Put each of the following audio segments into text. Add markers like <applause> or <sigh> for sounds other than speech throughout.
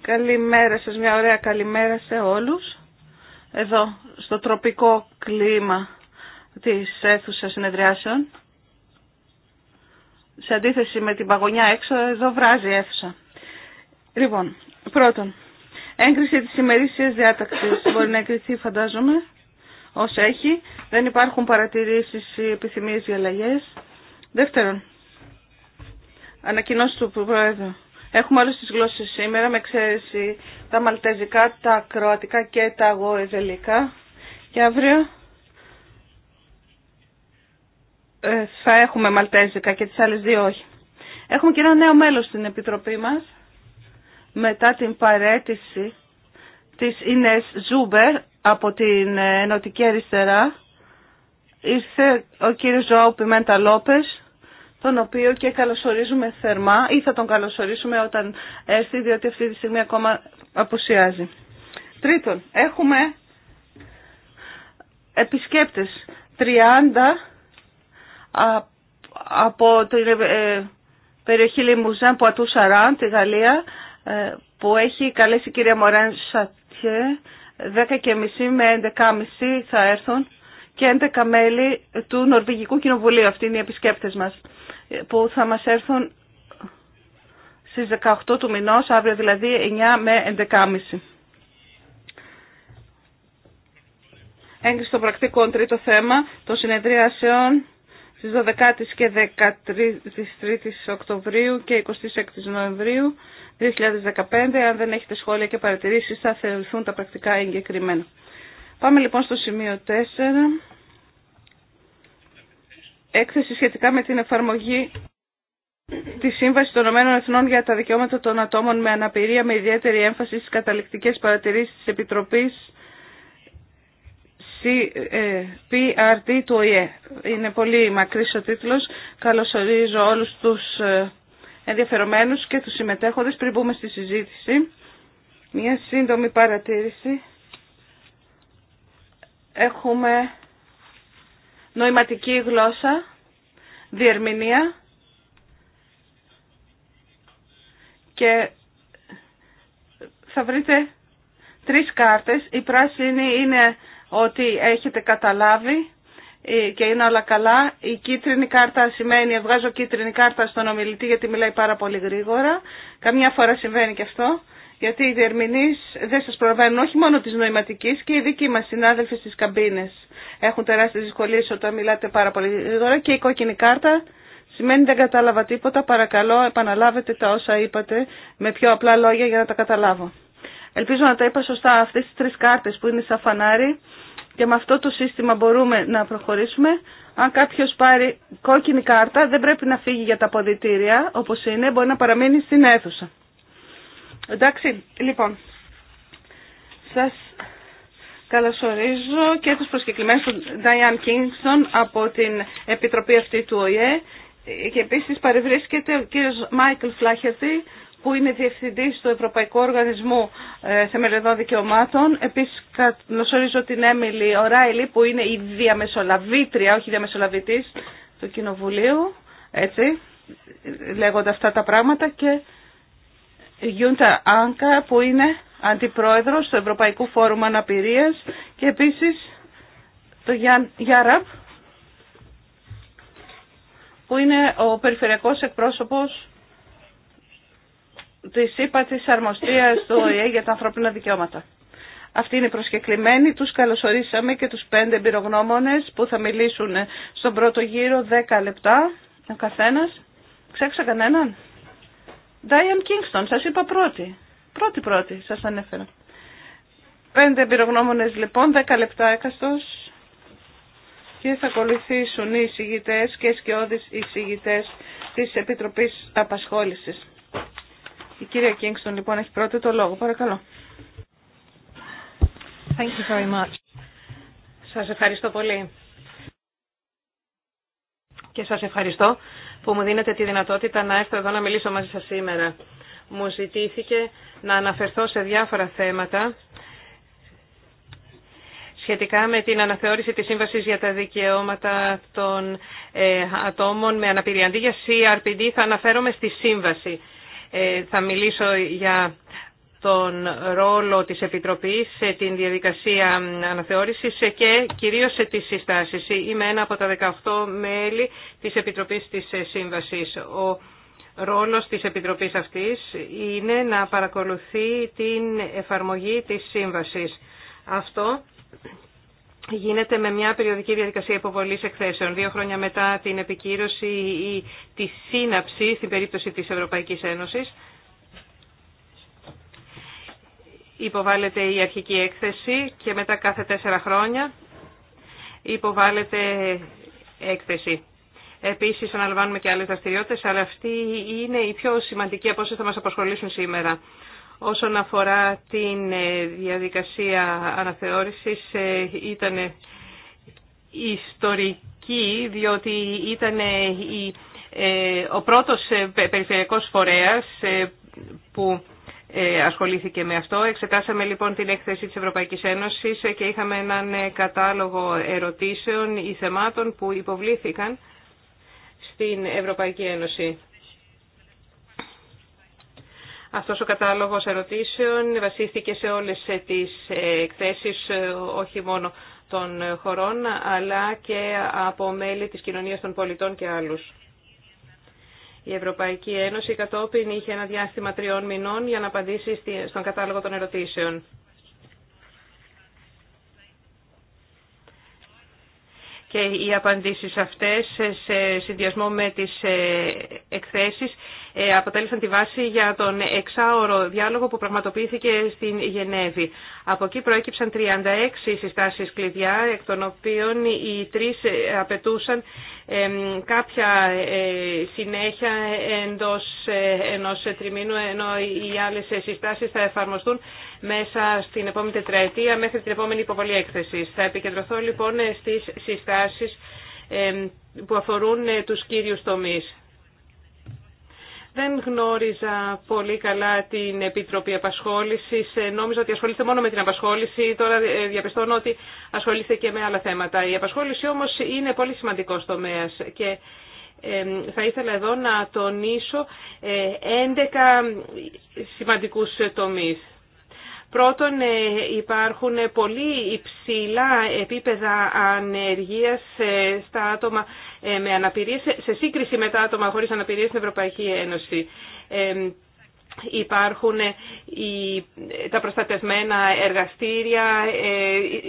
Καλημέρα σας, μια ωραία καλημέρα σε όλους. Εδώ, στο τροπικό κλίμα της αίθουσα συνεδριάσεων. Σε αντίθεση με την παγωνιά έξω, εδώ βράζει η αίθουσα. Λοιπόν, πρώτον, έγκριση της ημερήσιας διάταξης <coughs> μπορεί να εγκριθεί, φαντάζομαι, όσο έχει. Δεν υπάρχουν παρατηρήσεις ή επιθυμίες για αλλαγές. Δεύτερον, ανακοινώσει του Προέδρου. Έχουμε όλες τις γλώσσες σήμερα, με εξαίρεση τα μαλτεζικά, τα κροατικά και τα γοεζελικά. Και αύριο ε, θα έχουμε μαλτέζικα και τις άλλες δύο όχι. Έχουμε και ένα νέο μέλος στην Επιτροπή μας, μετά την παρέτηση της Ινές Ζούμπερ από την ε, Ενωτική Αριστερά. Ήρθε ο κύριος Ζωάου Πιμέντα Λόπες, τον οποίο και καλωσορίζουμε θερμά ή θα τον καλωσορίσουμε όταν έρθει, διότι αυτή τη στιγμή ακόμα απουσιάζει. Τρίτον, έχουμε επισκέπτες 30 από την ε, περιοχή Λιμουζάν που ατού Σαράν, τη Γαλλία, ε, που έχει καλέσει η κυρία Μωρέν Σατιέ, 10.30 με 11.30 θα έρθουν και 11 μέλη του Νορβηγικού Κοινοβουλίου. Αυτοί είναι οι επισκέπτες μας που θα μας έρθουν στις 18 του μηνός, αύριο δηλαδή 9 με 11.30. Έγκριση των πρακτικών τρίτο θέμα των συνεδριάσεων στις 12 και 13 Οκτωβρίου και 26 Νοεμβρίου 2015. Αν δεν έχετε σχόλια και παρατηρήσεις θα θεωρηθούν τα πρακτικά εγκεκριμένα. Πάμε λοιπόν στο σημείο 4 έκθεση σχετικά με την εφαρμογή τη Σύμβαση των Ηνωμένων Εθνών για τα Δικαιώματα των Ατόμων με Αναπηρία με ιδιαίτερη έμφαση στις καταληκτικές παρατηρήσεις της Επιτροπής CPRD του ΟΗΕ. Είναι πολύ μακρύς ο τίτλος. Καλωσορίζω όλους τους ε, ενδιαφερομένους και τους συμμετέχοντες πριν μπούμε στη συζήτηση. Μια σύντομη παρατήρηση. Έχουμε νοηματική γλώσσα, διερμηνία και θα βρείτε τρεις κάρτες. Η πράσινη είναι ότι έχετε καταλάβει ε, και είναι όλα καλά. Η κίτρινη κάρτα σημαίνει, ε, βγάζω κίτρινη κάρτα στον ομιλητή γιατί μιλάει πάρα πολύ γρήγορα. Καμιά φορά συμβαίνει και αυτό. Γιατί οι διερμηνείς δεν σας προβαίνουν όχι μόνο της νοηματικής και οι δικοί μας συνάδελφοι στις καμπίνες έχουν τεράστιες δυσκολίες όταν μιλάτε πάρα πολύ γρήγορα και η κόκκινη κάρτα σημαίνει δεν κατάλαβα τίποτα. Παρακαλώ επαναλάβετε τα όσα είπατε με πιο απλά λόγια για να τα καταλάβω. Ελπίζω να τα είπα σωστά αυτές τις τρεις κάρτες που είναι σαν φανάρι και με αυτό το σύστημα μπορούμε να προχωρήσουμε. Αν κάποιο πάρει κόκκινη κάρτα δεν πρέπει να φύγει για τα ποδητήρια όπως είναι, μπορεί να παραμείνει στην αίθουσα. Εντάξει, λοιπόν, σας Καλωσορίζω και τους προσκεκλημένους του Diane Kingston από την Επιτροπή αυτή του ΟΗΕ και επίσης παρευρίσκεται ο κύριος Μάικλ Φλάχερτη που είναι Διευθυντής του Ευρωπαϊκού Οργανισμού ε, Θεμελιωδών Δικαιωμάτων. Επίσης καλωσορίζω την Έμιλη Οράιλι που είναι η διαμεσολαβήτρια, όχι η διαμεσολαβητής του Κοινοβουλίου, έτσι, λέγοντα αυτά τα πράγματα και Γιούντα Άνκα που είναι αντιπρόεδρος του Ευρωπαϊκού Φόρουμ Αναπηρίας και επίσης το Γιάν Γιάραπ, που είναι ο περιφερειακός εκπρόσωπος της ΥΠΑ της Αρμοστίας του για τα ανθρώπινα δικαιώματα. Αυτοί είναι προσκεκλημένοι, τους καλωσορίσαμε και τους πέντε εμπειρογνώμονες που θα μιλήσουν στον πρώτο γύρο 10 λεπτά ο καθένας. Ξέξα κανέναν. Diane Kingston, σας είπα πρώτη. Πρώτη πρώτη σας ανέφερα. Πέντε εμπειρογνώμονες λοιπόν, δέκα λεπτά έκαστος και θα ακολουθήσουν οι εισηγητές και σκιώδεις εισηγητές της Επιτροπής Απασχόλησης. Η κυρία Κίνγκστον λοιπόν έχει πρώτη το λόγο. Παρακαλώ. Thank you very much. Σας ευχαριστώ πολύ. Και σας ευχαριστώ που μου δίνετε τη δυνατότητα να έρθω εδώ να μιλήσω μαζί σας σήμερα μου ζητήθηκε να αναφερθώ σε διάφορα θέματα σχετικά με την αναθεώρηση της Σύμβασης για τα Δικαιώματα των ε, Ατόμων με Αναπηρία. Αντί για CRPD θα αναφέρομαι στη Σύμβαση. Ε, θα μιλήσω για τον ρόλο της Επιτροπής σε την διαδικασία αναθεώρησης και κυρίως σε τις συστάσεις. Είμαι ένα από τα 18 μέλη της Επιτροπής της Σύμβασης. Ο ρόλος της Επιτροπής αυτής είναι να παρακολουθεί την εφαρμογή της σύμβασης. Αυτό γίνεται με μια περιοδική διαδικασία υποβολής εκθέσεων. Δύο χρόνια μετά την επικύρωση ή τη σύναψη στην περίπτωση της Ευρωπαϊκής Ένωσης υποβάλλεται η αρχική έκθεση και μετά κάθε τέσσερα χρόνια υποβάλλεται έκθεση. Επίσης αναλαμβάνουμε και άλλες δραστηριότητε, αλλά αυτή είναι η πιο σημαντική από όσε θα μα απασχολήσουν σήμερα. Όσον αφορά την ε, διαδικασία αναθεώρησης, ε, ήταν ιστορική, διότι ήταν ε, ο πρώτος περιφερειακός φορέας που ασχολήθηκε με αυτό. Εξετάσαμε λοιπόν την έκθεση της Ευρωπαϊκής Ένωσης και είχαμε έναν κατάλογο ερωτήσεων ή θεμάτων που υποβλήθηκαν στην Ευρωπαϊκή Ένωση. Αυτός ο κατάλογος ερωτήσεων βασίστηκε σε όλες τις εκθέσεις, όχι μόνο των χωρών, αλλά και από μέλη της κοινωνίας των πολιτών και άλλους. Η Ευρωπαϊκή Ένωση κατόπιν είχε ένα διάστημα τριών μηνών για να απαντήσει στον κατάλογο των ερωτήσεων. και οι απαντήσεις αυτές σε συνδυασμό με τις ε, εκθέσεις ε, αποτέλεσαν τη βάση για τον εξάωρο διάλογο που πραγματοποιήθηκε στην Γενέβη. Από εκεί προέκυψαν 36 συστάσεις κλειδιά, εκ των οποίων οι τρεις ε, απαιτούσαν κάποια ε, συνέχεια εντός ενός τριμήνου, ενώ οι άλλες συστάσεις θα εφαρμοστούν μέσα στην επόμενη τετραετία μέχρι την επόμενη υποβολή έκθεσης. Θα επικεντρωθώ λοιπόν στις συστάσεις που αφορούν τους κύριους τομείς δεν γνώριζα πολύ καλά την Επιτροπή Απασχόληση. Ε, νόμιζα ότι ασχολείστε μόνο με την απασχόληση. Τώρα ε, διαπιστώνω ότι ασχολείστε και με άλλα θέματα. Η απασχόληση όμω είναι πολύ σημαντικό τομέα και θα ήθελα εδώ να τονίσω 11 ε, σημαντικού τομεί. Πρώτον, υπάρχουν πολύ υψηλά επίπεδα ανεργίας στα άτομα ε, με αναπηρίες, σε σύγκριση με τα άτομα χωρίς αναπηρίες στην Ευρωπαϊκή Ένωση. Ε, υπάρχουν ε, τα προστατευμένα εργαστήρια,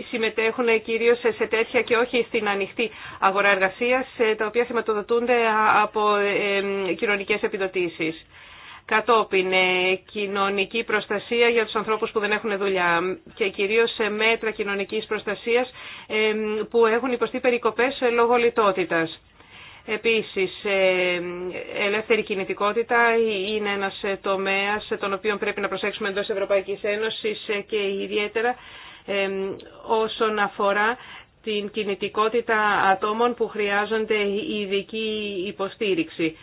συμμετέχουν κυρίως σε τέτοια και όχι στην ανοιχτή αγορά εργασίας, τα οποία χρηματοδοτούνται από κοινωνικές επιδοτήσεις κατόπιν ε, κοινωνική προστασία για τους ανθρώπους που δεν έχουν δουλειά και κυρίως μέτρα κοινωνικής προστασίας ε, που έχουν υποστεί περικοπές λόγω λιτότητας. Επίσης, ε, ελεύθερη κινητικότητα είναι ένας τομέας τον οποίο πρέπει να προσέξουμε εντός Ευρωπαϊκής Ένωσης και ιδιαίτερα όσον αφορά την κινητικότητα ατόμων που χρειάζονται ειδική υποστήριξη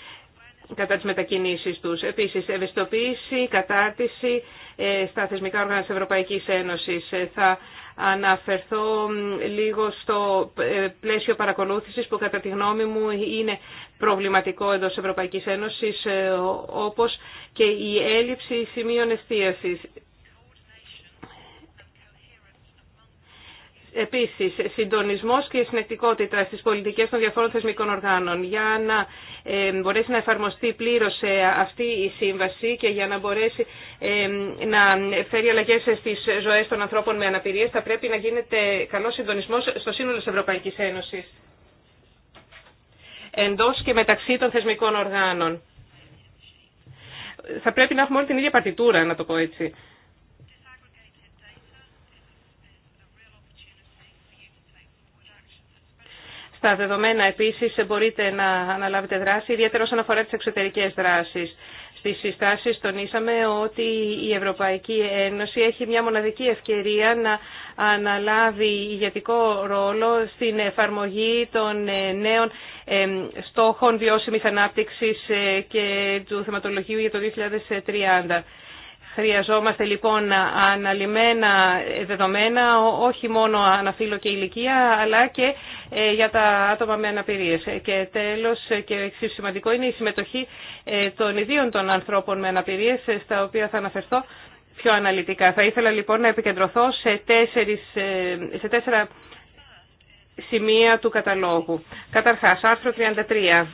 κατά τις μετακινήσεις τους. Επίσης, ευαισθητοποίηση, κατάρτιση ε, στα θεσμικά όργανα της Ευρωπαϊκής Ένωσης. Ε, θα αναφερθώ λίγο στο ε, πλαίσιο παρακολούθησης που κατά τη γνώμη μου είναι προβληματικό εδώ της Ευρωπαϊκής Ένωσης, όπως και η έλλειψη σημείων εστίασης. Επίσης, συντονισμός και συνεκτικότητα στις πολιτικές των διαφόρων θεσμικών οργάνων για να ε, μπορέσει να εφαρμοστεί πλήρως ε, αυτή η σύμβαση και για να μπορέσει ε, να φέρει αλλαγές στις ζωές των ανθρώπων με αναπηρίες θα πρέπει να γίνεται καλός συντονισμός στο σύνολο της Ευρωπαϊκής Ένωσης εντός και μεταξύ των θεσμικών οργάνων. Θα πρέπει να έχουμε όλη την ίδια παρτιτούρα, να το πω έτσι. Στα δεδομένα επίσης μπορείτε να αναλάβετε δράση, ιδιαίτερα όσον αφορά τις εξωτερικές δράσεις. Στις συστάσεις τονίσαμε ότι η Ευρωπαϊκή Ένωση έχει μια μοναδική ευκαιρία να αναλάβει ηγετικό ρόλο στην εφαρμογή των ε, νέων στόχων βιώσιμης ανάπτυξης ε, και του θεματολογίου για το 2030. Χρειαζόμαστε λοιπόν αναλυμένα δεδομένα, όχι μόνο αναφύλο και ηλικία, αλλά και ε, για τα άτομα με αναπηρίες. Και τέλος, και εξίσου σημαντικό, είναι η συμμετοχή ε, των ιδίων των ανθρώπων με αναπηρίες, ε, στα οποία θα αναφερθώ πιο αναλυτικά. Θα ήθελα λοιπόν να επικεντρωθώ σε, τέσσερις, σε τέσσερα σημεία του καταλόγου. Καταρχάς, άρθρο 33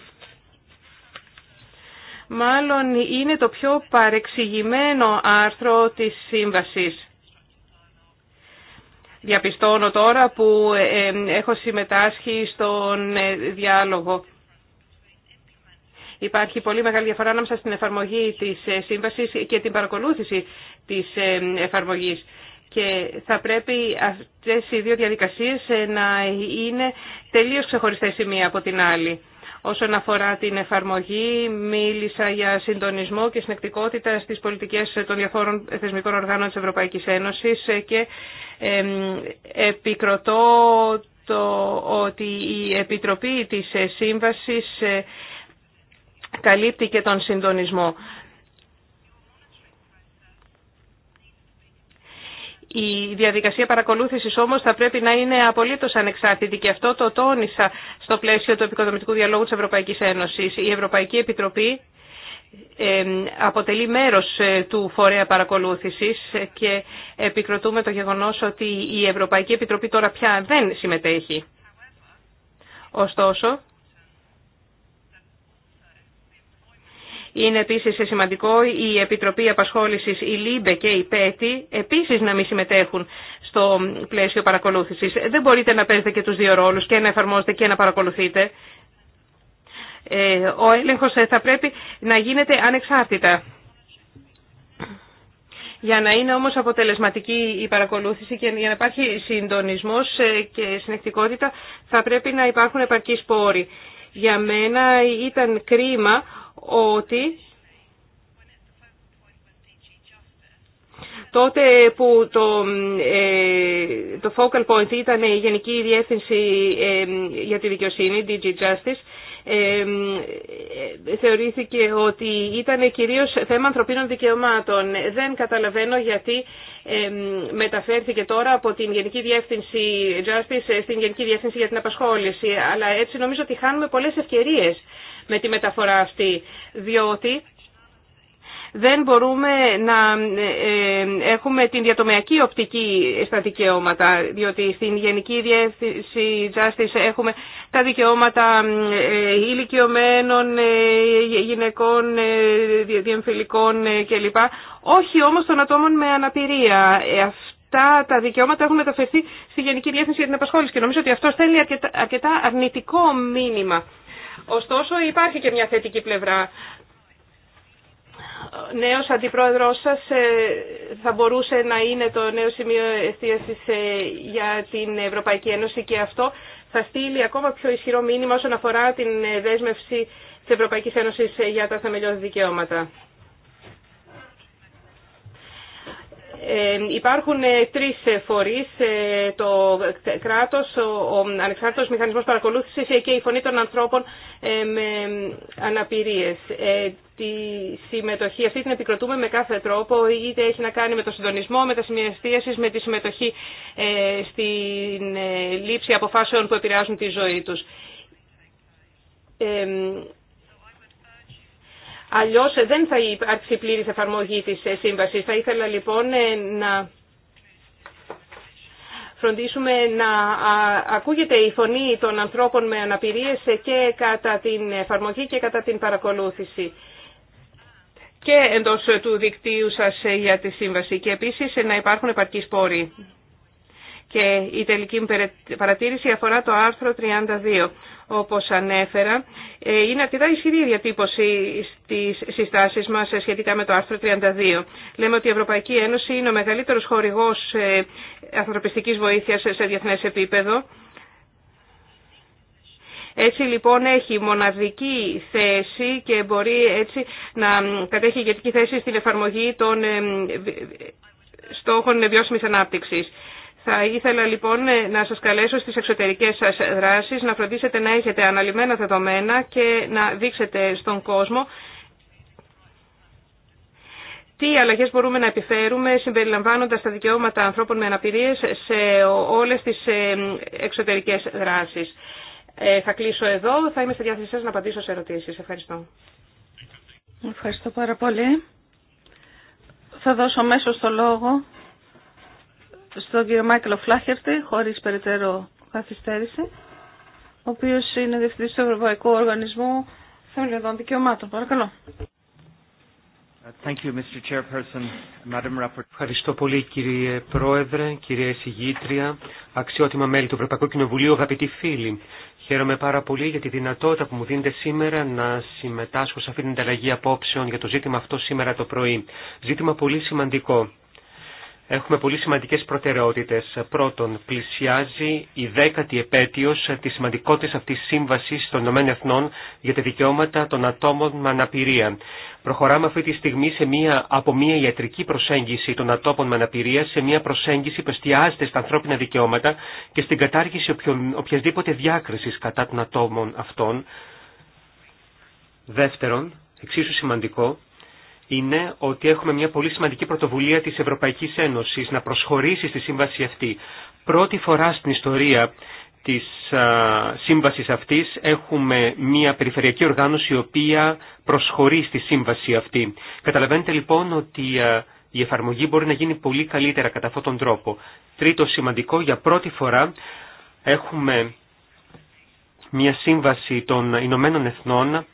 μάλλον είναι το πιο παρεξηγημένο άρθρο της σύμβασης. Διαπιστώνω τώρα που ε, ε, έχω συμμετάσχει στον ε, διάλογο. Υπάρχει πολύ μεγάλη διαφορά ανάμεσα στην εφαρμογή της σύμβασης και την παρακολούθηση της εφαρμογής. Και θα πρέπει αυτές οι δύο διαδικασίες να είναι τελείως ξεχωριστές η μία από την άλλη. Όσον αφορά την εφαρμογή, μίλησα για συντονισμό και συνεκτικότητα στις πολιτικές των διαφόρων θεσμικών οργάνων της Ευρωπαϊκής Ένωσης και επικροτώ το ότι η Επιτροπή της Σύμβασης ε, καλύπτει και τον συντονισμό. Η διαδικασία παρακολούθησης όμως θα πρέπει να είναι απολύτως ανεξάρτητη και αυτό το τόνισα στο πλαίσιο του επικοδομητικού διαλόγου της Ευρωπαϊκής Ένωσης. Η Ευρωπαϊκή Επιτροπή αποτελεί μέρος ε, του φορέα παρακολούθησης και επικροτούμε το γεγονός ότι η Ευρωπαϊκή Επιτροπή τώρα πια δεν συμμετέχει. Ωστόσο, Είναι επίσης σημαντικό η Επιτροπή απασχόληση η ΛΥΜΠΕ και η ΠΕΤΗ επίσης να μην συμμετέχουν στο πλαίσιο παρακολούθησης. Δεν μπορείτε να παίζετε και τους δύο ρόλους και να εφαρμόζετε και να παρακολουθείτε. Ε, ο έλεγχο ε, θα πρέπει να γίνεται ανεξάρτητα. Για να είναι όμως αποτελεσματική η παρακολούθηση και για να υπάρχει συντονισμός ε, και συνεκτικότητα θα πρέπει να υπάρχουν επαρκείς πόροι. Για μένα ήταν κρίμα ότι τότε που το, ε, το focal point ήταν η Γενική Διεύθυνση ε, για τη Δικαιοσύνη, DG Justice, ε, θεωρήθηκε ότι ήταν κυρίως θέμα ανθρωπίνων δικαιωμάτων. Δεν καταλαβαίνω γιατί μεταφέρθηκε τώρα από την Γενική Διεύθυνση Justice στην Γενική Διεύθυνση για την Απασχόληση. Αλλά έτσι νομίζω ότι χάνουμε πολλές ευκαιρίες με τη μεταφορά αυτή, διότι δεν μπορούμε να ε, ε, έχουμε την διατομιακή οπτική στα δικαιώματα, διότι στην Γενική Διεύθυνση Justice έχουμε τα δικαιώματα ε, ηλικιωμένων, γυναικών, διεμφυλικών κλπ. Όχι όμως των ατόμων με αναπηρία. Αυτά τα δικαιώματα έχουν μεταφερθεί στη Γενική Διεύθυνση για την Επασχόληση και νομίζω ότι αυτό στέλνει αρκετά αρνητικό μήνυμα Ωστόσο υπάρχει και μια θετική πλευρά. Νέος αντιπρόεδρος σας ε, θα μπορούσε να είναι το νέο σημείο εστίασης ε, για την Ευρωπαϊκή Ένωση και αυτό θα στείλει ακόμα πιο ισχυρό μήνυμα όσον αφορά την δέσμευση της Ευρωπαϊκής Ένωσης ε, για τα θεμελιώδη δικαιώματα. Ε, υπάρχουν ε, τρεις ε, φορείς, το κράτος, ο ανεξάρτητος μηχανισμός παρακολούθησης και η φωνή των ανθρώπων με αναπηρίες. Τη συμμετοχή αυτή την επικροτούμε με κάθε τρόπο, είτε έχει να κάνει με το συντονισμό, με τα σημεία με τη συμμετοχή στην λήψη αποφάσεων που επηρεάζουν τη ζωή τους Αλλιώς ε, δεν θα υπάρξει πλήρης εφαρμογή της ε, σύμβασης. Θα ήθελα λοιπόν ε, να φροντίσουμε να ακούγεται η φωνή των ανθρώπων με αναπηρίες και κατά την εφαρμογή και κατά την παρακολούθηση και εντός του δικτύου σας για τη σύμβαση και επίσης να υπάρχουν επαρκείς πόροι. Και η τελική μου παρατήρηση αφορά το άρθρο 32. Όπως ανέφερα, ε, είναι αρκετά ισχυρή η διατύπωση στις συστάσεις μας σχετικά με το άρθρο 32. Λέμε ότι η Ευρωπαϊκή Ένωση είναι ο μεγαλύτερος χορηγός ε, ανθρωπιστικής βοήθειας σε διεθνές επίπεδο. Έτσι λοιπόν έχει μοναδική θέση και μπορεί έτσι να κατέχει ηγετική θέση στην εφαρμογή των ε, στόχων βιώσιμης ανάπτυξης. Θα ήθελα λοιπόν να σας καλέσω στις εξωτερικές σας δράσεις να φροντίσετε να έχετε αναλυμένα δεδομένα και να δείξετε στον κόσμο τι αλλαγές μπορούμε να επιφέρουμε συμπεριλαμβάνοντας τα δικαιώματα ανθρώπων με αναπηρίες σε όλες τις ε, εξωτερικές δράσεις. Ε, θα κλείσω εδώ. Θα είμαι στη διάθεσή σας να απαντήσω σε ερωτήσεις. Ευχαριστώ. Ευχαριστώ πάρα πολύ. Θα δώσω μέσω στο λόγο στον κύριο Μάικλο Φλάχερτη, χωρίς περαιτέρω καθυστέρηση, ο οποίος είναι διευθυντής του Ευρωπαϊκού Οργανισμού Θεμελιωδών Δικαιωμάτων. Παρακαλώ. Thank you, Mr. Madam Ευχαριστώ πολύ κύριε Πρόεδρε, κυρία Εισηγήτρια, αξιότιμα μέλη του Ευρωπαϊκού Κοινοβουλίου, αγαπητοί φίλοι. Χαίρομαι πάρα πολύ για τη δυνατότητα που μου δίνετε σήμερα να συμμετάσχω σε αυτή την ανταλλαγή απόψεων για το ζήτημα αυτό σήμερα το πρωί. Ζήτημα πολύ σημαντικό έχουμε πολύ σημαντικές προτεραιότητες. Πρώτον, πλησιάζει η δέκατη επέτειος της σημαντικότητας αυτής σύμβασης των ΗΠΑ για τα δικαιώματα των ατόμων με αναπηρία. Προχωράμε αυτή τη στιγμή σε μία, από μία ιατρική προσέγγιση των ατόμων με αναπηρία σε μία προσέγγιση που εστιάζεται στα ανθρώπινα δικαιώματα και στην κατάργηση οποιασδήποτε διάκρισης κατά των ατόμων αυτών. Δεύτερον, εξίσου σημαντικό, είναι ότι έχουμε μια πολύ σημαντική πρωτοβουλία της Ευρωπαϊκής Ένωσης να προσχωρήσει στη σύμβαση αυτή. Πρώτη φορά στην ιστορία της σύμβασης αυτής έχουμε μια περιφερειακή οργάνωση η οποία προσχωρεί στη σύμβαση αυτή. Καταλαβαίνετε λοιπόν ότι η εφαρμογή μπορεί να γίνει πολύ καλύτερα κατά αυτόν τον τρόπο. Τρίτο σημαντικό, για πρώτη φορά έχουμε μια σύμβαση των Ηνωμένων Εθνών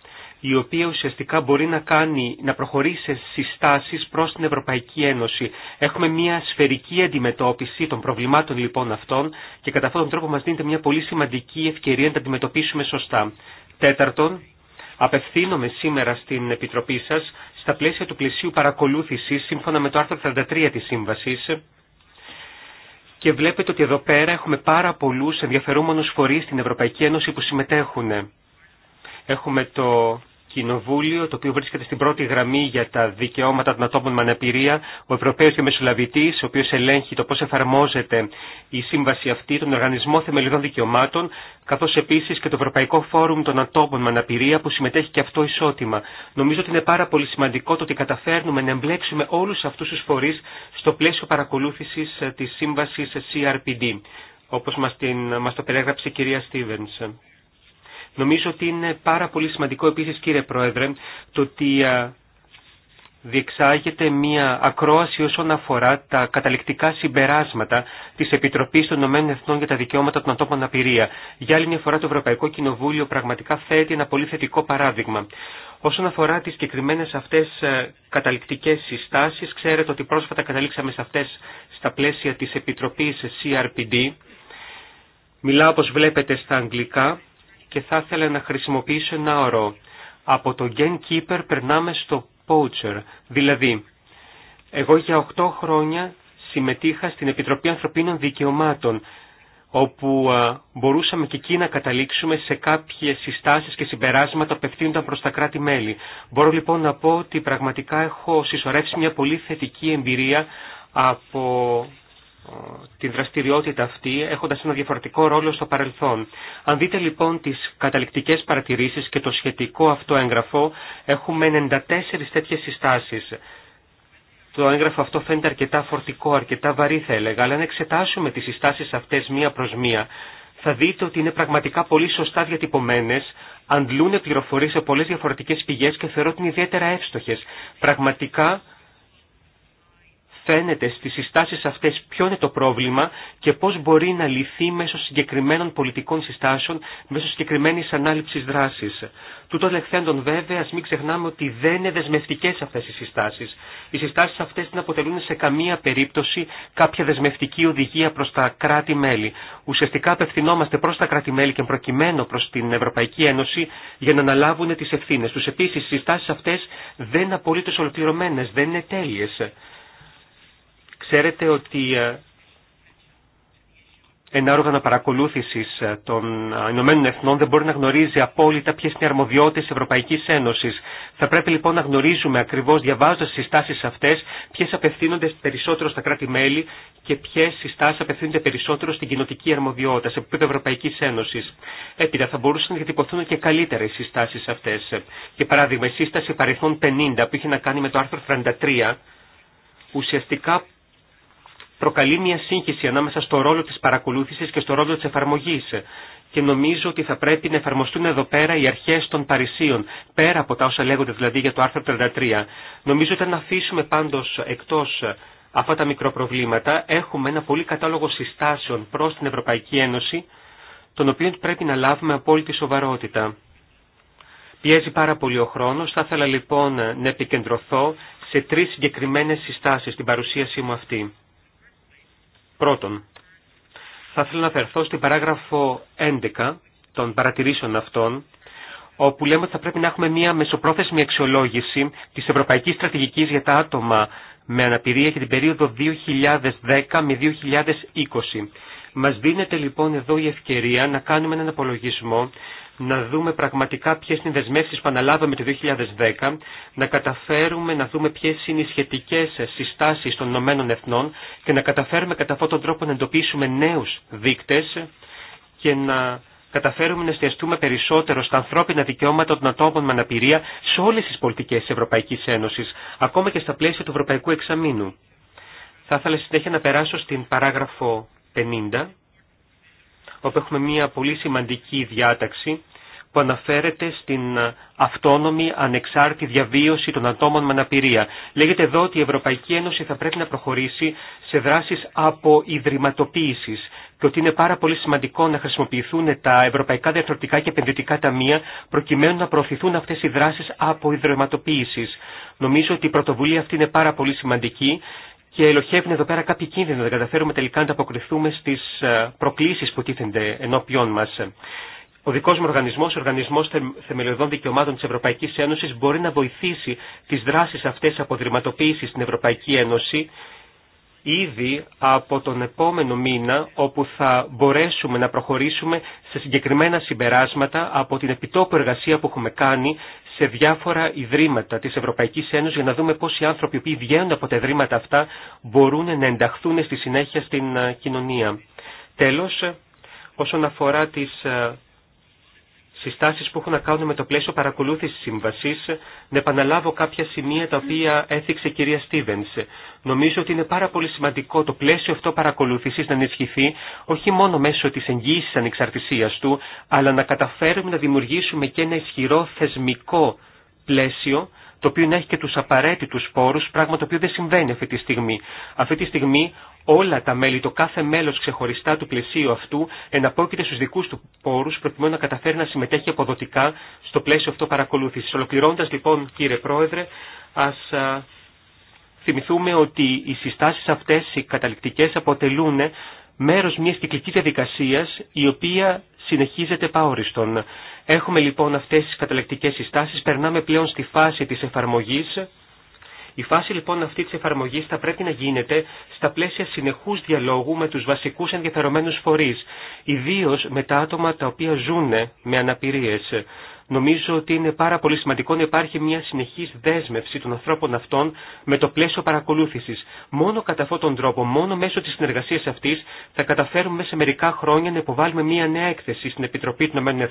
η οποία ουσιαστικά μπορεί να, κάνει, να προχωρήσει σε συστάσεις προς την Ευρωπαϊκή Ένωση. Έχουμε μια σφαιρική αντιμετώπιση των προβλημάτων λοιπόν αυτών και κατά αυτόν τον τρόπο μας δίνεται μια πολύ σημαντική ευκαιρία να τα αντιμετωπίσουμε σωστά. Τέταρτον, απευθύνομαι σήμερα στην Επιτροπή σας στα πλαίσια του πλαισίου παρακολούθησης σύμφωνα με το άρθρο 33 της Σύμβασης και βλέπετε ότι εδώ πέρα έχουμε πάρα πολλούς ενδιαφερόμενους φορείς στην Ευρωπαϊκή Ένωση που συμμετέχουν. Έχουμε το κοινοβούλιο το οποίο βρίσκεται στην πρώτη γραμμή για τα δικαιώματα των ατόμων με αναπηρία, ο Ευρωπαίος και Μεσολαβητής, ο οποίος ελέγχει το πώς εφαρμόζεται η σύμβαση αυτή, τον Οργανισμό Θεμελιδών Δικαιωμάτων, καθώς επίσης και το Ευρωπαϊκό Φόρουμ των Ατόμων με Αναπηρία που συμμετέχει και αυτό ισότιμα. Νομίζω ότι είναι πάρα πολύ σημαντικό το ότι καταφέρνουμε να εμπλέξουμε όλους αυτούς τους φορείς στο πλαίσιο παρακολούθησης ε, της σύμβασης ε, CRPD όπως μας, την, ε, μας το περιέγραψε η κυρία Στίβενς. Νομίζω ότι είναι πάρα πολύ σημαντικό επίσης κύριε Πρόεδρε το ότι διεξάγεται μία ακρόαση όσον αφορά τα καταληκτικά συμπεράσματα της Επιτροπής των Ηνωμένων Εθνών για τα Δικαιώματα των Ατόμων Αναπηρία. Για άλλη μια φορά το Ευρωπαϊκό Κοινοβούλιο πραγματικά θέτει ένα πολύ θετικό παράδειγμα. Όσον αφορά τις συγκεκριμένε αυτές ε, καταληκτικές συστάσεις, ξέρετε ότι πρόσφατα καταλήξαμε σε αυτές στα πλαίσια της Επιτροπής CRPD. Μιλάω όπως βλέπετε στα αγγλικά, και θα ήθελα να χρησιμοποιήσω ένα όρο. Από το Keeper περνάμε στο poacher. Δηλαδή, εγώ για 8 χρόνια συμμετείχα στην Επιτροπή Ανθρωπίνων Δικαιωμάτων όπου μπορούσαμε και εκεί να καταλήξουμε σε κάποιες συστάσεις και συμπεράσματα που απευθύνονταν προς τα κράτη-μέλη. Μπορώ λοιπόν να πω ότι πραγματικά έχω συσσωρεύσει μια πολύ θετική εμπειρία από την δραστηριότητα αυτή έχοντας ένα διαφορετικό ρόλο στο παρελθόν. Αν δείτε λοιπόν τις καταληκτικές παρατηρήσεις και το σχετικό αυτό έγγραφο, έχουμε 94 τέτοιες συστάσεις. Το έγγραφο αυτό φαίνεται αρκετά φορτικό, αρκετά βαρύ θα έλεγα, αλλά αν εξετάσουμε τις συστάσεις αυτές μία προς μία, θα δείτε ότι είναι πραγματικά πολύ σωστά διατυπωμένες, αντλούν πληροφορίες σε πολλές διαφορετικές πηγές και θεωρώ ότι είναι ιδιαίτερα εύστοχες. Πραγματικά φαίνεται στις συστάσεις αυτές ποιο είναι το πρόβλημα και πώς μπορεί να λυθεί μέσω συγκεκριμένων πολιτικών συστάσεων, μέσω συγκεκριμένης ανάληψης δράσης. Τούτων λεχθέντων βέβαια, ας μην ξεχνάμε ότι δεν είναι δεσμευτικές αυτές οι συστάσεις. Οι συστάσεις αυτές δεν αποτελούν σε καμία περίπτωση κάποια δεσμευτική οδηγία προς τα κράτη-μέλη. Ουσιαστικά απευθυνόμαστε προς τα κράτη-μέλη και προκειμένου προς την Ευρωπαϊκή Ένωση για να αναλάβουν τις ευθύνες τους. Επίσης, οι συστάσεις αυτές δεν είναι απολύτως δεν είναι τέλειες. Ξέρετε ότι ε, ένα όργανο παρακολούθηση ε, των ε, Ηνωμένων Εθνών δεν μπορεί να γνωρίζει απόλυτα ποιε είναι οι αρμοδιότητε τη Ευρωπαϊκή Ένωση. Θα πρέπει λοιπόν να γνωρίζουμε ακριβώ, διαβάζοντα τι συστάσει αυτέ, ποιε απευθύνονται περισσότερο στα κράτη-μέλη και ποιε συστάσει απευθύνονται περισσότερο στην κοινοτική αρμοδιότητα, σε επίπεδο Ευρωπαϊκή Ένωση. Έπειτα θα μπορούσαν να διατυπωθούν και καλύτερα οι συστάσει αυτέ. Για παράδειγμα, η σύσταση 50 που είχε να κάνει με το άρθρο 43 ουσιαστικά προκαλεί μια σύγχυση ανάμεσα στο ρόλο της παρακολούθησης και στο ρόλο της εφαρμογής. Και νομίζω ότι θα πρέπει να εφαρμοστούν εδώ πέρα οι αρχές των Παρισίων, πέρα από τα όσα λέγονται δηλαδή για το άρθρο 33. Νομίζω ότι αν αφήσουμε πάντως εκτός αυτά τα μικροπροβλήματα, έχουμε ένα πολύ κατάλογο συστάσεων προς την Ευρωπαϊκή Ένωση, τον οποίο πρέπει να λάβουμε απόλυτη σοβαρότητα. Πιέζει πάρα πολύ ο χρόνος, θα ήθελα λοιπόν να επικεντρωθώ σε τρει συγκεκριμένε συστάσει στην παρουσίασή μου αυτή. Πρώτον, θα ήθελα να φερθώ στην παράγραφο 11 των παρατηρήσεων αυτών, όπου λέμε ότι θα πρέπει να έχουμε μια μεσοπρόθεσμη αξιολόγηση της Ευρωπαϊκής Στρατηγικής για τα άτομα με αναπηρία για την περίοδο 2010 με 2020. Μας δίνεται λοιπόν εδώ η ευκαιρία να κάνουμε έναν απολογισμό να δούμε πραγματικά ποιες είναι οι δεσμεύσεις που αναλάβαμε το 2010, να καταφέρουμε να δούμε ποιες είναι οι σχετικές συστάσεις των Ηνωμένων Εθνών και να καταφέρουμε κατά αυτόν τον τρόπο να εντοπίσουμε νέους δείκτες και να καταφέρουμε να εστιαστούμε περισσότερο στα ανθρώπινα δικαιώματα των ατόμων με αναπηρία σε όλες τις πολιτικές της Ευρωπαϊκής Ένωσης, ακόμα και στα πλαίσια του Ευρωπαϊκού Εξαμήνου. Θα ήθελα συνέχεια να περάσω στην παράγραφο 50 όπου έχουμε μια πολύ σημαντική διάταξη που αναφέρεται στην αυτόνομη ανεξάρτητη διαβίωση των ατόμων με αναπηρία. Λέγεται εδώ ότι η Ευρωπαϊκή Ένωση θα πρέπει να προχωρήσει σε δράσεις από ιδρυματοποίησης και ότι είναι πάρα πολύ σημαντικό να χρησιμοποιηθούν τα ευρωπαϊκά διατροτικά και επενδυτικά ταμεία προκειμένου να προωθηθούν αυτές οι δράσεις από ιδρυματοποίησης. Νομίζω ότι η πρωτοβουλία αυτή είναι πάρα πολύ σημαντική και ελοχεύουν εδώ πέρα κάποιοι κίνδυνοι να καταφέρουμε τελικά να αποκριθούμε στι ε, προκλήσει που τίθενται ενώπιον μα. Ο δικό μου οργανισμό, ο Οργανισμό Θεμελιωδών Δικαιωμάτων τη Ευρωπαϊκή Ένωση, μπορεί να βοηθήσει τι δράσει αυτέ αποδρυματοποίηση στην Ευρωπαϊκή Ένωση ήδη από τον επόμενο μήνα, όπου θα μπορέσουμε να προχωρήσουμε σε συγκεκριμένα συμπεράσματα από την επιτόπου εργασία που έχουμε κάνει σε διάφορα ιδρύματα της Ευρωπαϊκής Ένωσης για να δούμε πώς οι άνθρωποι που βγαίνουν από τα ιδρύματα αυτά μπορούν να ενταχθούν στη συνέχεια στην ε, κοινωνία. Τέλος, όσον αφορά τις ε, συστάσει που έχουν να κάνουν με το πλαίσιο παρακολούθησης σύμβασης, να επαναλάβω κάποια σημεία τα οποία έθιξε η κυρία Στίβεν. Νομίζω ότι είναι πάρα πολύ σημαντικό το πλαίσιο αυτό παρακολούθησης να ενισχυθεί όχι μόνο μέσω της εγγύηση ανεξαρτησία του, αλλά να καταφέρουμε να δημιουργήσουμε και ένα ισχυρό θεσμικό πλαίσιο το οποίο να έχει και τους απαραίτητους πόρους, πράγμα το οποίο δεν συμβαίνει αυτή τη στιγμή. Αυτή τη στιγμή όλα τα μέλη, το κάθε μέλος ξεχωριστά του πλαισίου αυτού, εναπόκειται στους δικούς του πόρους, προκειμένου να καταφέρει να συμμετέχει αποδοτικά στο πλαίσιο αυτό παρακολούθησης. Ολοκληρώνοντας λοιπόν κύριε Πρόεδρε, ας θυμηθούμε ότι οι συστάσεις αυτές, οι καταληκτικές, αποτελούν μέρος μιας κυκλικής διαδικασίας η οποία συνεχίζεται παόριστον. Έχουμε λοιπόν αυτές τις καταλεκτικές συστάσεις, περνάμε πλέον στη φάση της εφαρμογής. Η φάση λοιπόν αυτή της εφαρμογής θα πρέπει να γίνεται στα πλαίσια συνεχούς διαλόγου με τους βασικούς ενδιαφερομένους φορείς, ιδίως με τα άτομα τα οποία ζουν με αναπηρίες. Νομίζω ότι είναι πάρα πολύ σημαντικό να υπάρχει μια συνεχής δέσμευση των ανθρώπων αυτών με το πλαίσιο παρακολούθησης. Μόνο κατά αυτόν τον τρόπο, μόνο μέσω της συνεργασίας αυτής θα καταφέρουμε σε μερικά χρόνια να υποβάλουμε μια νέα έκθεση στην Επιτροπή των ΕΕ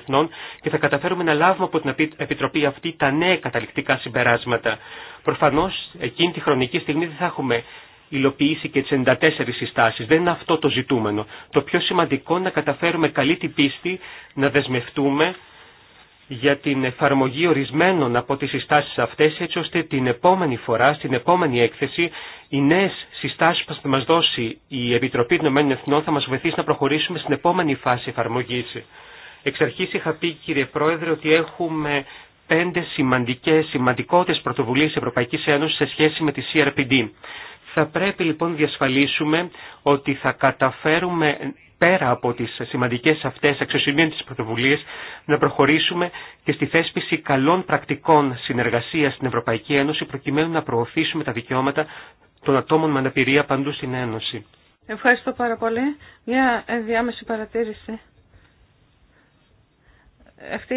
και θα καταφέρουμε να λάβουμε από την Επιτροπή αυτή τα νέα καταληκτικά συμπεράσματα. Προφανώς εκείνη τη χρονική στιγμή δεν θα έχουμε υλοποιήσει και τι 94 συστάσεις. Δεν είναι αυτό το ζητούμενο. Το πιο σημαντικό είναι να καταφέρουμε καλή την πίστη, να δεσμευτούμε για την εφαρμογή ορισμένων από τις συστάσεις αυτές, έτσι ώστε την επόμενη φορά, στην επόμενη έκθεση, οι νέες συστάσεις που θα μας δώσει η Επιτροπή των Ηνωμένων Εθνών θα μας βοηθήσει να προχωρήσουμε στην επόμενη φάση εφαρμογής. Εξ αρχής είχα πει, κύριε Πρόεδρε, ότι έχουμε πέντε σημαντικές, σημαντικότερες πρωτοβουλίες Ευρωπαϊκής Ένωσης σε σχέση με τη CRPD. Θα πρέπει λοιπόν να διασφαλίσουμε ότι θα καταφέρουμε πέρα από τις σημαντικές αυτές της πρωτοβουλίες να προχωρήσουμε και στη θέσπιση καλών πρακτικών συνεργασίας στην Ευρωπαϊκή Ένωση προκειμένου να προωθήσουμε τα δικαιώματα των ατόμων με αναπηρία παντού στην Ένωση. Ευχαριστώ πάρα πολύ. Μια ενδιάμεση παρατήρηση. Αυτή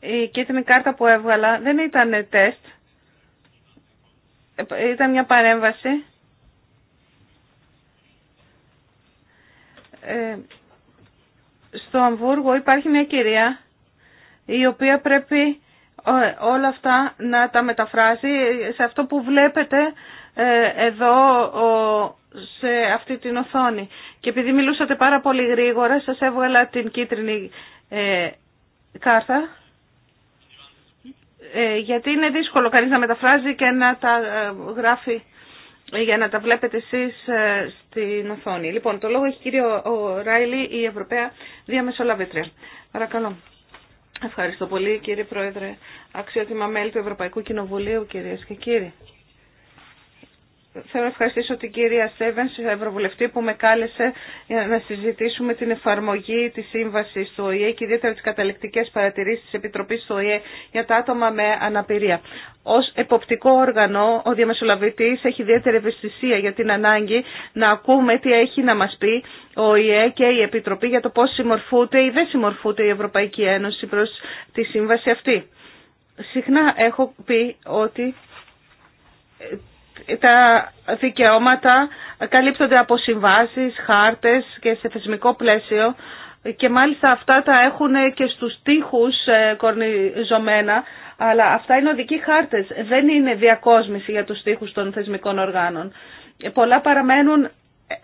η κίτρινη κάρτα που έβγαλα δεν ήταν τεστ. Ε, ήταν μια παρέμβαση Ε, στο Αμβούργο υπάρχει μια κυρία η οποία πρέπει ε, όλα αυτά να τα μεταφράζει σε αυτό που βλέπετε ε, εδώ σε αυτή την οθόνη. Και επειδή μιλούσατε πάρα πολύ γρήγορα, σας έβγαλα την κίτρινη κάρτα. Γιατί είναι δύσκολο κανείς να μεταφράζει και να τα γράφει για να τα βλέπετε εσείς ε, στην οθόνη. Λοιπόν, το λόγο έχει κύριο ο Ράιλι, η Ευρωπαία Διαμεσολαβήτρια. Παρακαλώ. Ευχαριστώ πολύ κύριε Πρόεδρε, αξιότιμα μέλη του Ευρωπαϊκού Κοινοβουλίου κυρίες και κύριοι. Θέλω να ευχαριστήσω την κυρία Σέβενς, Ευρωβουλευτή, που με κάλεσε να συζητήσουμε την εφαρμογή της σύμβασης του ΟΗΕ και ιδιαίτερα τις καταληκτικές παρατηρήσεις της Επιτροπής του ΟΗΕ για τα άτομα με αναπηρία. Ως εποπτικό όργανο, ο διαμεσολαβητής έχει ιδιαίτερη ευαισθησία για την ανάγκη να ακούμε τι έχει να μας πει ο ΟΗΕ και η Επιτροπή για το πώς συμμορφούνται ή δεν συμμορφούνται η Ευρωπαϊκή Ένωση προς τη σύμβαση αυτή. Συχνά έχω πει ότι τα δικαιώματα καλύπτονται από συμβάσεις, χάρτες και σε θεσμικό πλαίσιο και μάλιστα αυτά τα έχουν και στους ε, κορνιζωμένα, αλλά αυτά είναι οδικοί χάρτες, δεν είναι διακόσμηση για τους τείχους των θεσμικών οργάνων. Πολλά παραμένουν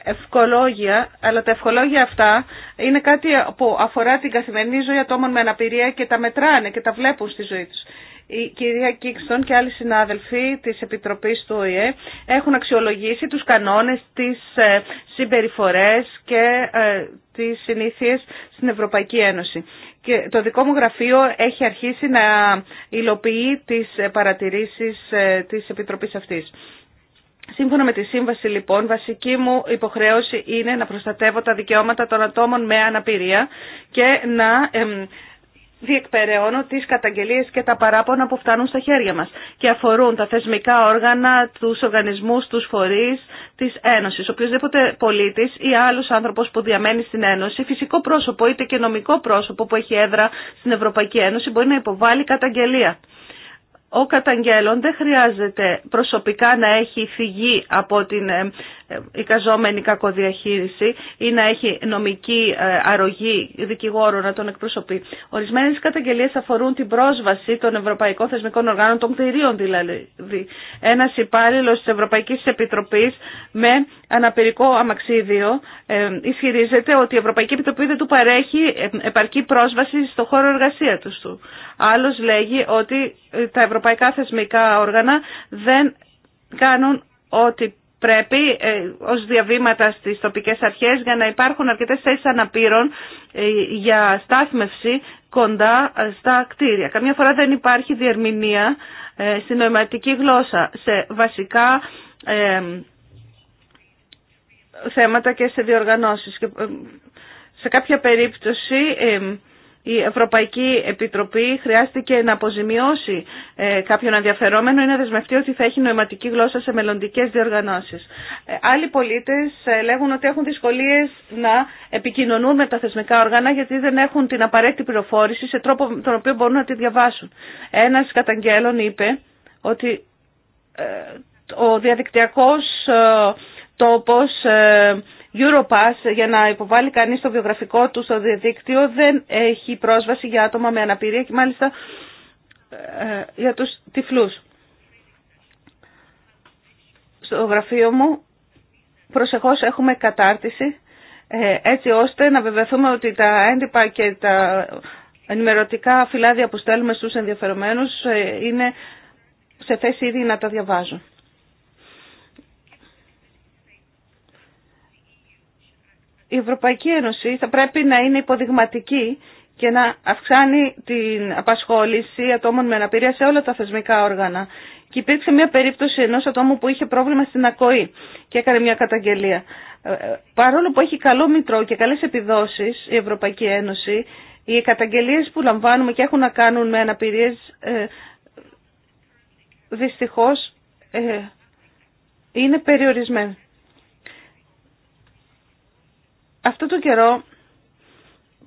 ευκολόγια, αλλά τα ευκολόγια αυτά είναι κάτι που αφορά την καθημερινή ζωή ατόμων με αναπηρία και τα μετράνε και τα βλέπουν στη ζωή τους η κυρία Κίξτον και άλλοι συνάδελφοι της Επιτροπής του ΟΗΕ έχουν αξιολογήσει τους κανόνες, τις ε, συμπεριφορές και ε, τις συνήθειες στην Ευρωπαϊκή Ένωση. Και το δικό μου γραφείο έχει αρχίσει να υλοποιεί τις παρατηρήσεις ε, της Επιτροπής αυτής. Σύμφωνα με τη σύμβαση λοιπόν, βασική μου υποχρέωση είναι να προστατεύω τα δικαιώματα των ατόμων με αναπηρία και να διεκπεραιώνω τις καταγγελίες και τα παράπονα που φτάνουν στα χέρια μας και αφορούν τα θεσμικά όργανα, του οργανισμού, τους φορείς της Ένωσης. Οποιοδήποτε πολίτης ή άλλος άνθρωπος που διαμένει στην Ένωση, φυσικό πρόσωπο είτε και νομικό πρόσωπο που έχει έδρα στην Ευρωπαϊκή Ένωση μπορεί να υποβάλει καταγγελία. Ο καταγγέλων δεν χρειάζεται προσωπικά να έχει φυγεί από την ε, ε, εικαζόμενη κακοδιαχείριση ή να έχει νομική ε, αρρωγή δικηγόρο να τον εκπροσωπεί. Ορισμένε καταγγελίες αφορούν την πρόσβαση των Ευρωπαϊκών Θεσμικών Οργάνων, των κτηρίων δηλαδή. Ένας υπάλληλο τη Ευρωπαϊκής Επιτροπής με αναπηρικό αμαξίδιο ε, ισχυρίζεται ότι η Ευρωπαϊκή Επιτροπή δεν του παρέχει επαρκή πρόσβαση στο χώρο εργασία του. Άλλο λέγει ότι τα ευρωπαϊκά θεσμικά όργανα δεν κάνουν ό,τι πρέπει ε, ως διαβήματα στις τοπικές αρχές για να υπάρχουν αρκετές θέσεις αναπήρων ε, για στάθμευση κοντά ε, στα κτίρια. Καμιά φορά δεν υπάρχει διερμηνία στην νοηματική γλώσσα σε βασικά θέματα και σε διοργανώσεις. Σε κάποια περίπτωση η Ευρωπαϊκή Επιτροπή χρειάστηκε να αποζημιώσει ε, κάποιον ενδιαφερόμενο ή να δεσμευτεί ότι θα έχει νοηματική γλώσσα σε μελλοντικέ διοργανώσει. Ε, άλλοι πολίτε ε, λέγουν ότι έχουν δυσκολίε να επικοινωνούν με τα θεσμικά όργανα γιατί δεν έχουν την απαραίτητη πληροφόρηση σε τρόπο τον οποίο μπορούν να τη διαβάσουν. Ένα καταγγέλων είπε ότι ο διαδικτυακός τόπος Europass για να υποβάλει κανείς το βιογραφικό του στο διαδίκτυο δεν έχει πρόσβαση για άτομα με αναπηρία και μάλιστα ε, για τους τυφλούς. Στο γραφείο μου προσεχώς έχουμε κατάρτιση ε, έτσι ώστε να βεβαιωθούμε ότι τα έντυπα και τα ενημερωτικά φυλάδια που στέλνουμε στους ενδιαφερομένους ε, είναι σε θέση ήδη να τα διαβάζουν. η Ευρωπαϊκή Ένωση θα πρέπει να είναι υποδειγματική και να αυξάνει την απασχόληση ατόμων με αναπηρία σε όλα τα θεσμικά όργανα. Και υπήρξε μια περίπτωση ενό ατόμου που είχε πρόβλημα στην ακοή και έκανε μια καταγγελία. Ε, ε, παρόλο που έχει καλό μητρό και καλέ επιδόσει η Ευρωπαϊκή Ένωση, οι καταγγελίε που λαμβάνουμε και έχουν να κάνουν με αναπηρίε δυστυχώ ε, είναι περιορισμένε αυτό το καιρό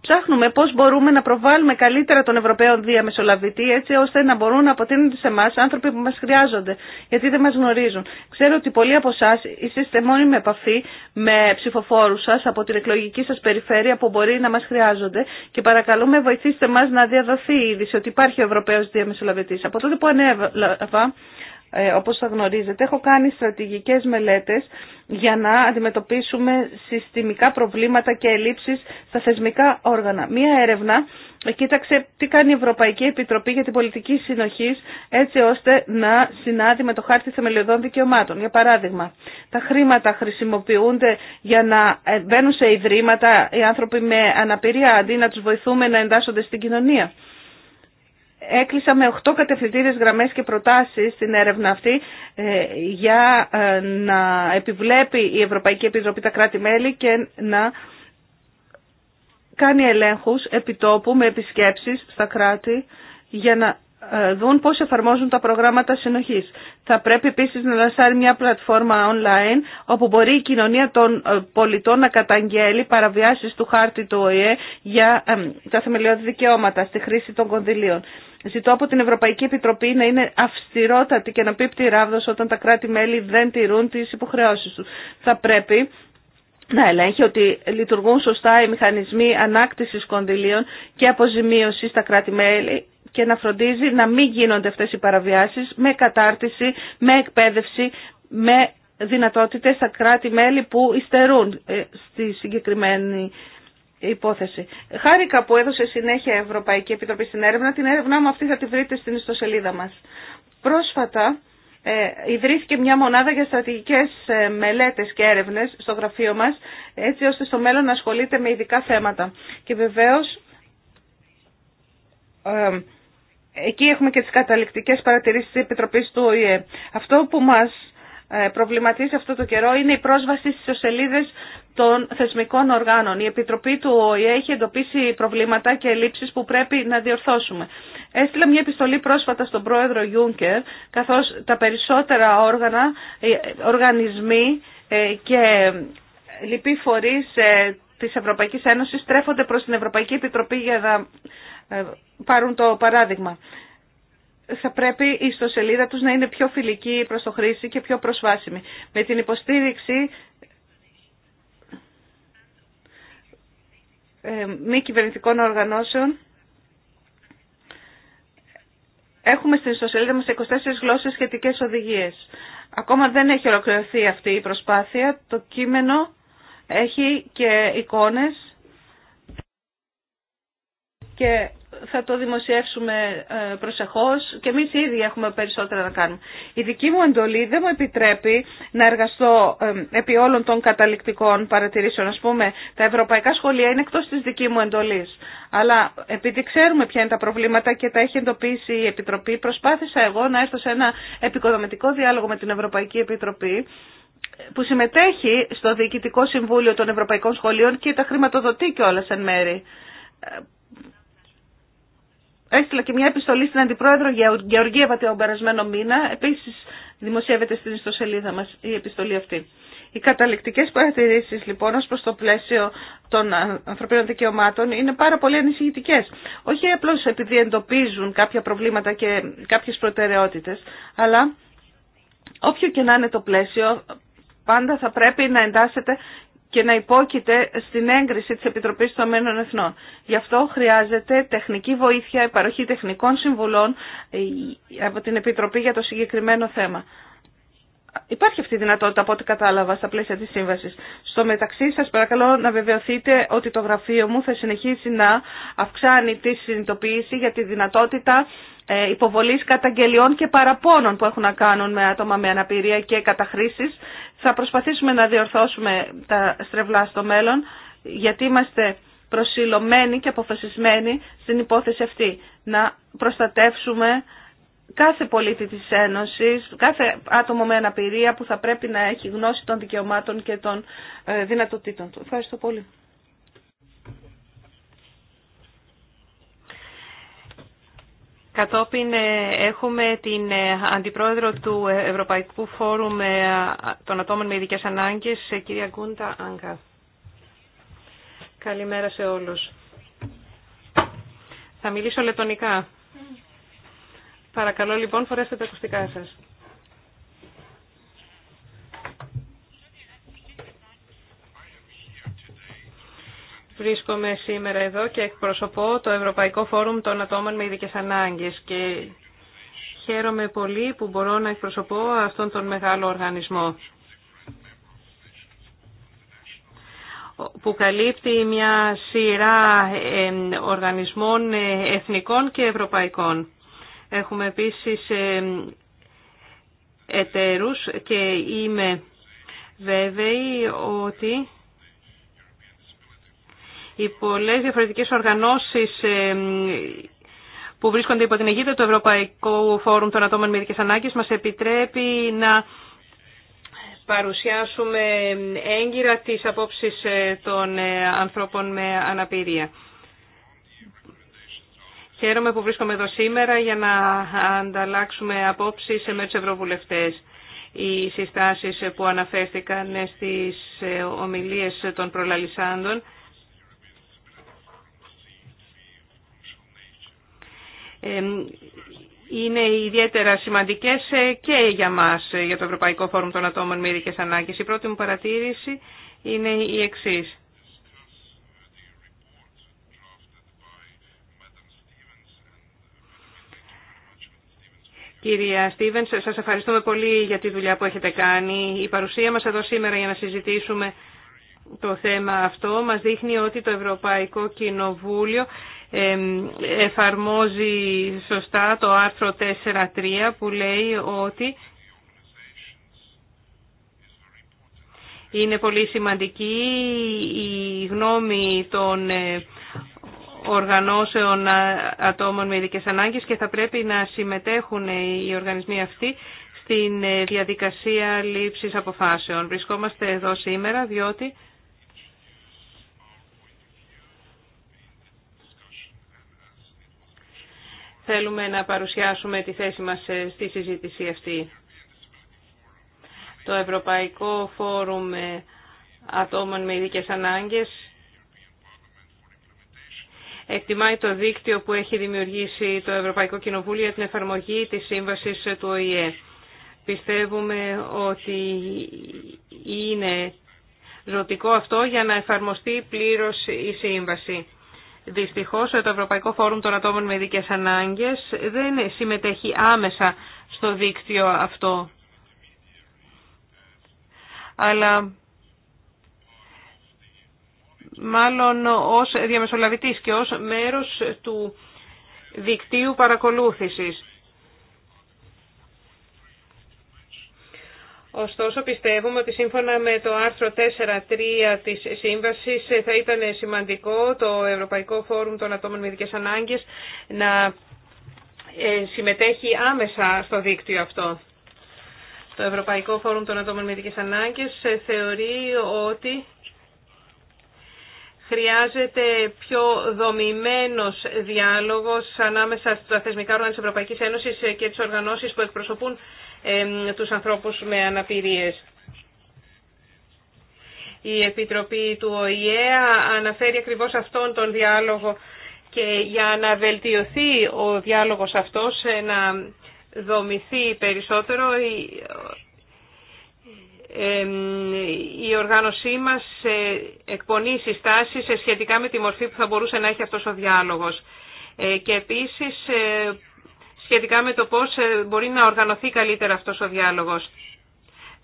ψάχνουμε πώς μπορούμε να προβάλλουμε καλύτερα τον Ευρωπαίο διαμεσολαβητή έτσι ώστε να μπορούν να αποτείνονται σε εμά άνθρωποι που μας χρειάζονται γιατί δεν μας γνωρίζουν. Ξέρω ότι πολλοί από εσά είστε μόνοι με επαφή με ψηφοφόρους σας από την εκλογική σας περιφέρεια που μπορεί να μας χρειάζονται και παρακαλούμε βοηθήστε μας να διαδοθεί η είδηση ότι υπάρχει ο Ευρωπαίος διαμεσολαβητής. Από τότε που ανέβαλα ε, όπως θα γνωρίζετε, έχω κάνει στρατηγικές μελέτες για να αντιμετωπίσουμε συστημικά προβλήματα και ελλείψεις στα θεσμικά όργανα. Μία έρευνα κοίταξε τι κάνει η Ευρωπαϊκή Επιτροπή για την Πολιτική Συνοχή έτσι ώστε να συνάδει με το χάρτη θεμελιωδών δικαιωμάτων. Για παράδειγμα, τα χρήματα χρησιμοποιούνται για να ε, μπαίνουν σε ιδρύματα οι άνθρωποι με αναπηρία αντί να τους βοηθούμε να εντάσσονται στην κοινωνία έκλεισα με 8 κατευθυντήρες γραμμές και προτάσεις στην έρευνα αυτή ε, για ε, να επιβλέπει η Ευρωπαϊκή Επιτροπή τα κράτη-μέλη και να κάνει ελέγχους επιτόπου με επισκέψεις στα κράτη για να ε, δουν πώς εφαρμόζουν τα προγράμματα συνοχής. Θα πρέπει επίσης να λασάρει μια πλατφόρμα online όπου μπορεί η κοινωνία των ε, πολιτών να καταγγέλει παραβιάσεις του χάρτη του ΟΗΕ για ε, τα θεμελιώδη δικαιώματα στη χρήση των κονδυλίων. Ζητώ από την Ευρωπαϊκή Επιτροπή να είναι αυστηρότατη και να πεί πτυράβδος όταν τα κράτη-μέλη δεν τηρούν τις υποχρεώσεις του. Θα πρέπει να ελέγχει ότι λειτουργούν σωστά οι μηχανισμοί ανάκτησης κονδυλίων και αποζημίωσης στα κράτη-μέλη και να φροντίζει να μην γίνονται αυτές οι παραβιάσεις με κατάρτιση, με εκπαίδευση, με δυνατότητες στα κράτη-μέλη που υστερούν ε, στη συγκεκριμένη υπόθεση. Χάρηκα που έδωσε συνέχεια η Ευρωπαϊκή Επιτροπή στην έρευνα. Την έρευνά μου αυτή θα τη βρείτε στην ιστοσελίδα μας. Πρόσφατα ε, ιδρύθηκε μια μονάδα για στρατηγικές ε, μελέτες και έρευνες στο γραφείο μας, έτσι ώστε στο μέλλον να ασχολείται με ειδικά θέματα. Και βεβαίως... Ε, Εκεί έχουμε και τις καταληκτικές παρατηρήσεις της Επιτροπής του ΟΗΕ. Αυτό που μας ε, προβληματίζει αυτό το καιρό είναι η πρόσβαση στις ισοσελίδες των θεσμικών οργάνων. Η Επιτροπή του ΟΗΕ έχει εντοπίσει προβλήματα και ελλείψεις που πρέπει να διορθώσουμε. Έστειλα μια επιστολή πρόσφατα στον πρόεδρο Γιούνκερ, καθώς τα περισσότερα όργανα, ε, οργανισμοί ε, και λοιποί φορείς της Ευρωπαϊκής Ένωσης στρέφονται προς την Ευρωπαϊκή Επιτροπή για να ε, πάρουν το παράδειγμα. Θα πρέπει η ιστοσελίδα τους να είναι πιο φιλική προς το χρήση και πιο προσβάσιμη. Με την υποστήριξη ε, μη κυβερνητικών οργανώσεων έχουμε στην ιστοσελίδα μας 24 γλώσσες σχετικές οδηγίες. Ακόμα δεν έχει ολοκληρωθεί αυτή η προσπάθεια. Το κείμενο έχει και εικόνες και θα το δημοσιεύσουμε ε, προσεχώς και εμείς ήδη έχουμε περισσότερα να κάνουμε. Η δική μου εντολή δεν μου επιτρέπει να εργαστώ ε, επί όλων των καταληκτικών παρατηρήσεων. Ας πούμε, τα ευρωπαϊκά σχολεία είναι εκτός της δική μου εντολής. Αλλά επειδή ξέρουμε ποια είναι τα προβλήματα και τα έχει εντοπίσει η Επιτροπή, προσπάθησα εγώ να έρθω σε ένα επικοδομητικό διάλογο με την Ευρωπαϊκή Επιτροπή που συμμετέχει στο Διοικητικό Συμβούλιο των Ευρωπαϊκών Σχολείων και τα χρηματοδοτεί κιόλας εν μέρη Έστειλα και μια επιστολή στην Αντιπρόεδρο Γεωργίευα τον περασμένο μήνα. Επίση, δημοσιεύεται στην ιστοσελίδα μα η επιστολή αυτή. Οι καταληκτικέ παρατηρήσει, λοιπόν, ω προ το πλαίσιο των ανθρωπίνων δικαιωμάτων είναι πάρα πολύ ανησυχητικέ. Όχι απλώ επειδή εντοπίζουν κάποια προβλήματα και κάποιε προτεραιότητε, αλλά όποιο και να είναι το πλαίσιο, πάντα θα πρέπει να εντάσσεται και να υπόκειται στην έγκριση της Επιτροπής των Μένων Εθνών. Γι' αυτό χρειάζεται τεχνική βοήθεια, η παροχή τεχνικών συμβουλών ε, από την Επιτροπή για το συγκεκριμένο θέμα. Υπάρχει αυτή η δυνατότητα από ό,τι κατάλαβα στα πλαίσια της σύμβασης. Στο μεταξύ σας παρακαλώ να βεβαιωθείτε ότι το γραφείο μου θα συνεχίσει να αυξάνει τη συνειδητοποίηση για τη δυνατότητα ε, υποβολής καταγγελιών και παραπώνων που έχουν να κάνουν με άτομα με αναπηρία και καταχρήσεις θα προσπαθήσουμε να διορθώσουμε τα στρεβλά στο μέλλον, γιατί είμαστε προσιλωμένοι και αποφασισμένοι στην υπόθεση αυτή. Να προστατεύσουμε κάθε πολίτη της Ένωσης, κάθε άτομο με αναπηρία που θα πρέπει να έχει γνώση των δικαιωμάτων και των ε, δυνατοτήτων του. Ευχαριστώ πολύ. Κατόπιν ε, έχουμε την ε, Αντιπρόεδρο του Ευρωπαϊκού Φόρουμ ε, των Ατόμων με Ειδικές Ανάγκες, κυρία Γκούντα Άγκα. Καλημέρα σε όλους. Θα μιλήσω λετονικά. Mm. Παρακαλώ λοιπόν φορέστε τα ακουστικά σας. Βρίσκομαι σήμερα εδώ και εκπροσωπώ το Ευρωπαϊκό Φόρουμ των Ατόμων με Ειδικές Ανάγκες και χαίρομαι πολύ που μπορώ να εκπροσωπώ αυτόν τον μεγάλο οργανισμό που καλύπτει μια σειρά οργανισμών ε, εθνικών και ευρωπαϊκών. Έχουμε επίσης εταίρους και είμαι βέβαιη ότι οι πολλές διαφορετικές οργανώσεις ε, που βρίσκονται υπό την αιγύδα του Ευρωπαϊκού Φόρουμ των Ατόμων με Ειδικές Ανάγκες μας επιτρέπει να παρουσιάσουμε έγκυρα τις απόψεις ε, των ε, ανθρώπων με αναπηρία. Χαίρομαι που βρίσκομαι εδώ σήμερα για να ανταλλάξουμε απόψεις με τους ευρωβουλευτές. Οι συστάσεις που αναφέρθηκαν στις ομιλίες των προλαλισάντων είναι ιδιαίτερα σημαντικές ε, και για μας, ε, για το Ευρωπαϊκό Φόρουμ των Ατόμων με Ειδικές Ανάγκες. Η πρώτη μου παρατήρηση είναι η εξής. Κυρία Στίβενς, σας ευχαριστούμε πολύ για τη δουλειά που έχετε κάνει. Η παρουσία μας εδώ σήμερα για να συζητήσουμε το θέμα αυτό μας δείχνει ότι το Ευρωπαϊκό Κοινοβούλιο εφαρμόζει σωστά το άρθρο 4.3 που λέει ότι είναι πολύ σημαντική η γνώμη των ε, οργανώσεων ατόμων με ειδικές ανάγκες και θα πρέπει να συμμετέχουν οι οργανισμοί αυτοί στην ε, διαδικασία λήψης αποφάσεων. Βρισκόμαστε εδώ σήμερα διότι θέλουμε να παρουσιάσουμε τη θέση μας ε, στη συζήτηση αυτή. Το Ευρωπαϊκό Φόρουμ ε, Ατόμων με Ειδικές Ανάγκες εκτιμάει το δίκτυο που έχει δημιουργήσει το Ευρωπαϊκό Κοινοβούλιο για την εφαρμογή της σύμβασης ε, του ΟΗΕ. Πιστεύουμε ότι είναι ζωτικό αυτό για να εφαρμοστεί πλήρως η σύμβαση. Δυστυχώ, το Ευρωπαϊκό Φόρουμ των Ατόμων με ειδικέ ανάγκε δεν συμμετέχει άμεσα στο δίκτυο αυτό. Αλλά μάλλον ως διαμεσολαβητής και ως μέρος του δικτύου παρακολούθησης. Ωστόσο πιστεύουμε ότι σύμφωνα με το άρθρο 4.3 της Σύμβασης ε, θα ήταν σημαντικό το Ευρωπαϊκό Φόρουμ των Ατόμων με Ειδικές Ανάγκες να ε, συμμετέχει άμεσα στο δίκτυο αυτό. Το Ευρωπαϊκό Φόρουμ των Ατόμων με Ειδικές Ανάγκες ε, θεωρεί ότι Χρειάζεται πιο δομημένος διάλογος ανάμεσα στα θεσμικά όργανα της Ευρωπαϊκής Ένωσης και τις οργανώσεις που εκπροσωπούν τους ανθρώπους με αναπηρίες. Η Επιτροπή του ΟΗΕ αναφέρει ακριβώς αυτόν τον διάλογο και για να βελτιωθεί ο διάλογος αυτός, να δομηθεί περισσότερο, η οργάνωσή μας εκπονεί συστάσεις σχετικά με τη μορφή που θα μπορούσε να έχει αυτός ο διάλογος. Ε, και επίσης ε, σχετικά με το πώς ε, μπορεί να οργανωθεί καλύτερα αυτός ο διάλογος.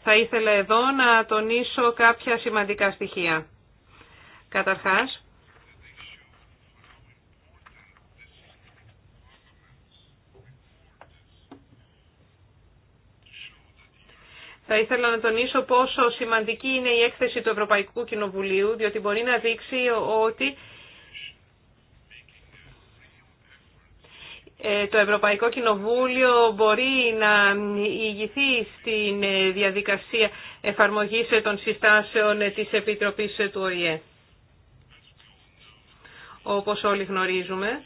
Θα ήθελα εδώ να τονίσω κάποια σημαντικά στοιχεία. Καταρχάς, Θα ήθελα να τονίσω πόσο σημαντική είναι η έκθεση του Ευρωπαϊκού Κοινοβουλίου, διότι μπορεί να δείξει ότι ε, το Ευρωπαϊκό Κοινοβούλιο μπορεί να ηγηθεί στην ε, διαδικασία εφαρμογής των συστάσεων της Επιτροπής του ΟΗΕ. Όπως όλοι γνωρίζουμε,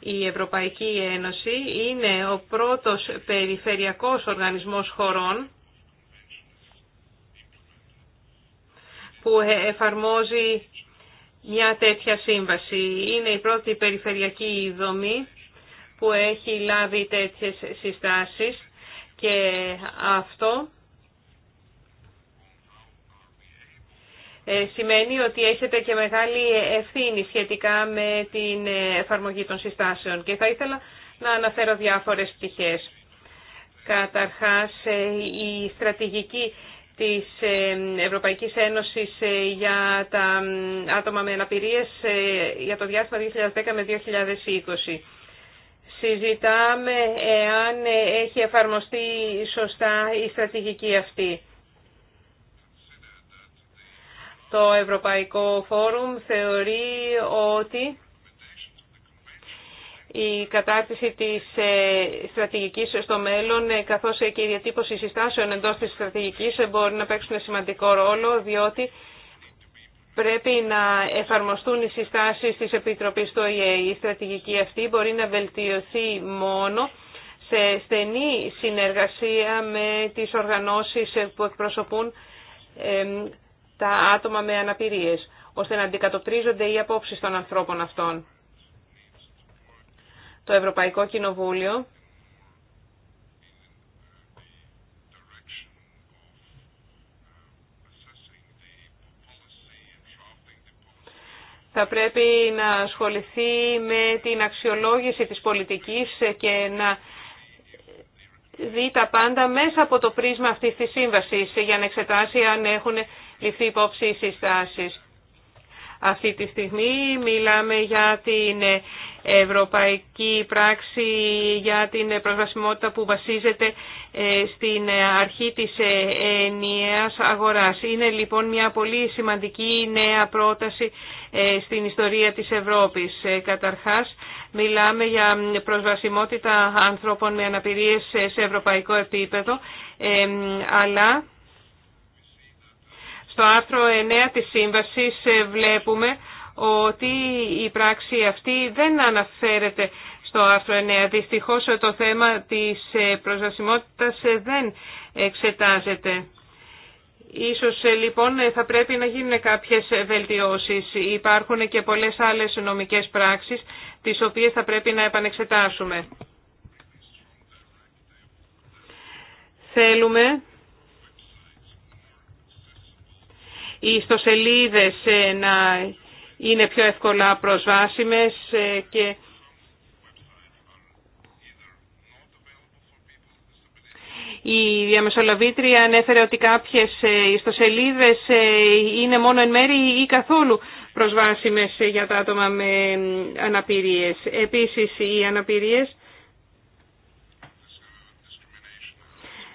η Ευρωπαϊκή Ένωση είναι ο πρώτος περιφερειακός οργανισμός χωρών που εφαρμόζει μια τέτοια σύμβαση. Είναι η πρώτη περιφερειακή δομή που έχει λάβει τέτοιες συστάσεις και αυτό Ε, σημαίνει ότι έχετε και μεγάλη ευθύνη σχετικά με την ε, εφαρμογή των συστάσεων και θα ήθελα να αναφέρω διάφορες πτυχές. Καταρχάς, ε, η στρατηγική της Ευρωπαϊκής Ένωσης για τα άτομα με αναπηρίες για το διάστημα 2010 με 2020. Συζητάμε εάν έχει εφαρμοστεί σωστά η στρατηγική αυτή. Το Ευρωπαϊκό Φόρουμ θεωρεί ότι η κατάρτιση της ε, στρατηγικής στο μέλλον, ε, καθώς και η διατύπωση συστάσεων εντός της στρατηγικής ε, μπορεί να παίξουν σημαντικό ρόλο, διότι πρέπει να εφαρμοστούν οι συστάσεις της Επιτροπής του ΟΗΕ. Η στρατηγική αυτή μπορεί να βελτιωθεί μόνο σε στενή συνεργασία με τις οργανώσεις που εκπροσωπούν τα άτομα με αναπηρίες, ώστε να αντικατοπτρίζονται οι απόψεις των ανθρώπων αυτών. Το Ευρωπαϊκό Κοινοβούλιο θα πρέπει να ασχοληθεί με την αξιολόγηση της πολιτικής και να δει τα πάντα μέσα από το πρίσμα αυτής της σύμβασης για να εξετάσει αν έχουν ληφθεί υπόψη οι συστάσεις. Αυτή τη στιγμή μιλάμε για την ευρωπαϊκή πράξη για την προσβασιμότητα που βασίζεται ε, στην αρχή της ε, ενιαίας αγοράς. Είναι λοιπόν μια πολύ σημαντική νέα πρόταση ε, στην ιστορία της Ευρώπης. Καταρχάς μιλάμε για προσβασιμότητα ανθρώπων με αναπηρίες σε ευρωπαϊκό επίπεδο, αλλά στο άρθρο 9 της σύμβασης ε, βλέπουμε ότι η πράξη αυτή δεν αναφέρεται στο άρθρο 9. Δυστυχώς ε, το θέμα της ε, προσβασιμότητας δεν εξετάζεται. Ίσως λοιπόν θα πρέπει να γίνουν κάποιες βελτιώσεις. Υπάρχουν και πολλές άλλες νομικές πράξεις τις οποίες θα πρέπει να επανεξετάσουμε. Θέλουμε οι ιστοσελίδες ε, να είναι πιο εύκολα προσβάσιμες ε, και Η διαμεσολαβήτρια ανέφερε ότι κάποιες ε, ιστοσελίδες είναι μόνο εν μέρη ή καθόλου προσβάσιμες για τα άτομα με αναπηρίες. Επίσης, οι αναπηρίες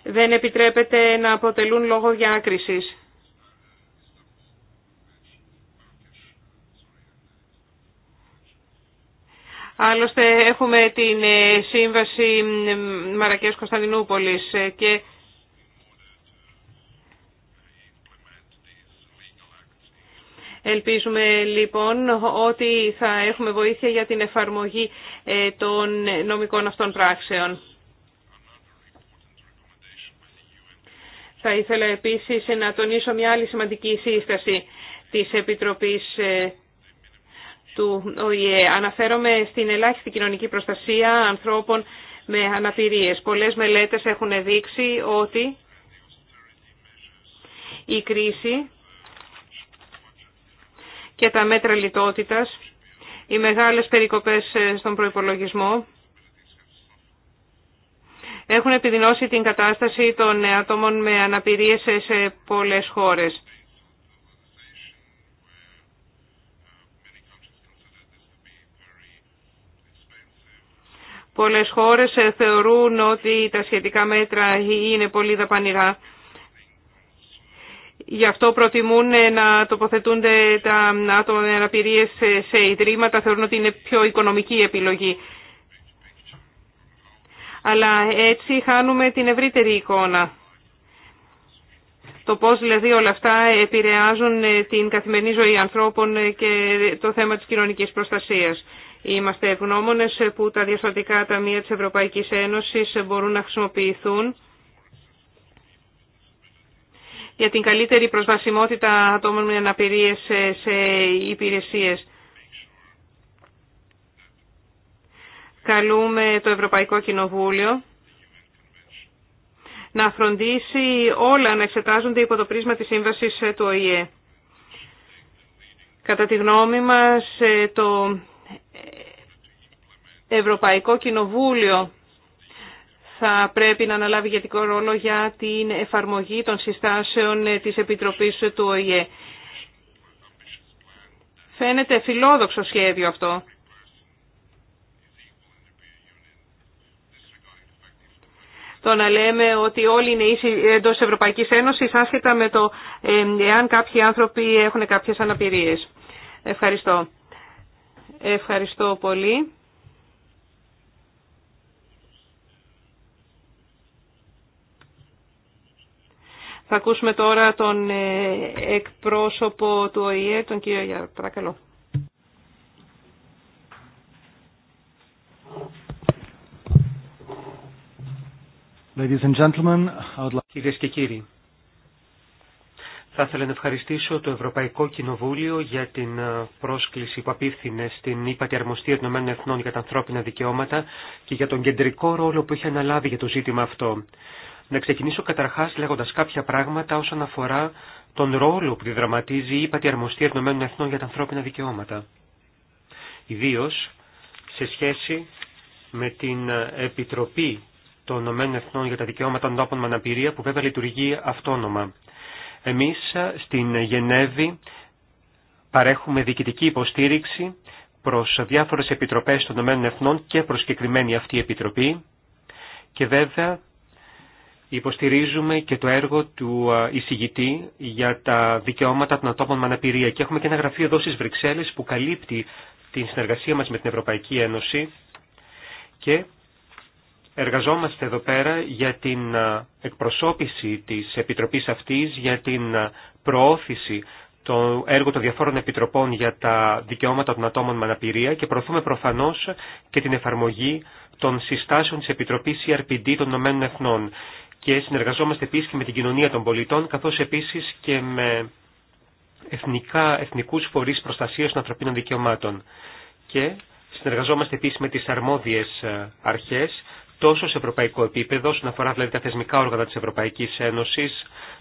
δεν επιτρέπεται να αποτελούν λόγο διάκρισης. Άλλωστε έχουμε την ε, σύμβαση Μαρακές Κωνσταντινούπολης ε, και Ελπίζουμε λοιπόν ότι θα έχουμε βοήθεια για την εφαρμογή ε, των νομικών αυτών πράξεων. Θα ήθελα επίσης να τονίσω μια άλλη σημαντική σύσταση της Επιτροπής του ΟΗΕ. Αναφέρομαι στην ελάχιστη κοινωνική προστασία ανθρώπων με αναπηρίες. Πολλές μελέτες έχουν δείξει ότι η κρίση και τα μέτρα λιτότητας, οι μεγάλες περικοπές στον προϋπολογισμό, έχουν επιδεινώσει την κατάσταση των ατόμων με αναπηρίες σε πολλές χώρες. Πολλές χώρες ε, θεωρούν ότι τα σχετικά μέτρα είναι πολύ δαπανηρά. Γι' αυτό προτιμούν ε, να τοποθετούνται τα άτομα με αναπηρίες σε ιδρύματα, θεωρούν ότι είναι πιο οικονομική επιλογή. Αλλά έτσι χάνουμε την ευρύτερη εικόνα. Το πώς δηλαδή όλα αυτά επηρεάζουν ε, την καθημερινή ζωή ανθρώπων και το θέμα της κοινωνικής προστασίας. Είμαστε ευγνώμονες που τα Διαστατικά ταμεία της Ευρωπαϊκής Ένωσης μπορούν να χρησιμοποιηθούν για την καλύτερη προσβασιμότητα ατόμων με αναπηρίες σε υπηρεσίες. Καλούμε το Ευρωπαϊκό Κοινοβούλιο να φροντίσει όλα να εξετάζονται υπό το πρίσμα της σύμβασης του ΟΗΕ. Κατά τη γνώμη μας, το Ευρωπαϊκό Κοινοβούλιο θα πρέπει να αναλάβει ηγετικό ρόλο για την εφαρμογή των συστάσεων της Επιτροπής του ΟΗΕ. Φαίνεται φιλόδοξο σχέδιο αυτό. Το να λέμε ότι όλοι είναι ίσοι εντό Ευρωπαϊκή Ένωση, άσχετα με το ε, εάν κάποιοι άνθρωποι έχουν κάποιε αναπηρίε. Ευχαριστώ. Ευχαριστώ πολύ. Θα ακούσουμε τώρα τον ε, εκπρόσωπο του ΟΗΕ, τον κύριο Γιάννη. Παρακαλώ. Ladies and gentlemen, I would like... Κυρίες και κύριοι, θα ήθελα να ευχαριστήσω το Ευρωπαϊκό Κοινοβούλιο για την ε, πρόσκληση που απίφθινε στην ύπατη αρμοστία για τα ανθρώπινα δικαιώματα και για τον κεντρικό ρόλο που έχει αναλάβει για το ζήτημα αυτό. Να ξεκινήσω καταρχά λέγοντα κάποια πράγματα όσον αφορά τον ρόλο που διδραματίζει η ύπατη αρμοστία ΕΕ για τα ανθρώπινα δικαιώματα. Ιδίω σε σχέση με την ε, Επιτροπή των ΗΕ για τα Δικαιώματα των με Αναπηρία που βέβαια λειτουργεί αυτόνομα. Εμείς ε, στην Γενέβη παρέχουμε διοικητική υποστήριξη προς διάφορες επιτροπές των Ηνωμένων και προς συγκεκριμένη αυτή επιτροπή και βέβαια υποστηρίζουμε και το έργο του ε, εισηγητή για τα δικαιώματα των ατόμων με αναπηρία και έχουμε και ένα γραφείο εδώ στις Βρυξέλλες που καλύπτει την συνεργασία μας με την Ευρωπαϊκή Ένωση και Εργαζόμαστε εδώ πέρα για την εκπροσώπηση της Επιτροπής αυτής, για την προώθηση το έργο των διαφόρων επιτροπών για τα δικαιώματα των ατόμων με αναπηρία και προωθούμε προφανώς και την εφαρμογή των συστάσεων της Επιτροπής CRPD των Ηνωμένων Εθνών και συνεργαζόμαστε επίσης και με την κοινωνία των πολιτών καθώς επίσης και με εθνικά, εθνικούς φορείς προστασίας των ανθρωπίνων δικαιωμάτων και συνεργαζόμαστε επίσης με τις αρμόδιες αρχές τόσο σε ευρωπαϊκό επίπεδο, όσον αφορά δηλαδή τα θεσμικά όργανα τη Ευρωπαϊκής Ένωση,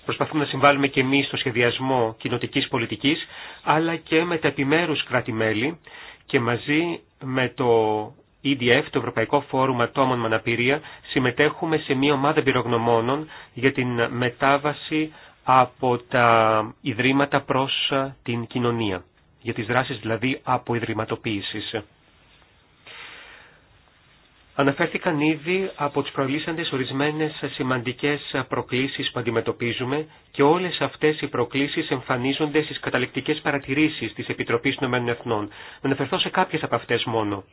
προσπαθούμε να συμβάλλουμε και εμείς στο σχεδιασμό κοινοτική πολιτική, αλλά και με τα επιμέρου κρατη κράτη-μέλη και μαζί με το EDF, το Ευρωπαϊκό Φόρουμ Ατόμων με Αναπηρία, συμμετέχουμε σε μια ομάδα πυρογνωμόνων για την μετάβαση από τα ιδρύματα προς την κοινωνία, για τις δράσεις δηλαδή από ιδρυματοποίησης. Αναφέρθηκαν ήδη από τις προελίσσαντες ορισμένες σημαντικές προκλήσεις που αντιμετωπίζουμε και όλες αυτές οι προκλήσεις εμφανίζονται στις καταληκτικές παρατηρήσεις της Επιτροπής των Ηνωμένων Εθνών. Να αναφερθώ σε κάποιες από αυτές μόνο.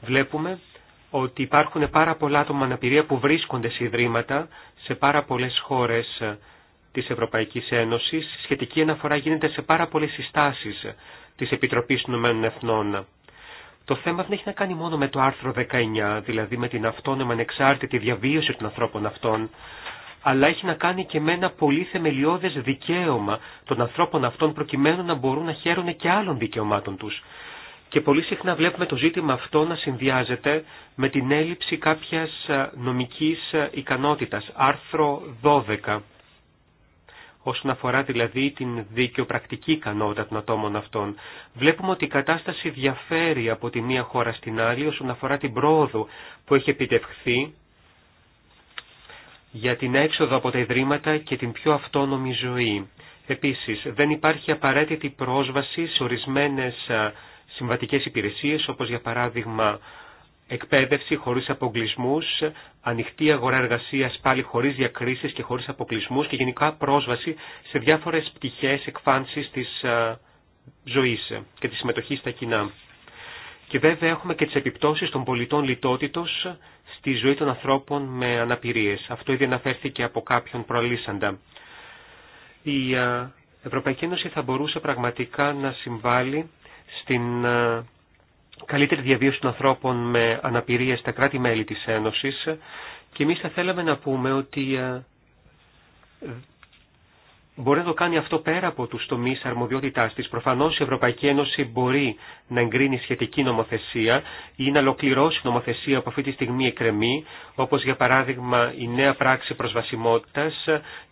Βλέπουμε ότι υπάρχουν πάρα πολλά άτομα αναπηρία που βρίσκονται σε ιδρύματα σε πάρα πολλές χώρες της Ευρωπαϊκής Ένωσης. Σχετική αναφορά γίνεται σε πάρα πολλές συστάσεις της Επιτροπής των Ηνωμένων Εθνών. Το θέμα δεν έχει να κάνει μόνο με το άρθρο 19, δηλαδή με την αυτόνομα ανεξάρτητη διαβίωση των ανθρώπων αυτών, αλλά έχει να κάνει και με ένα πολύ θεμελιώδες δικαίωμα των ανθρώπων αυτών προκειμένου να μπορούν να χαίρουν και άλλων δικαιωμάτων τους. Και πολύ συχνά βλέπουμε το ζήτημα αυτό να συνδυάζεται με την έλλειψη κάποιας νομικής ικανότητας. Άρθρο 12 όσον αφορά δηλαδή την δικαιοπρακτική ικανότητα των ατόμων αυτών. Βλέπουμε ότι η κατάσταση διαφέρει από τη μία χώρα στην άλλη όσον αφορά την πρόοδο που έχει επιτευχθεί για την έξοδο από τα ιδρύματα και την πιο αυτόνομη ζωή. Επίσης, δεν υπάρχει απαραίτητη πρόσβαση σε ορισμένες ε, συμβατικές υπηρεσίες, όπως για παράδειγμα εκπαίδευση χωρίς αποκλεισμούς, ανοιχτή αγορά εργασίας πάλι χωρίς διακρίσεις και χωρίς αποκλεισμούς και γενικά πρόσβαση σε διάφορες πτυχές εκφάνσεις της ε, ζωής και της συμμετοχής στα κοινά. Και βέβαια έχουμε και τις επιπτώσεις των πολιτών λιτότητος στη ζωή των ανθρώπων με αναπηρίες. Αυτό ήδη αναφέρθηκε από κάποιον προαλήσαντα. Η ε, Ευρωπαϊκή Ένωση θα μπορούσε πραγματικά να συμβάλλει στην ε, καλύτερη διαβίωση των ανθρώπων με αναπηρία στα κράτη-μέλη της Ένωσης και εμείς θα θέλαμε να πούμε ότι ε, μπορεί να το κάνει αυτό πέρα από τους τομείς αρμοδιότητάς της. Προφανώς η Ευρωπαϊκή Ένωση μπορεί να εγκρίνει σχετική νομοθεσία ή να ολοκληρώσει νομοθεσία που αυτή τη στιγμή εκκρεμεί, όπως για παράδειγμα η νέα πράξη προσβασιμότητας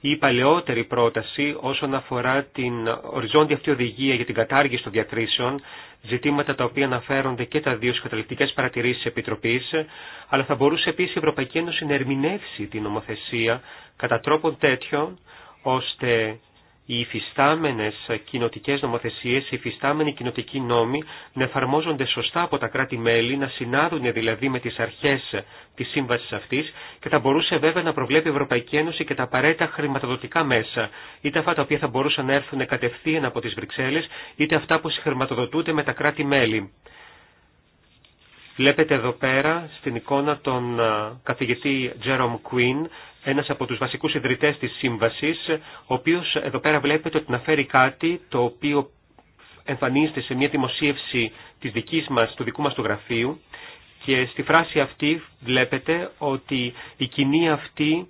ή η παλαιότερη πρόταση όσον αφορά την οριζόντια αυτή οδηγία για την κατάργηση των διακρίσεων ζητήματα τα οποία αναφέρονται και τα δύο σκαταληκτικέ παρατηρήσει τη Επιτροπή, αλλά θα μπορούσε επίση η Ευρωπαϊκή Ένωση να ερμηνεύσει την νομοθεσία κατά τρόπον τέτοιο ώστε οι υφιστάμενες κοινοτικέ νομοθεσίες, οι υφιστάμενοι κοινοτικοί νόμοι να εφαρμόζονται σωστά από τα κράτη-μέλη, να συνάδουν δηλαδή με τις αρχές της σύμβασης αυτής και θα μπορούσε βέβαια να προβλέπει η Ευρωπαϊκή Ένωση και τα απαραίτητα χρηματοδοτικά μέσα, είτε αυτά τα οποία θα μπορούσαν να έρθουν κατευθείαν από τις Βρυξέλλες, είτε αυτά που συγχρηματοδοτούνται με τα κράτη-μέλη. Βλέπετε εδώ πέρα στην εικόνα τον ε, καθηγητή Jerome Quinn, ένας από τους βασικούς ιδρυτές της σύμβασης, ο οποίος εδώ πέρα βλέπετε ότι να φέρει κάτι το οποίο εμφανίζεται σε μια δημοσίευση της δικής μας, του δικού μας του γραφείου και στη φράση αυτή βλέπετε ότι η κοινή αυτή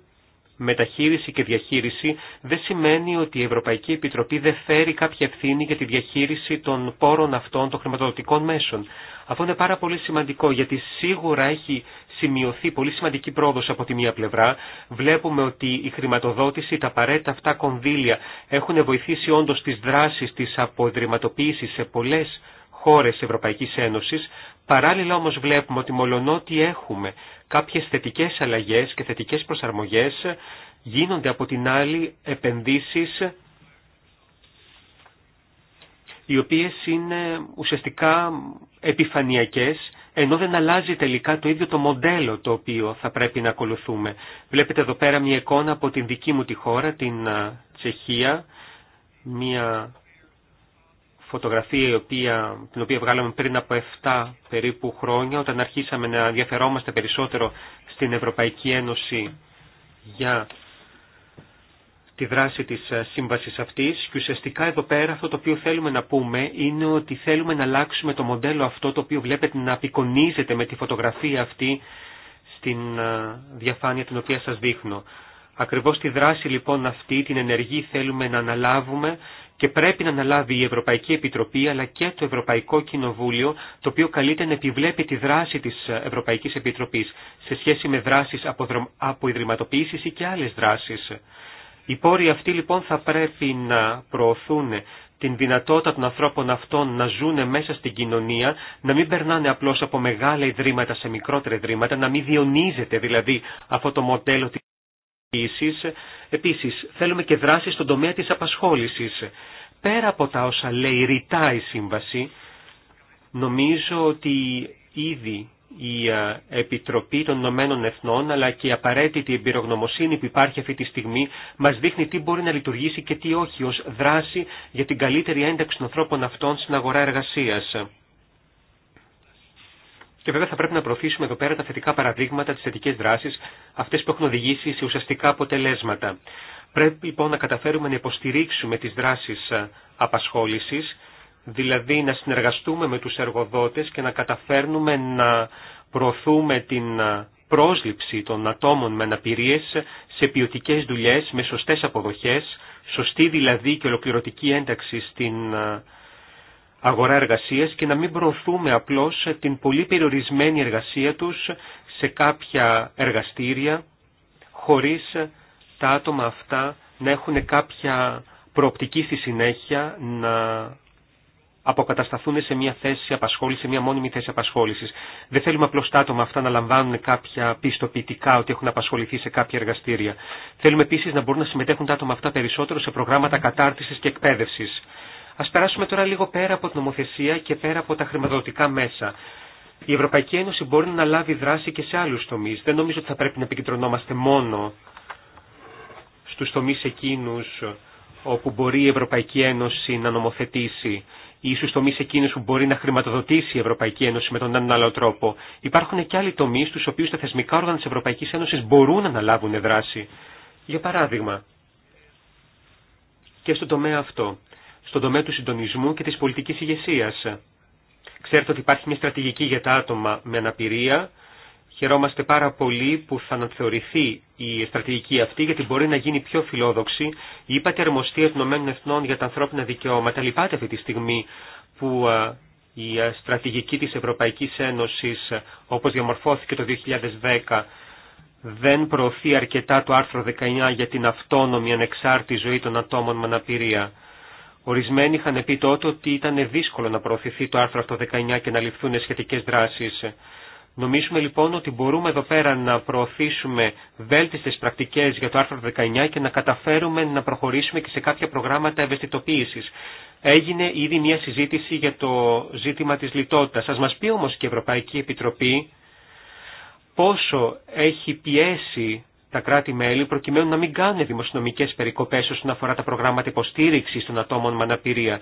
μεταχείριση και διαχείριση δεν σημαίνει ότι η Ευρωπαϊκή Επιτροπή δεν φέρει κάποια ευθύνη για τη διαχείριση των πόρων αυτών των χρηματοδοτικών μέσων. Αυτό είναι πάρα πολύ σημαντικό γιατί σίγουρα έχει σημειωθεί πολύ σημαντική πρόοδος από τη μία πλευρά. Βλέπουμε ότι η χρηματοδότηση, τα απαραίτητα αυτά κονδύλια έχουν βοηθήσει όντως τις δράσεις της αποδρυματοποίησης σε πολλές χώρες Ευρωπαϊκής Ένωσης. Παράλληλα όμως βλέπουμε ότι μολονότι έχουμε κάποιες θετικές αλλαγές και θετικές προσαρμογές, γίνονται από την άλλη επενδύσεις οι οποίες είναι ουσιαστικά επιφανειακές ενώ δεν αλλάζει τελικά το ίδιο το μοντέλο το οποίο θα πρέπει να ακολουθούμε. Βλέπετε εδώ πέρα μια εικόνα από την δική μου τη χώρα, την Τσεχία, μια φωτογραφία η οποία, την οποία βγάλαμε πριν από 7 περίπου χρόνια, όταν αρχίσαμε να ενδιαφερόμαστε περισσότερο στην Ευρωπαϊκή Ένωση για τη δράση της ε, σύμβασης αυτής και ουσιαστικά εδώ πέρα αυτό το οποίο θέλουμε να πούμε είναι ότι θέλουμε να αλλάξουμε το μοντέλο αυτό το οποίο βλέπετε να απεικονίζεται με τη φωτογραφία αυτή στην ε, διαφάνεια την οποία σας δείχνω. Ακριβώς τη δράση λοιπόν αυτή, την ενεργή θέλουμε να αναλάβουμε και πρέπει να αναλάβει η Ευρωπαϊκή Επιτροπή αλλά και το Ευρωπαϊκό Κοινοβούλιο το οποίο καλείται να επιβλέπει τη δράση της ε, Ευρωπαϊκής Επιτροπής σε σχέση με δράσεις ιδρυματοποίησης ή και άλλες δράσεις. Οι πόροι αυτοί λοιπόν θα πρέπει να προωθούν την δυνατότητα των ανθρώπων αυτών να ζουν μέσα στην κοινωνία, να μην περνάνε απλώς από μεγάλα ιδρύματα σε μικρότερα ιδρύματα, να μην διονύζεται δηλαδή αυτό το μοντέλο της Επίσης, επίσης, θέλουμε και δράση στον τομέα της απασχόλησης. Πέρα από τα όσα λέει ρητά η σύμβαση, νομίζω ότι ήδη η ε, Επιτροπή των Ηνωμένων Εθνών αλλά και η απαραίτητη εμπειρογνωμοσύνη που υπάρχει αυτή τη στιγμή μας δείχνει τι μπορεί να λειτουργήσει και τι όχι ως δράση για την καλύτερη ένταξη των ανθρώπων αυτών στην αγορά εργασίας. Και βέβαια θα πρέπει να προωθήσουμε εδώ πέρα τα θετικά παραδείγματα, τις θετικές δράσεις, αυτές που έχουν οδηγήσει σε ουσιαστικά αποτελέσματα. Πρέπει λοιπόν να καταφέρουμε να υποστηρίξουμε τις δράσεις ε, απασχόλησης δηλαδή να συνεργαστούμε με τους εργοδότες και να καταφέρνουμε να προωθούμε την πρόσληψη των ατόμων με αναπηρίες σε ποιοτικέ δουλειές, με σωστές αποδοχές, σωστή δηλαδή και ολοκληρωτική ένταξη στην αγορά εργασίας και να μην προωθούμε απλώς την πολύ περιορισμένη εργασία τους σε κάποια εργαστήρια χωρίς τα άτομα αυτά να έχουν κάποια προοπτική στη συνέχεια να αποκατασταθούν σε μια θέση απασχόληση, σε μια μόνιμη θέση απασχόληση. Δεν θέλουμε απλώ τα άτομα αυτά να λαμβάνουν κάποια πιστοποιητικά ότι έχουν απασχοληθεί σε κάποια εργαστήρια. Θέλουμε επίση να μπορούν να συμμετέχουν τα άτομα αυτά περισσότερο σε προγράμματα κατάρτιση και εκπαίδευση. Α περάσουμε τώρα λίγο πέρα από την νομοθεσία και πέρα από τα χρηματοδοτικά μέσα. Η Ευρωπαϊκή Ένωση μπορεί να λάβει δράση και σε άλλου τομεί. Δεν νομίζω ότι θα πρέπει να επικεντρωνόμαστε μόνο στου τομεί εκείνου όπου μπορεί η Ευρωπαϊκή Ένωση να νομοθετήσει ίσως τομεί εκείνους που μπορεί να χρηματοδοτήσει η Ευρωπαϊκή Ένωση με τον έναν άλλο τρόπο. Υπάρχουν και άλλοι τομείς στου οποίους τα θεσμικά όργανα της Ευρωπαϊκής Ένωση μπορούν να αναλάβουν δράση. Για παράδειγμα, και στον τομέα αυτό, στον τομέα του συντονισμού και της πολιτικής ηγεσία. Ξέρετε ότι υπάρχει μια στρατηγική για τα άτομα με αναπηρία, Χαιρόμαστε πάρα πολύ που θα αναθεωρηθεί η στρατηγική αυτή γιατί μπορεί να γίνει πιο φιλόδοξη. Η είπατε αρμοστία των ΗΕ για τα ανθρώπινα δικαιώματα λυπάται αυτή τη στιγμή που η στρατηγική της Ευρωπαϊκής Ένωσης όπως διαμορφώθηκε το 2010 δεν προωθεί αρκετά το άρθρο 19 για την αυτόνομη ανεξάρτητη ζωή των ατόμων με αναπηρία. Ορισμένοι είχαν πει τότε ότι ήταν δύσκολο να προωθηθεί το άρθρο αυτό 19 και να ληφθούν σχετικές δράσεις. Νομίζουμε λοιπόν ότι μπορούμε εδώ πέρα να προωθήσουμε βέλτιστες πρακτικές για το άρθρο 19 και να καταφέρουμε να προχωρήσουμε και σε κάποια προγράμματα ευαισθητοποίησης. Έγινε ήδη μια συζήτηση για το ζήτημα της λιτότητας. Σας μας πει όμως και η Ευρωπαϊκή Επιτροπή πόσο έχει πιέσει τα κράτη-μέλη προκειμένου να μην κάνουν δημοσιονομικές περικοπές όσον αφορά τα προγράμματα υποστήριξη των ατόμων με αναπηρία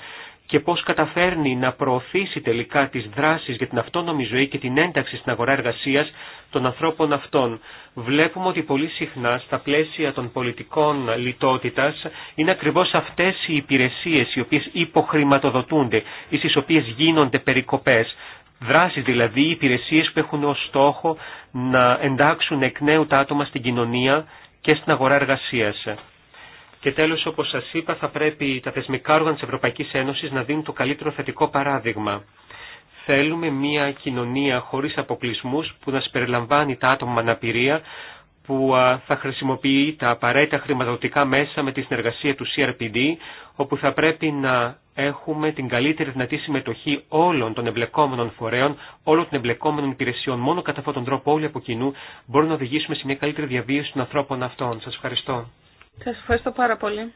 και πώς καταφέρνει να προωθήσει τελικά τις δράσεις για την αυτόνομη ζωή και την ένταξη στην αγορά εργασίας των ανθρώπων αυτών. Βλέπουμε ότι πολύ συχνά στα πλαίσια των πολιτικών λιτότητας είναι ακριβώς αυτές οι υπηρεσίες οι οποίες υποχρηματοδοτούνται ή στις οποίες γίνονται περικοπές. Δράσεις δηλαδή, υπηρεσίες που έχουν ως στόχο να εντάξουν εκ νέου τα άτομα στην κοινωνία και στην αγορά εργασίας. Και τέλος, όπως σας είπα, θα πρέπει τα θεσμικά όργανα της Ευρωπαϊκής Ένωσης να δίνουν το καλύτερο θετικό παράδειγμα. Θέλουμε μια κοινωνία χωρίς αποκλεισμούς που να συμπεριλαμβάνει τα άτομα με αναπηρία, που θα χρησιμοποιεί τα απαραίτητα χρηματοδοτικά μέσα με τη συνεργασία του CRPD, όπου θα πρέπει να έχουμε την καλύτερη δυνατή συμμετοχή όλων των εμπλεκόμενων φορέων, όλων των εμπλεκόμενων υπηρεσιών. Μόνο κατά αυτόν τον τρόπο όλοι από κοινού μπορούν να οδηγήσουμε σε μια καλύτερη διαβίωση των ανθρώπων αυτών. Σας ευχαριστώ. Σας ευχαριστώ πάρα πολύ.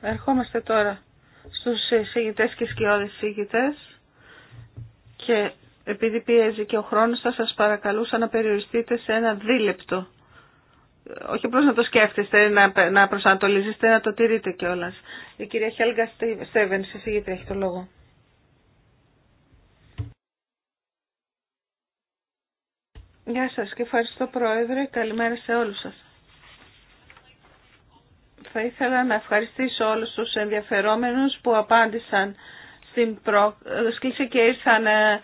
Ερχόμαστε τώρα στους εισηγητές και σκιώδες εισηγητές και επειδή πιέζει και ο χρόνος θα σας παρακαλούσα να περιοριστείτε σε ένα δίλεπτο. Όχι απλώς να το σκέφτεστε, να, προσανατολίζεστε, να το τηρείτε κιόλα. Η κυρία Χέλγκα Στέβεν, εισηγητή, έχει το λόγο. Γεια σας και ευχαριστώ Πρόεδρε. Καλημέρα σε όλους σας. Θα ήθελα να ευχαριστήσω όλους τους ενδιαφερόμενους που απάντησαν στην πρόσκληση και ήρθαν ε,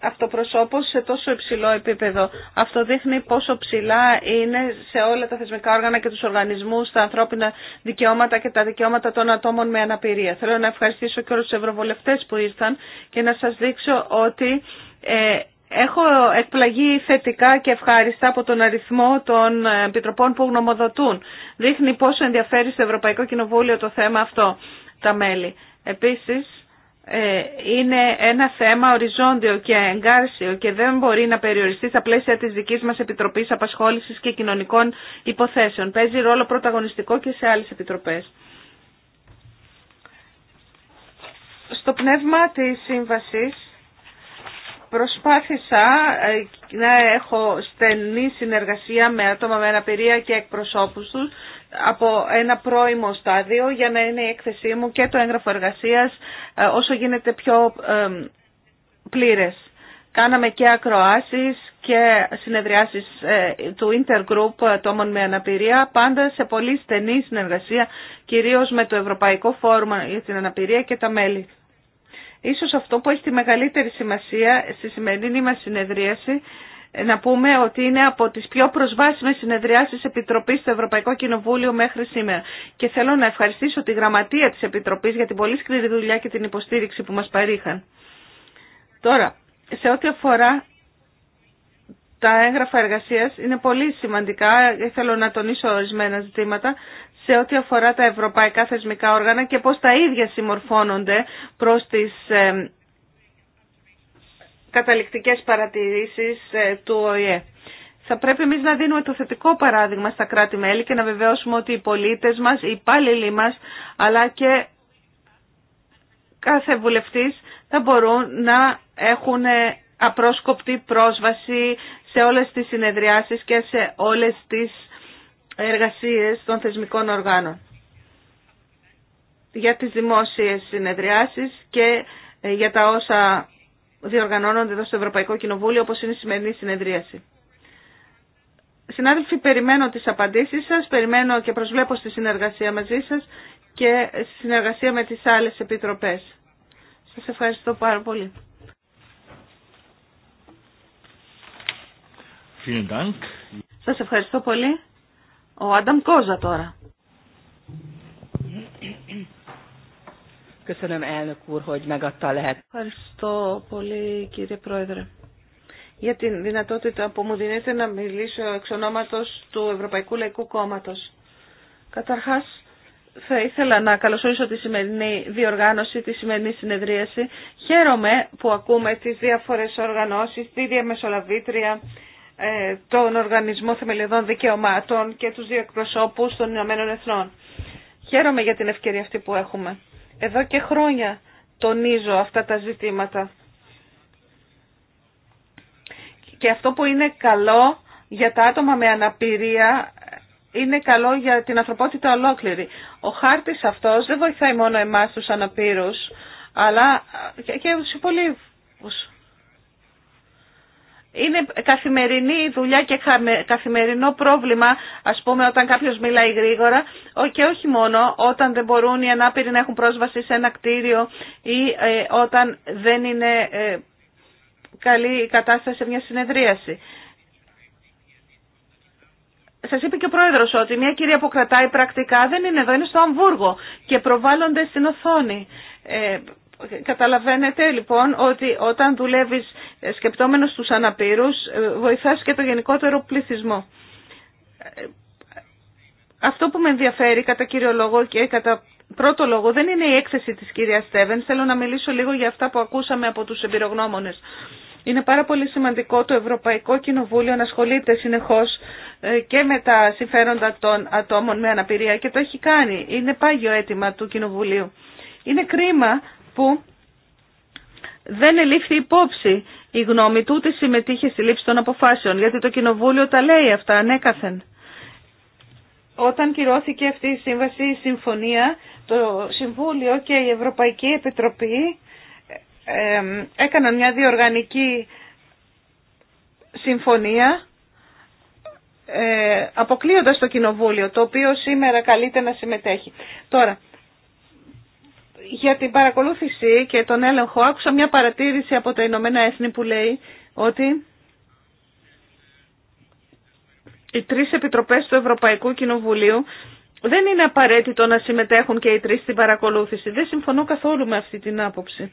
αυτοπροσώπως σε τόσο υψηλό επίπεδο. Αυτό δείχνει πόσο ψηλά είναι σε όλα τα θεσμικά όργανα και τους οργανισμούς τα ανθρώπινα δικαιώματα και τα δικαιώματα των ατόμων με αναπηρία. Θέλω να ευχαριστήσω και όλους τους ευρωβουλευτέ που ήρθαν και να σας δείξω ότι ε, Έχω εκπλαγεί θετικά και ευχάριστα από τον αριθμό των επιτροπών που γνωμοδοτούν. Δείχνει πόσο ενδιαφέρει στο Ευρωπαϊκό Κοινοβούλιο το θέμα αυτό, τα μέλη. Επίσης, ε, είναι ένα θέμα οριζόντιο και εγκάρσιο και δεν μπορεί να περιοριστεί στα πλαίσια της δικής μας Επιτροπής Απασχόλησης και Κοινωνικών Υποθέσεων. Παίζει ρόλο πρωταγωνιστικό και σε άλλες επιτροπές. Στο πνεύμα της σύμβασης Προσπάθησα ε, να έχω στενή συνεργασία με άτομα με αναπηρία και εκπροσώπους τους από ένα πρώιμο στάδιο για να είναι η έκθεσή μου και το έγγραφο εργασίας ε, όσο γίνεται πιο ε, πλήρες. Κάναμε και ακροάσεις και συνεδριάσεις του Intergroup ατόμων με αναπηρία, πάντα σε πολύ στενή συνεργασία, κυρίως με το Ευρωπαϊκό Φόρουμ για την Αναπηρία και τα μέλη. Ίσως αυτό που έχει τη μεγαλύτερη σημασία στη σημερινή μας συνεδρίαση να πούμε ότι είναι από τις πιο προσβάσιμες συνεδριάσεις Επιτροπής στο Ευρωπαϊκό Κοινοβούλιο μέχρι σήμερα. Και θέλω να ευχαριστήσω τη γραμματεία της Επιτροπής για την πολύ σκληρή δουλειά και την υποστήριξη που μας παρήχαν. Τώρα, σε ό,τι αφορά τα έγγραφα εργασίας είναι πολύ σημαντικά, θέλω να τονίσω ορισμένα ζητήματα σε ό,τι αφορά τα ευρωπαϊκά θεσμικά όργανα και πώς τα ίδια συμμορφώνονται προς τις ε, καταληκτικές παρατηρήσεις ε, του ΟΗΕ. Θα πρέπει εμεί να δίνουμε το θετικό παράδειγμα στα κράτη-μέλη και να βεβαιώσουμε ότι οι πολίτες μας, οι υπάλληλοι μας, αλλά και κάθε βουλευτής θα μπορούν να έχουν ε, απρόσκοπτη πρόσβαση σε όλες τις συνεδριάσεις και σε όλες τις εργασίες των θεσμικών οργάνων για τις δημόσιες συνεδριάσεις και ε, για τα όσα διοργανώνονται εδώ στο Ευρωπαϊκό Κοινοβούλιο όπως είναι η σημερινή συνεδρίαση. Συνάδελφοι, περιμένω τις απαντήσεις σας, περιμένω και προσβλέπω στη συνεργασία μαζί σας και στη συνεργασία με τις άλλες επιτροπές. Σας ευχαριστώ πάρα πολύ. Σας ευχαριστώ πολύ. Ο Άνταμ Κόζα τώρα. Ευχαριστώ πολύ κύριε Πρόεδρε για την δυνατότητα που μου δίνετε να μιλήσω εξ ονόματος του Ευρωπαϊκού Λαϊκού Κόμματος. Καταρχάς, θα ήθελα να καλωσορίσω τη σημερινή διοργάνωση, τη σημερινή συνεδρίαση. Χαίρομαι που ακούμε τις διάφορες οργανώσεις, τη διαμεσολαβήτρια, ε, τον Οργανισμό Θεμελιωδών Δικαιωμάτων και τους δύο εκπροσώπους των Ηνωμένων Εθνών. Χαίρομαι για την ευκαιρία αυτή που έχουμε. Εδώ και χρόνια τονίζω αυτά τα ζητήματα. Και αυτό που είναι καλό για τα άτομα με αναπηρία είναι καλό για την ανθρωπότητα ολόκληρη. Ο χάρτης αυτός δεν βοηθάει μόνο εμάς τους αναπήρους, αλλά και τους υπολείπους είναι καθημερινή δουλειά και καθημερινό πρόβλημα, ας πούμε, όταν κάποιος μιλάει γρήγορα και όχι μόνο όταν δεν μπορούν οι ανάπηροι να έχουν πρόσβαση σε ένα κτίριο ή ε, όταν δεν είναι ε, καλή η κατάσταση σε μια συνεδρίαση. Σας είπε και ο πρόεδρος ότι μια κυρία που κρατάει πρακτικά δεν είναι εδώ, είναι στο Αμβούργο και προβάλλονται στην οθόνη. Ε, Καταλαβαίνετε λοιπόν ότι όταν δουλεύεις σκεπτόμενος τους αναπήρους ε, βοηθάς και το γενικότερο πληθυσμό. Αυτό που με ενδιαφέρει κατά κύριο λόγο και κατά πρώτο λόγο δεν είναι η έκθεση της κυρίας Στέβεν. Θέλω να μιλήσω λίγο για αυτά που ακούσαμε από τους εμπειρογνώμονες. Είναι πάρα πολύ σημαντικό το Ευρωπαϊκό Κοινοβούλιο να ασχολείται συνεχώς ε, και με τα συμφέροντα των ατόμων με αναπηρία και το έχει κάνει. Είναι πάγιο αίτημα του Κοινοβουλίου. Είναι κρίμα που δεν ελήφθη υπόψη η γνώμη του ούτε συμμετείχε στη λήψη των αποφάσεων, γιατί το Κοινοβούλιο τα λέει αυτά ανέκαθεν. Όταν κυρώθηκε αυτή η σύμβαση, η συμφωνία, το Συμβούλιο και η Ευρωπαϊκή Επιτροπή έκαναν μια διοργανική συμφωνία ε, αποκλείοντας το Κοινοβούλιο, το οποίο σήμερα καλείται να συμμετέχει. Τώρα, για την παρακολούθηση και τον έλεγχο άκουσα μια παρατήρηση από τα Ηνωμένα Έθνη που λέει ότι οι τρεις επιτροπές του Ευρωπαϊκού Κοινοβουλίου δεν είναι απαραίτητο να συμμετέχουν και οι τρεις στην παρακολούθηση. Δεν συμφωνώ καθόλου με αυτή την άποψη.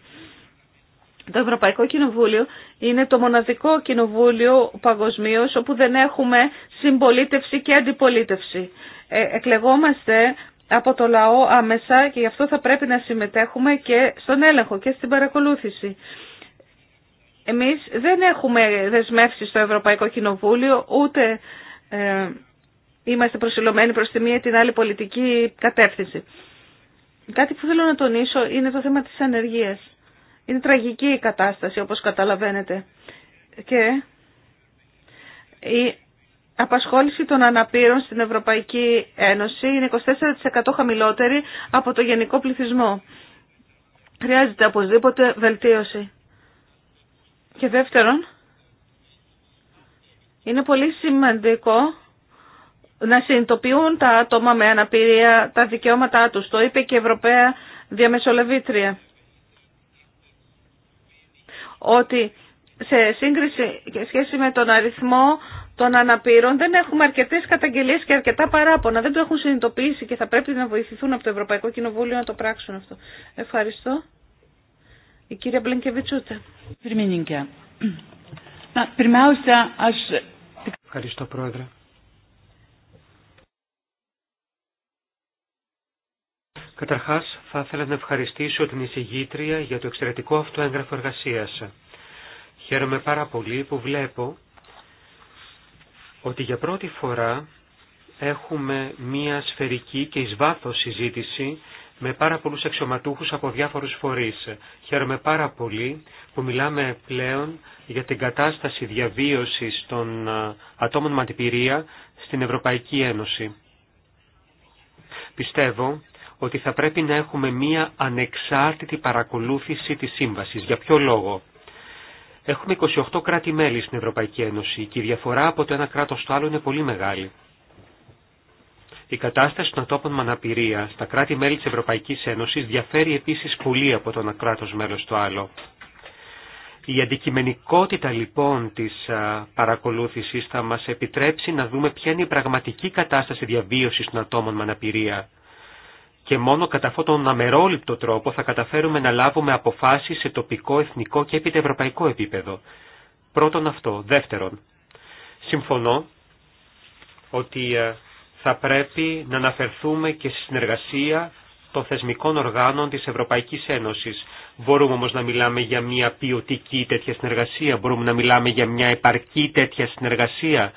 Το Ευρωπαϊκό Κοινοβούλιο είναι το μοναδικό κοινοβούλιο παγκοσμίω όπου δεν έχουμε συμπολίτευση και αντιπολίτευση. Ε, εκλεγόμαστε από το λαό άμεσα και γι' αυτό θα πρέπει να συμμετέχουμε και στον έλεγχο και στην παρακολούθηση. Εμείς δεν έχουμε δεσμεύσει στο Ευρωπαϊκό Κοινοβούλιο, ούτε ε, είμαστε προσιλωμένοι προς τη μία ή την άλλη πολιτική κατεύθυνση. Κάτι που θέλω να τονίσω είναι το θέμα της ανεργίας. Είναι τραγική κατάσταση όπως καταλαβαίνετε. Και απασχόληση των αναπήρων στην Ευρωπαϊκή Ένωση είναι 24% χαμηλότερη από το γενικό πληθυσμό. Χρειάζεται οπωσδήποτε βελτίωση. Και δεύτερον, είναι πολύ σημαντικό να συνειδητοποιούν τα άτομα με αναπηρία τα δικαιώματά τους. Το είπε και η Ευρωπαία Διαμεσολαβήτρια. Ότι σε σύγκριση και σχέση με τον αριθμό των αναπήρων δεν έχουμε αρκετέ καταγγελίε και αρκετά παράπονα. Δεν το έχουν συνειδητοποιήσει και θα πρέπει να βοηθηθούν από το Ευρωπαϊκό Κοινοβούλιο να το πράξουν αυτό. Ευχαριστώ. Η κυρία Μπλενκεβιτσούτα. Ευχαριστώ, Πρόεδρε. Καταρχά θα ήθελα να ευχαριστήσω την εισηγήτρια για το εξαιρετικό αυτό έγγραφο εργασία. Χαίρομαι πάρα πολύ που βλέπω ότι για πρώτη φορά έχουμε μία σφαιρική και εις βάθος συζήτηση με πάρα πολλούς αξιωματούχους από διάφορους φορείς. Χαίρομαι πάρα πολύ που μιλάμε πλέον για την κατάσταση διαβίωσης των ατόμων με στην Ευρωπαϊκή Ένωση. Πιστεύω ότι θα πρέπει να έχουμε μία ανεξάρτητη παρακολούθηση της σύμβασης. Για ποιο λόγο. Έχουμε 28 κράτη-μέλη στην Ευρωπαϊκή Ένωση και η διαφορά από το ένα κράτος στο άλλο είναι πολύ μεγάλη. Η κατάσταση των ατόπων με αναπηρία στα κράτη-μέλη της Ευρωπαϊκής Ένωσης διαφέρει επίσης πολύ από το ένα κράτος μέλος στο άλλο. Η αντικειμενικότητα λοιπόν της παρακολούθησης θα μας επιτρέψει να δούμε ποια είναι η πραγματική κατάσταση διαβίωσης των ατόμων με αναπηρία και μόνο κατά αυτόν τον αμερόληπτο τρόπο θα καταφέρουμε να λάβουμε αποφάσεις σε τοπικό, εθνικό και έπειτα ευρωπαϊκό επίπεδο. Πρώτον αυτό. Δεύτερον, συμφωνώ ότι ε, θα πρέπει να αναφερθούμε και στη συνεργασία των θεσμικών οργάνων της Ευρωπαϊκής Ένωσης. Μπορούμε όμως να μιλάμε για μια ποιοτική τέτοια συνεργασία, μπορούμε να μιλάμε για μια επαρκή τέτοια συνεργασία,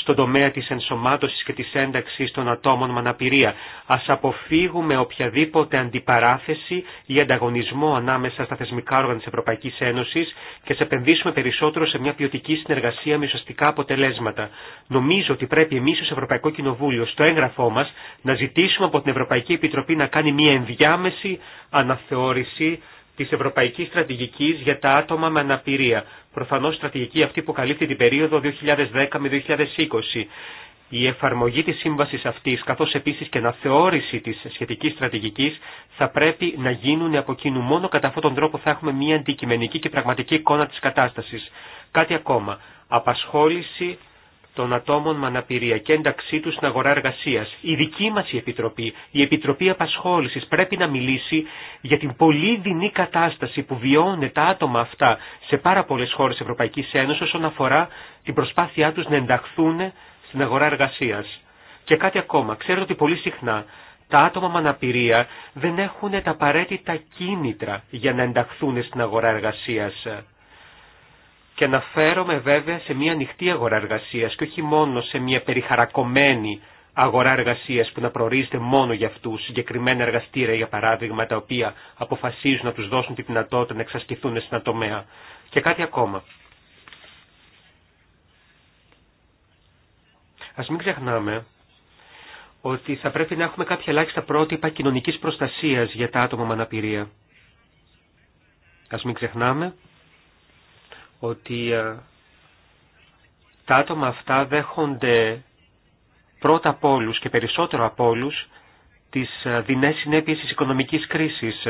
στον τομέα της ενσωμάτωσης και της ένταξης των ατόμων με αναπηρία. Ας αποφύγουμε οποιαδήποτε αντιπαράθεση ή ανταγωνισμό ανάμεσα στα θεσμικά όργανα της Ευρωπαϊκής Ένωσης και σε επενδύσουμε περισσότερο σε μια ποιοτική συνεργασία με σωστικά αποτελέσματα. Νομίζω ότι πρέπει εμείς ως Ευρωπαϊκό Κοινοβούλιο στο έγγραφό μας να ζητήσουμε από την Ευρωπαϊκή Επιτροπή να κάνει μια ενδιάμεση αναθεώρηση τη Ευρωπαϊκή Στρατηγική για τα άτομα με αναπηρία. Προφανώς στρατηγική αυτή που καλύπτει την περίοδο 2010 2020. Η εφαρμογή της σύμβασης αυτής, καθώς επίσης και να θεώρηση της σχετικής στρατηγικής, θα πρέπει να γίνουν από κοινού. Μόνο κατά αυτόν τον τρόπο θα έχουμε μια αντικειμενική και πραγματική εικόνα της κατάστασης. Κάτι ακόμα. Απασχόληση των ατόμων με αναπηριακή ένταξή του στην αγορά εργασία. Η δική μα η Επιτροπή, η Επιτροπή Απασχόληση, πρέπει να μιλήσει για την πολύ δεινή κατάσταση που βιώνουν τα άτομα αυτά σε πάρα πολλέ χώρε Ευρωπαϊκή Ένωση όσον αφορά την προσπάθειά του να ενταχθούν στην αγορά εργασία. Και κάτι ακόμα. Ξέρω ότι πολύ συχνά τα άτομα με αναπηρία δεν έχουν τα απαραίτητα κίνητρα για να ενταχθούν στην αγορά εργασία και αναφέρομαι βέβαια σε μια ανοιχτή αγορά εργασίας και όχι μόνο σε μια περιχαρακωμένη αγορά εργασίας που να προορίζεται μόνο για αυτούς συγκεκριμένα εργαστήρια για παράδειγμα τα οποία αποφασίζουν να τους δώσουν τη δυνατότητα να εξασκηθούν στην ατομέα. Και κάτι ακόμα. Ας μην ξεχνάμε ότι θα πρέπει να έχουμε κάποια ελάχιστα πρότυπα κοινωνικής προστασίας για τα άτομα με αναπηρία. Ας μην ξεχνάμε ότι ε, τα άτομα αυτά δέχονται πρώτα από όλου και περισσότερο από όλου τις ε, δεινές συνέπειες της οικονομικής κρίσης.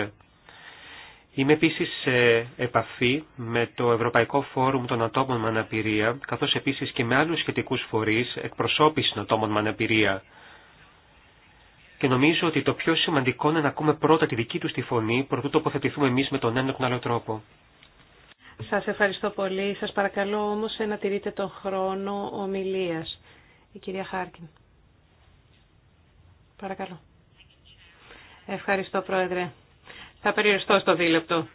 Είμαι επίσης σε επαφή με το Ευρωπαϊκό Φόρουμ των Ατόμων με Αναπηρία, καθώς επίσης και με άλλους σχετικούς φορείς εκπροσώπηση των ατόμων με αναπηρία. Και νομίζω ότι το πιο σημαντικό είναι να ακούμε πρώτα τη δική τους τη φωνή, προτού τοποθετηθούμε εμείς με τον ένα τον άλλο τρόπο. Σας ευχαριστώ πολύ. Σας παρακαλώ όμως να τηρείτε τον χρόνο ομιλίας. Η κυρία Χάρκιν. Παρακαλώ. Ευχαριστώ, Πρόεδρε. Θα περιοριστώ στο δίλεπτο.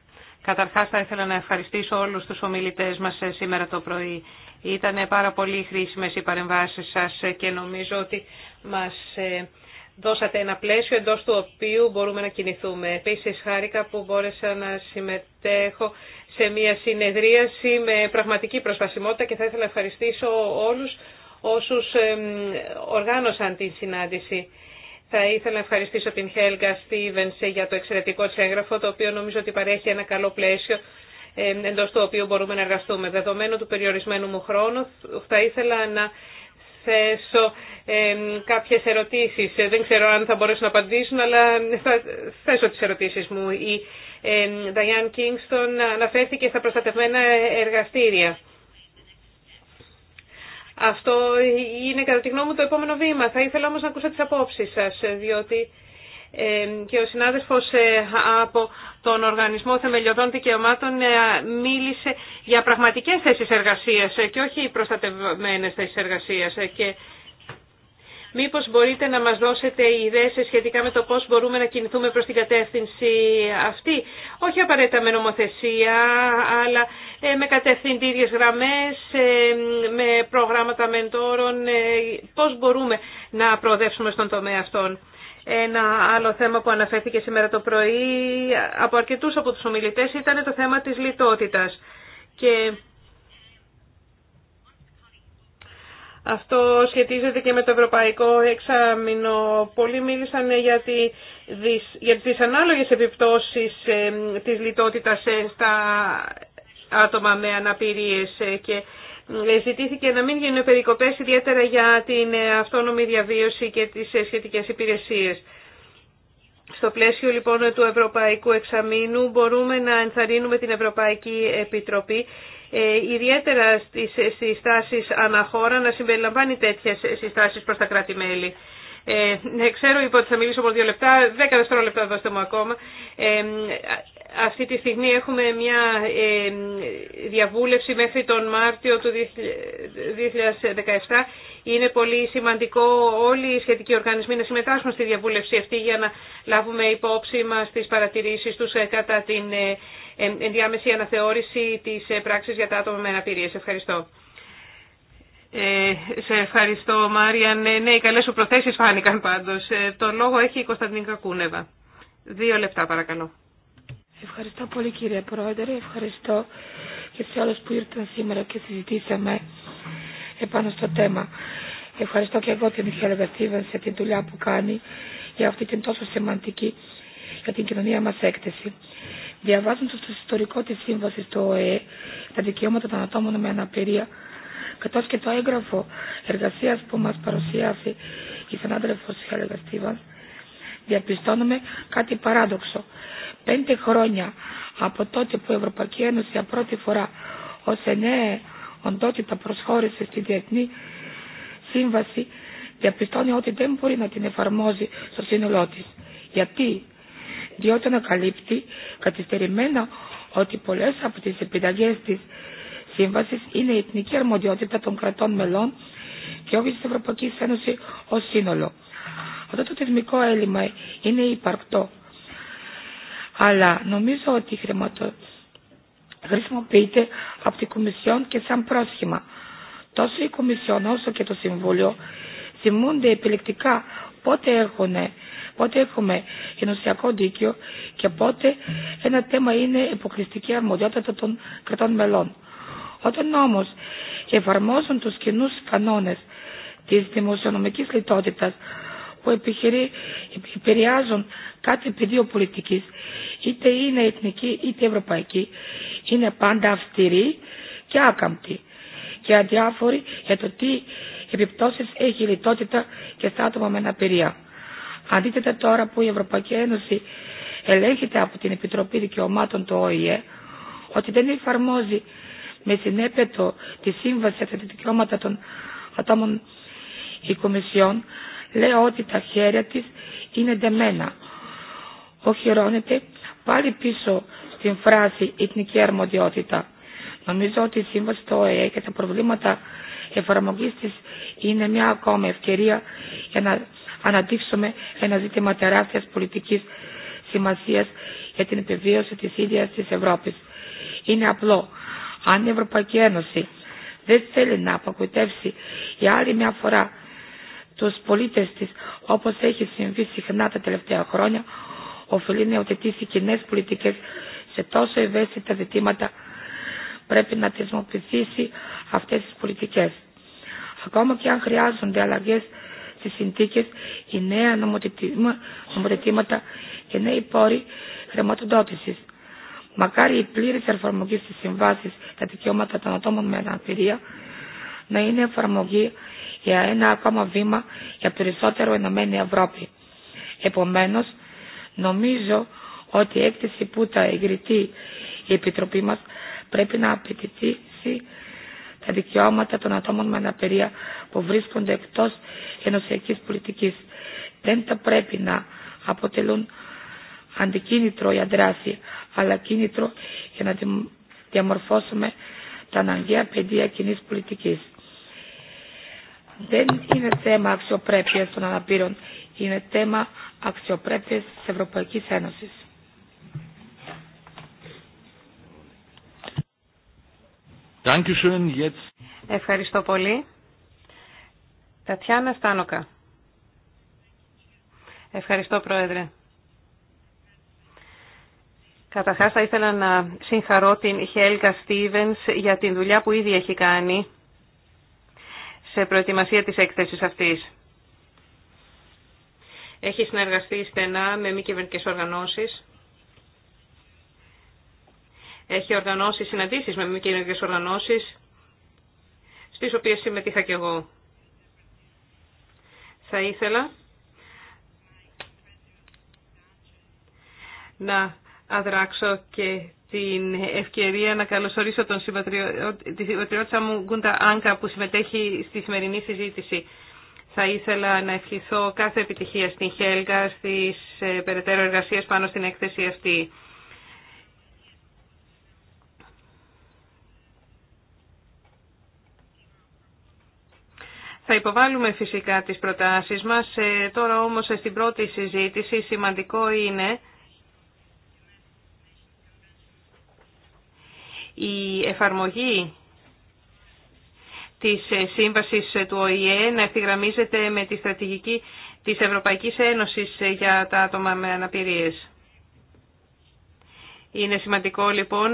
Καταρχάς θα ήθελα να ευχαριστήσω όλους τους ομιλητές μας σήμερα το πρωί. Ήταν πάρα πολύ χρήσιμες οι παρεμβάσεις σας και νομίζω ότι μας ε, δώσατε ένα πλαίσιο εντός του οποίου μπορούμε να κινηθούμε. Επίσης χάρηκα που μπόρεσα να συμμετέχω σε μια συνεδρίαση με πραγματική προσβασιμότητα και θα ήθελα να ευχαριστήσω όλους όσους οργάνωσαν την συνάντηση. Θα ήθελα να ευχαριστήσω την Χέλγα Στίβενσε για το εξαιρετικό της το οποίο νομίζω ότι παρέχει ένα καλό πλαίσιο εντός του οποίου μπορούμε να εργαστούμε. Δεδομένου του περιορισμένου μου χρόνου, θα ήθελα να θέσω κάποιες ερωτήσεις. Ε, δεν ξέρω αν θα μπορέσουν να απαντήσουν, αλλά θα θέσω τις ερωτήσεις μου. Η Diane Kingston αναφέρθηκε στα προστατευμένα εργαστήρια. Αυτό είναι κατά τη γνώμη μου το επόμενο βήμα. Θα ήθελα όμως να ακούσω τις απόψεις σας, διότι και ο συνάδελφος ε, από τον Οργανισμό Θεμελιωδών Δικαιωμάτων ε, μίλησε για πραγματικές θέσεις εργασίας και όχι προστατευμένες θέσεις εργασίας. Και Μήπως μπορείτε να μας δώσετε ιδέες σχετικά με το πώς μπορούμε να κινηθούμε προς την κατεύθυνση αυτή. Όχι απαραίτητα με νομοθεσία, αλλά ε, με κατευθυντήριες γραμμές, ε, με προγράμματα μεντόρων. Ε, πώς μπορούμε να προοδεύσουμε στον τομέα αυτόν. Ένα άλλο θέμα που αναφέρθηκε σήμερα το πρωί από αρκετούς από τους ομιλητές ήταν το θέμα της λιτότητας. Και Αυτό σχετίζεται και με το ευρωπαϊκό εξάμεινο. Πολλοί μίλησαν για, τη, για τις ανάλογες επιπτώσεις ε, της λιτότητας ε, στα άτομα με αναπηρίες ε, και ζητήθηκε να μην γίνουν περικοπές ιδιαίτερα για την αυτόνομη διαβίωση και τις σχετικές υπηρεσίες. Στο πλαίσιο λοιπόν του Ευρωπαϊκού εξαμινού, μπορούμε να ενθαρρύνουμε την Ευρωπαϊκή Επιτροπή ε, ιδιαίτερα στις συστάσεις αναχώρα να συμπεριλαμβάνει τέτοιες συστάσεις προς τα κράτη-μέλη. Ε, ναι, ξέρω, είπα ότι θα μιλήσω από δύο λεπτά, δέκα δευτερόλεπτα δώστε μου ακόμα. Ε, αυτή τη στιγμή έχουμε μια ε, διαβούλευση μέχρι τον Μάρτιο του 2017. Είναι πολύ σημαντικό όλοι οι σχετικοί οργανισμοί να συμμετάσχουν στη διαβούλευση αυτή για να λάβουμε υπόψη μας τις παρατηρήσεις τους ε, κατά την ενδιάμεση αναθεώρηση της ε, πράξης για τα άτομα με Σε Ευχαριστώ. Ε, σε ευχαριστώ Μάρια. Ναι, ε, ναι, οι καλές σου προθέσεις φάνηκαν πάντως. Ε, το λόγο έχει η Κωνσταντίνικα Κακούνεβα. Δύο λεπτά παρακαλώ. Ευχαριστώ πολύ κύριε Πρόεδρε. Ευχαριστώ και σε όλους που ήρθαν σήμερα και συζητήσαμε επάνω στο θέμα. Ευχαριστώ και εγώ την Μιχαήλ Στίβεν για την δουλειά που κάνει για αυτή την τόσο σημαντική για την κοινωνία μας έκθεση διαβάζοντα το ιστορικό τη σύμβαση του ΟΕΕ, τα δικαιώματα των ατόμων με αναπηρία, καθώ και το έγγραφο εργασία που μα παρουσίασε η συνάδελφο Χέλεγα Στίβαν, διαπιστώνουμε κάτι παράδοξο. Πέντε χρόνια από τότε που η Ευρωπαϊκή Ένωση για πρώτη φορά ω εννέα οντότητα προσχώρησε στη Διεθνή Σύμβαση, διαπιστώνει ότι δεν μπορεί να την εφαρμόζει στο σύνολό τη. Γιατί διότι ανακαλύπτει καθυστερημένα ότι πολλές από τις επιταγέ της σύμβασης είναι η εθνική αρμοδιότητα των κρατών μελών και όχι της Ευρωπαϊκής Ένωσης ως σύνολο. Αυτό το θεσμικό έλλειμμα είναι υπαρκτό. Αλλά νομίζω ότι χρηματο... χρησιμοποιείται από την Κομισιόν και σαν πρόσχημα. Τόσο η Κομισιόν όσο και το Συμβούλιο θυμούνται επιλεκτικά πότε έχουν πότε έχουμε γενοσιακό δίκαιο και πότε ένα θέμα είναι υποκλειστική αρμοδιότητα των κρατών μελών. Όταν όμω εφαρμόζουν του κοινού κανόνε τη δημοσιονομική λιτότητα που επιχειρεί, επηρεάζουν κάθε πεδίο πολιτική, είτε είναι εθνική είτε ευρωπαϊκή, είναι πάντα αυστηρή και άκαμπτη και αδιάφοροι για το τι επιπτώσεις έχει η λιτότητα και στα άτομα με αναπηρία. Αντίθετα τώρα που η Ευρωπαϊκή Ένωση ελέγχεται από την Επιτροπή Δικαιωμάτων του ΟΗΕ ότι δεν εφαρμόζει με συνέπετο τη σύμβαση για τα δικαιώματα των ατόμων η Κομισιόν λέω ότι τα χέρια της είναι δεμένα. Οχυρώνεται πάλι πίσω στην φράση «εθνική αρμοδιότητα». Νομίζω ότι η σύμβαση του ΟΕΕ και τα προβλήματα εφαρμογής της είναι μια ακόμα ευκαιρία για να αναδείξουμε ένα ζήτημα τεράστια πολιτική σημασία για την επιβίωση τη ίδια τη Ευρώπη. Είναι απλό. Αν η Ευρωπαϊκή Ένωση δεν θέλει να αποκουτεύσει για άλλη μια φορά του πολίτε τη, όπω έχει συμβεί συχνά τα τελευταία χρόνια, οφείλει να υιοθετήσει κοινέ πολιτικέ σε τόσο ευαίσθητα ζητήματα πρέπει να θεσμοποιήσει αυτές τις πολιτικές. Ακόμα και αν χρειάζονται αλλαγές τι συνθήκε, οι νέα νομοθετήματα και νέοι πόροι χρηματοδότηση. Μακάρι η πλήρη εφαρμογή στι συμβάσει τα δικαιώματα των ατόμων με αναπηρία να είναι εφαρμογή για ένα ακόμα βήμα για περισσότερο Ενωμένη Ευρώπη. Επομένω, νομίζω ότι η έκθεση που τα εγκριτεί η Επιτροπή μα πρέπει να απαιτηθεί τα δικαιώματα των ατόμων με αναπηρία που βρίσκονται εκτός ενωσιακής πολιτικής. Δεν θα πρέπει να αποτελούν αντικίνητρο για δράση, αλλά κίνητρο για να διαμορφώσουμε τα αναγκαία παιδεία κοινή πολιτική. Δεν είναι θέμα αξιοπρέπειας των αναπήρων, είναι θέμα αξιοπρέπειας της Ευρωπαϊκής Ένωσης. Ευχαριστώ πολύ. Τατιάνα Στάνοκα. Ευχαριστώ, Πρόεδρε. Καταρχάς θα ήθελα να συγχαρώ την Χέλκα Στίβενς για την δουλειά που ήδη έχει κάνει σε προετοιμασία της έκθεσης αυτής. Έχει συνεργαστεί στενά με μη κυβερνικές οργανώσεις έχει οργανώσει συναντήσεις με μη οργανώσεις, στις οποίες συμμετείχα και εγώ. Θα ήθελα να αδράξω και την ευκαιρία να καλωσορίσω τον συμπατριώτησα μου Γκούντα Άνκα που συμμετέχει στη σημερινή συζήτηση. Θα ήθελα να ευχηθώ κάθε επιτυχία στην Χέλγα στις ε, περαιτέρω εργασίες πάνω στην έκθεση αυτή. Θα υποβάλουμε φυσικά τις προτάσεις μας. Ε, τώρα όμως ε, στην πρώτη συζήτηση σημαντικό είναι η εφαρμογή της ε, σύμβασης του ΟΗΕ να ευθυγραμμίζεται με τη στρατηγική της Ευρωπαϊκής Ένωσης για τα άτομα με αναπηρίες. Είναι σημαντικό λοιπόν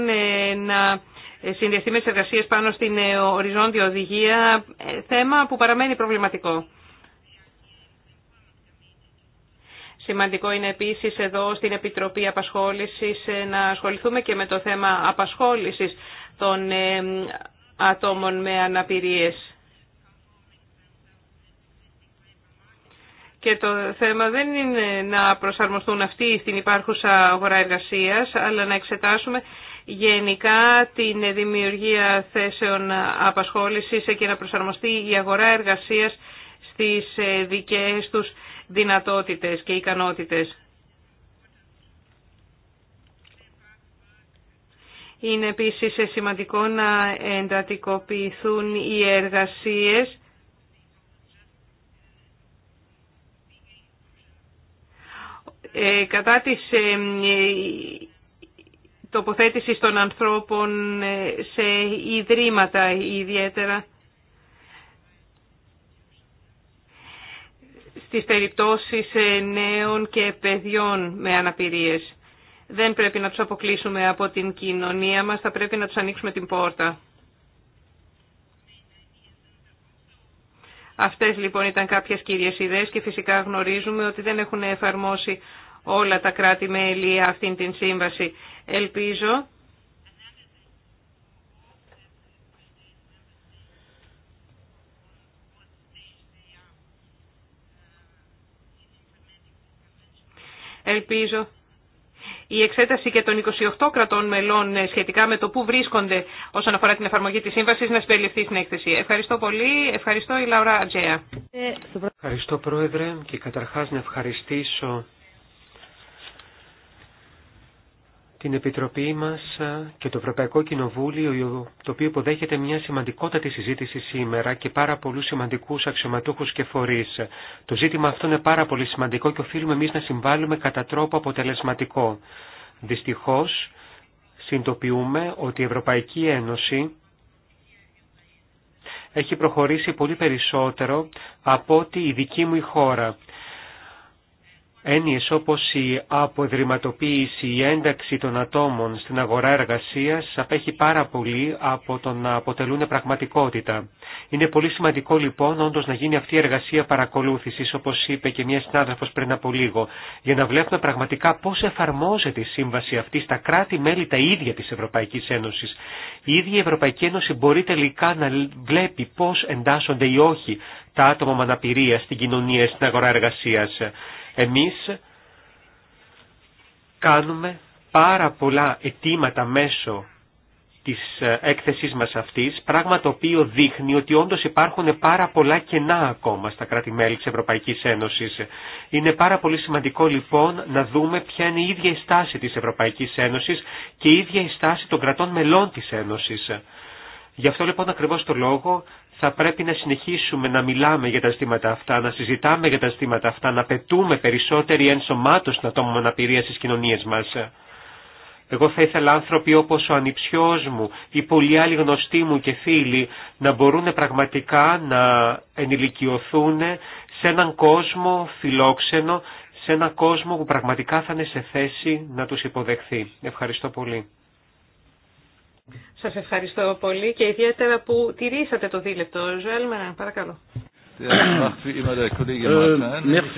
να συνδυαστήμες εργασίες πάνω στην ε, οριζόντια οδηγία, ε, θέμα που παραμένει προβληματικό. Σημαντικό είναι επίσης εδώ στην Επιτροπή Απασχόλησης ε, να ασχοληθούμε και με το θέμα απασχόλησης των ατόμων με αναπηρίες. Και το θέμα δεν είναι να προσαρμοστούν αυτοί στην υπάρχουσα αγορά εργασίας, αλλά να εξετάσουμε γενικά την δημιουργία θέσεων απασχόλησης και να προσαρμοστεί η αγορά εργασίας στις δικές τους δυνατότητες και ικανότητες. Είναι επίσης σημαντικό να εντατικοποιηθούν οι εργασίες ε, κατά τις... Ε, Τοποθέτηση των ανθρώπων ε, σε ιδρύματα ιδιαίτερα. στις περιπτώσεις ε, νέων και παιδιών με αναπηρίες. Δεν πρέπει να τους αποκλείσουμε από την κοινωνία μας, θα πρέπει να τους ανοίξουμε την πόρτα. Αυτές λοιπόν ήταν κάποιες κύριες ιδέες και φυσικά γνωρίζουμε ότι δεν έχουν εφαρμόσει όλα τα κράτη-μέλη αυτήν την σύμβαση. Ελπίζω Ελπίζω η εξέταση και των 28 κρατών μελών ε, σχετικά με το πού βρίσκονται όσον αφορά την εφαρμογή της σύμβασης να συμπεριληφθεί στην έκθεση. Ευχαριστώ πολύ. Ευχαριστώ η Λαουρά Ατζέα. Ε, Ευχαριστώ Πρόεδρε και καταρχάς να ευχαριστήσω την Επιτροπή μας και το Ευρωπαϊκό Κοινοβούλιο, το οποίο υποδέχεται μια σημαντικότατη συζήτηση σήμερα και πάρα πολλούς σημαντικούς αξιωματούχους και φορείς. Το ζήτημα αυτό είναι πάρα πολύ σημαντικό και οφείλουμε εμείς να συμβάλλουμε κατά τρόπο αποτελεσματικό. Δυστυχώς, συντοποιούμε ότι η Ευρωπαϊκή Ένωση έχει προχωρήσει πολύ περισσότερο από ότι η δική μου η χώρα. Έννοιες όπως η αποδρυματοποίηση, η ένταξη των ατόμων στην αγορά εργασίας απέχει πάρα πολύ από το να αποτελούν πραγματικότητα. Είναι πολύ σημαντικό λοιπόν όντως να γίνει αυτή η εργασία παρακολούθησης όπως είπε και μια συνάδελφος πριν από λίγο για να βλέπουμε πραγματικά πώς εφαρμόζεται η σύμβαση αυτή στα κράτη-μέλη τα ίδια της Ευρωπαϊκής Ένωσης. Η ίδια η Ευρωπαϊκή Ένωση μπορεί τελικά να βλέπει πώς εντάσσονται ή όχι τα άτομα με αναπηρία στην κοινωνία, στην αγορά εργασίας. Εμείς κάνουμε πάρα πολλά αιτήματα μέσω της ε, έκθεσής μας αυτής, πράγμα το οποίο δείχνει ότι όντως υπάρχουν πάρα πολλά κενά ακόμα στα κράτη-μέλη της Ευρωπαϊκής Ένωσης. Είναι πάρα πολύ σημαντικό λοιπόν να δούμε ποια είναι η ίδια η στάση της Ευρωπαϊκής Ένωσης και η ίδια η στάση των κρατών μελών της Ένωσης. Γι' αυτό λοιπόν ακριβώς το λόγο θα πρέπει να συνεχίσουμε να μιλάμε για τα ζητήματα αυτά, να συζητάμε για τα ζητήματα αυτά, να πετούμε περισσότερη ενσωμάτωση στην ατόμων αναπηρία στις κοινωνίες μας. Εγώ θα ήθελα άνθρωποι όπως ο ανιψιός μου ή πολλοί άλλοι γνωστοί μου και φίλοι να μπορούν πραγματικά να ενηλικιωθούν σε έναν κόσμο φιλόξενο, σε έναν κόσμο που πραγματικά θα είναι σε θέση να τους υποδεχθεί. Ευχαριστώ πολύ. Σας ευχαριστώ πολύ και ιδιαίτερα που τηρήσατε το δίλεπτο. Ζωέλ Μεράν, παρακαλώ. Ε, euh, euh,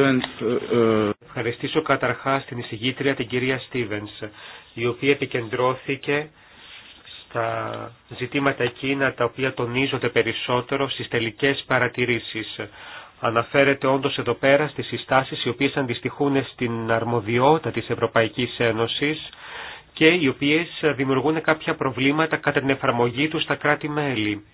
euh. Ευχαριστήσω καταρχάς την εισηγήτρια την κυρία Στίβεν, η οποία επικεντρώθηκε στα ζητήματα εκείνα τα οποία τονίζονται περισσότερο στις τελικέ παρατηρήσει. Αναφέρεται όντω εδώ πέρα στι συστάσει, οι οποίε αντιστοιχούν στην αρμοδιότητα της Ευρωπαϊκή Ένωσης και οι οποίες δημιουργούν κάποια προβλήματα κατά την εφαρμογή του στα κράτη-μέλη.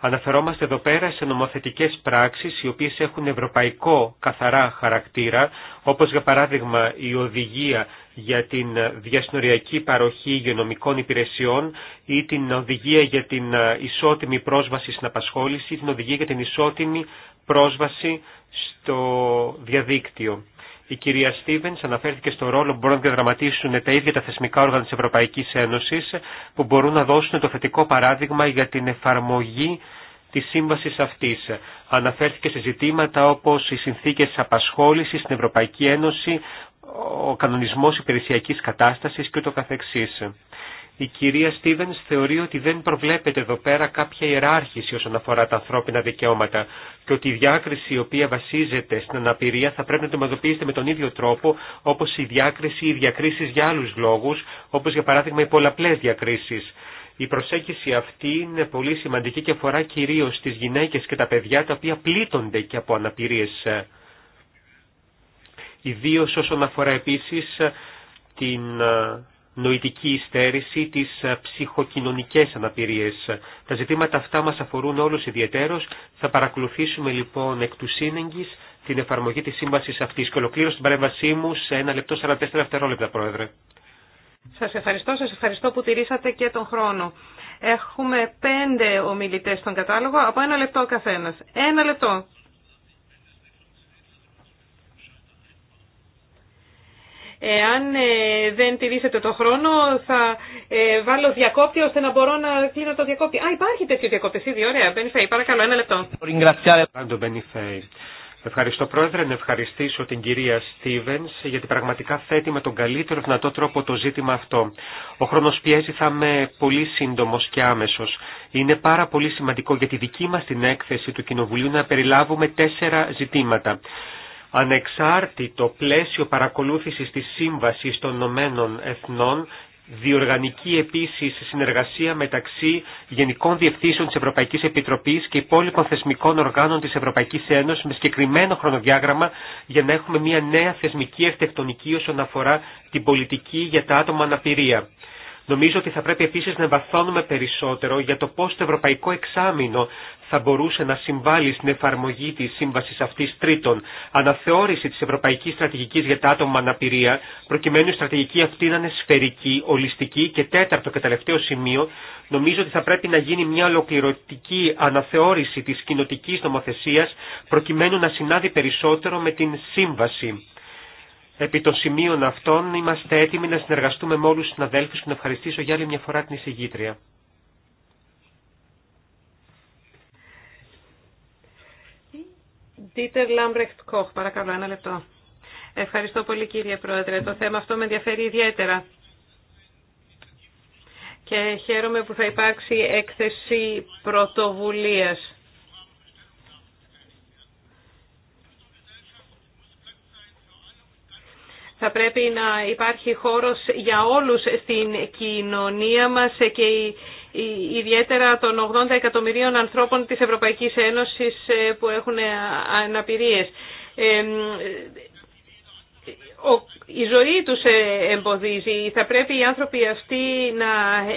Αναφερόμαστε εδώ πέρα σε νομοθετικές πράξεις οι οποίες έχουν ευρωπαϊκό καθαρά χαρακτήρα, όπως για παράδειγμα η οδηγία για την διασυνοριακή παροχή υγειονομικών υπηρεσιών ή την οδηγία για την ισότιμη πρόσβαση στην απασχόληση ή την οδηγία για την ισότιμη πρόσβαση στο διαδίκτυο. Η κυρία Στίβεν αναφέρθηκε στο ρόλο που μπορούν να διαδραματίσουν τα ίδια τα θεσμικά όργανα τη Ευρωπαϊκή Ένωση που μπορούν να δώσουν το θετικό παράδειγμα για την εφαρμογή τη σύμβαση αυτή. Αναφέρθηκε σε ζητήματα όπω οι συνθήκε απασχόληση στην Ευρωπαϊκή Ένωση, ο κανονισμό υπηρεσιακή κατάσταση κ.ο.κ η κυρία Στίβενς θεωρεί ότι δεν προβλέπεται εδώ πέρα κάποια ιεράρχηση όσον αφορά τα ανθρώπινα δικαιώματα και ότι η διάκριση η οποία βασίζεται στην αναπηρία θα πρέπει να αντιμετωπίζεται με τον ίδιο τρόπο όπως η διάκριση ή διακρίσεις για άλλους λόγους, όπως για παράδειγμα οι πολλαπλές διακρίσεις. Η διακρισει για αλλους λογους αυτή είναι πολύ σημαντική και αφορά κυρίως τις γυναίκες και τα παιδιά τα οποία πλήττονται και από αναπηρίες. Ιδίως όσον αφορά επίσης την ε, νοητική υστέρηση, τις ε, ψυχοκοινωνικές αναπηρίες. Τα ζητήματα αυτά μας αφορούν όλους ιδιαιτέρως. Θα παρακολουθήσουμε λοιπόν εκ του σύνεγγυς την εφαρμογή της σύμβασης αυτής. Και ολοκλήρω την παρέμβασή μου σε 1 λεπτό 44 δευτερόλεπτα, Πρόεδρε. Σας ευχαριστώ, σας ευχαριστώ που τηρήσατε και τον χρόνο. Έχουμε πέντε ομιλητές στον κατάλογο, από ένα λεπτό ο καθένας. Ένα λεπτό. Εάν ε, δεν τηρήσετε το χρόνο θα ε, βάλω διακόπτη ώστε να μπορώ να κλείνω το διακόπτη. Α, υπάρχει τέτοιο διακόπτη. Ήδη, ωραία. Μπενιφέη, παρακαλώ, ένα λεπτό. Ευχαριστώ Πρόεδρε, να ευχαριστήσω την κυρία Στίβενς γιατί πραγματικά θέτει με τον καλύτερο δυνατό τρόπο το ζήτημα αυτό. Ο χρόνος πιέζει θα είμαι πολύ σύντομος και άμεσος. Είναι πάρα πολύ σημαντικό για τη δική μας την έκθεση του Κοινοβουλίου να περιλάβουμε τέσσερα ζητήματα ανεξάρτητο πλαίσιο παρακολούθησης της Σύμβασης των Ηνωμένων Εθνών, διοργανική επίσης συνεργασία μεταξύ Γενικών Διευθύνσεων της Ευρωπαϊκής Επιτροπής και υπόλοιπων θεσμικών οργάνων της Ευρωπαϊκής Ένωσης με συγκεκριμένο χρονοδιάγραμμα για να έχουμε μια νέα θεσμική ευτεκτονική όσον αφορά την πολιτική για τα άτομα αναπηρία. Νομίζω ότι θα πρέπει επίσης να βαθώνουμε περισσότερο για το πώς το ευρωπαϊκό εξάμεινο θα μπορούσε να συμβάλλει στην εφαρμογή της σύμβασης αυτής τρίτων, αναθεώρηση της ευρωπαϊκής στρατηγικής για τα άτομα αναπηρία, προκειμένου η στρατηγική αυτή να είναι σφαιρική, ολιστική και τέταρτο και τελευταίο σημείο, νομίζω ότι θα πρέπει να γίνει μια ολοκληρωτική αναθεώρηση της κοινοτικής νομοθεσίας, προκειμένου να συνάδει περισσότερο με την σύμβαση. Επί των σημείων αυτών είμαστε έτοιμοι να συνεργαστούμε με όλους τους συναδέλφους και να ευχαριστήσω για άλλη μια φορά την εισηγήτρια. Δίτερ κόχ παρακαλώ ένα λεπτό. Ευχαριστώ πολύ κύριε Πρόεδρε. Το θέμα αυτό με ενδιαφέρει ιδιαίτερα. Και χαίρομαι που θα υπάρξει έκθεση πρωτοβουλίας. Θα πρέπει να υπάρχει χώρος για όλους στην κοινωνία μας και ιδιαίτερα των 80 εκατομμυρίων ανθρώπων της Ευρωπαϊκής Ένωσης ε, που έχουν ε, αναπηρίες. Ε, η ζωή τους εμποδίζει. Θα πρέπει οι άνθρωποι αυτοί να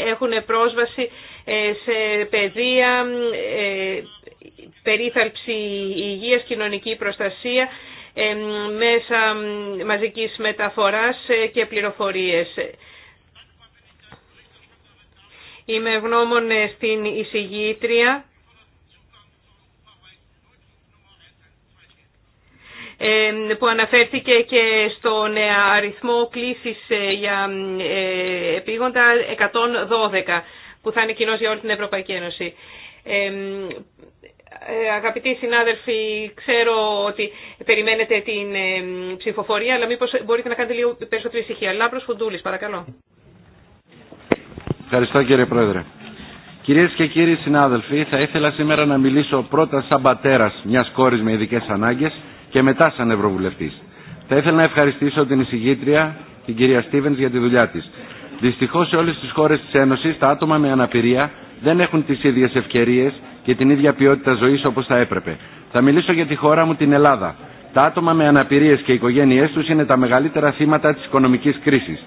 έχουν πρόσβαση σε παιδεία, περίθαλψη υγείας, κοινωνική προστασία μέσα μαζικής μεταφοράς ε, και πληροφορίες. Είμαι ευγνώμων ε, στην εισηγήτρια. που αναφέρθηκε και στον ε, αριθμό κλήσης για επίγοντα 112 που θα είναι κοινός για όλη την Ευρωπαϊκή Ένωση. Ε, αγαπητοί συνάδελφοι, ξέρω ότι περιμένετε την ε, ψηφοφορία, αλλά μήπως μπορείτε να κάνετε λίγο περισσότερη ησυχία. Λάμπρος Φουντούλης, παρακαλώ. Ευχαριστώ κύριε Πρόεδρε. Κυρίε και κύριοι συνάδελφοι, θα ήθελα σήμερα να μιλήσω πρώτα σαν πατέρα μια κόρη με ειδικέ ανάγκε και μετά σαν Ευρωβουλευτή. Θα ήθελα να ευχαριστήσω την εισηγήτρια, την κυρία Στίβεν, για τη δουλειά τη. Δυστυχώ σε όλε τι χώρε τη Ένωση τα άτομα με αναπηρία δεν έχουν τι ίδιε ευκαιρίε και την ίδια ποιότητα ζωή όπω θα έπρεπε. Θα μιλήσω για τη χώρα μου, την Ελλάδα. Τα άτομα με αναπηρίε και οι οικογένειέ του είναι τα μεγαλύτερα θύματα τη οικονομική κρίση.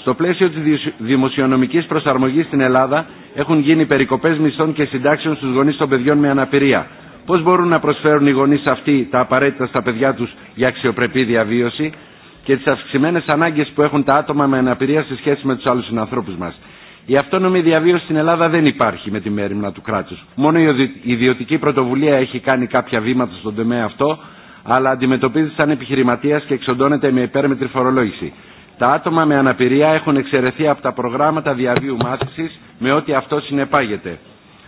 Στο πλαίσιο τη δημοσιονομική προσαρμογή στην Ελλάδα έχουν γίνει περικοπέ μισθών και συντάξεων στου γονεί των παιδιών με αναπηρία. Πώ μπορούν να προσφέρουν οι γονεί αυτοί τα απαραίτητα στα παιδιά του για αξιοπρεπή διαβίωση και τι αυξημένε ανάγκε που έχουν τα άτομα με αναπηρία σε σχέση με του άλλου συνανθρώπου μα. Η αυτόνομη διαβίωση στην Ελλάδα δεν υπάρχει με τη μέρημνα του κράτου. Μόνο η ιδιωτική πρωτοβουλία έχει κάνει κάποια βήματα στον τομέα αυτό, αλλά αντιμετωπίζεται σαν επιχειρηματία και εξοντώνεται με υπέρμετρη φορολόγηση. Τα άτομα με αναπηρία έχουν εξαιρεθεί από τα προγράμματα διαβίου μάθηση με ό,τι αυτό συνεπάγεται.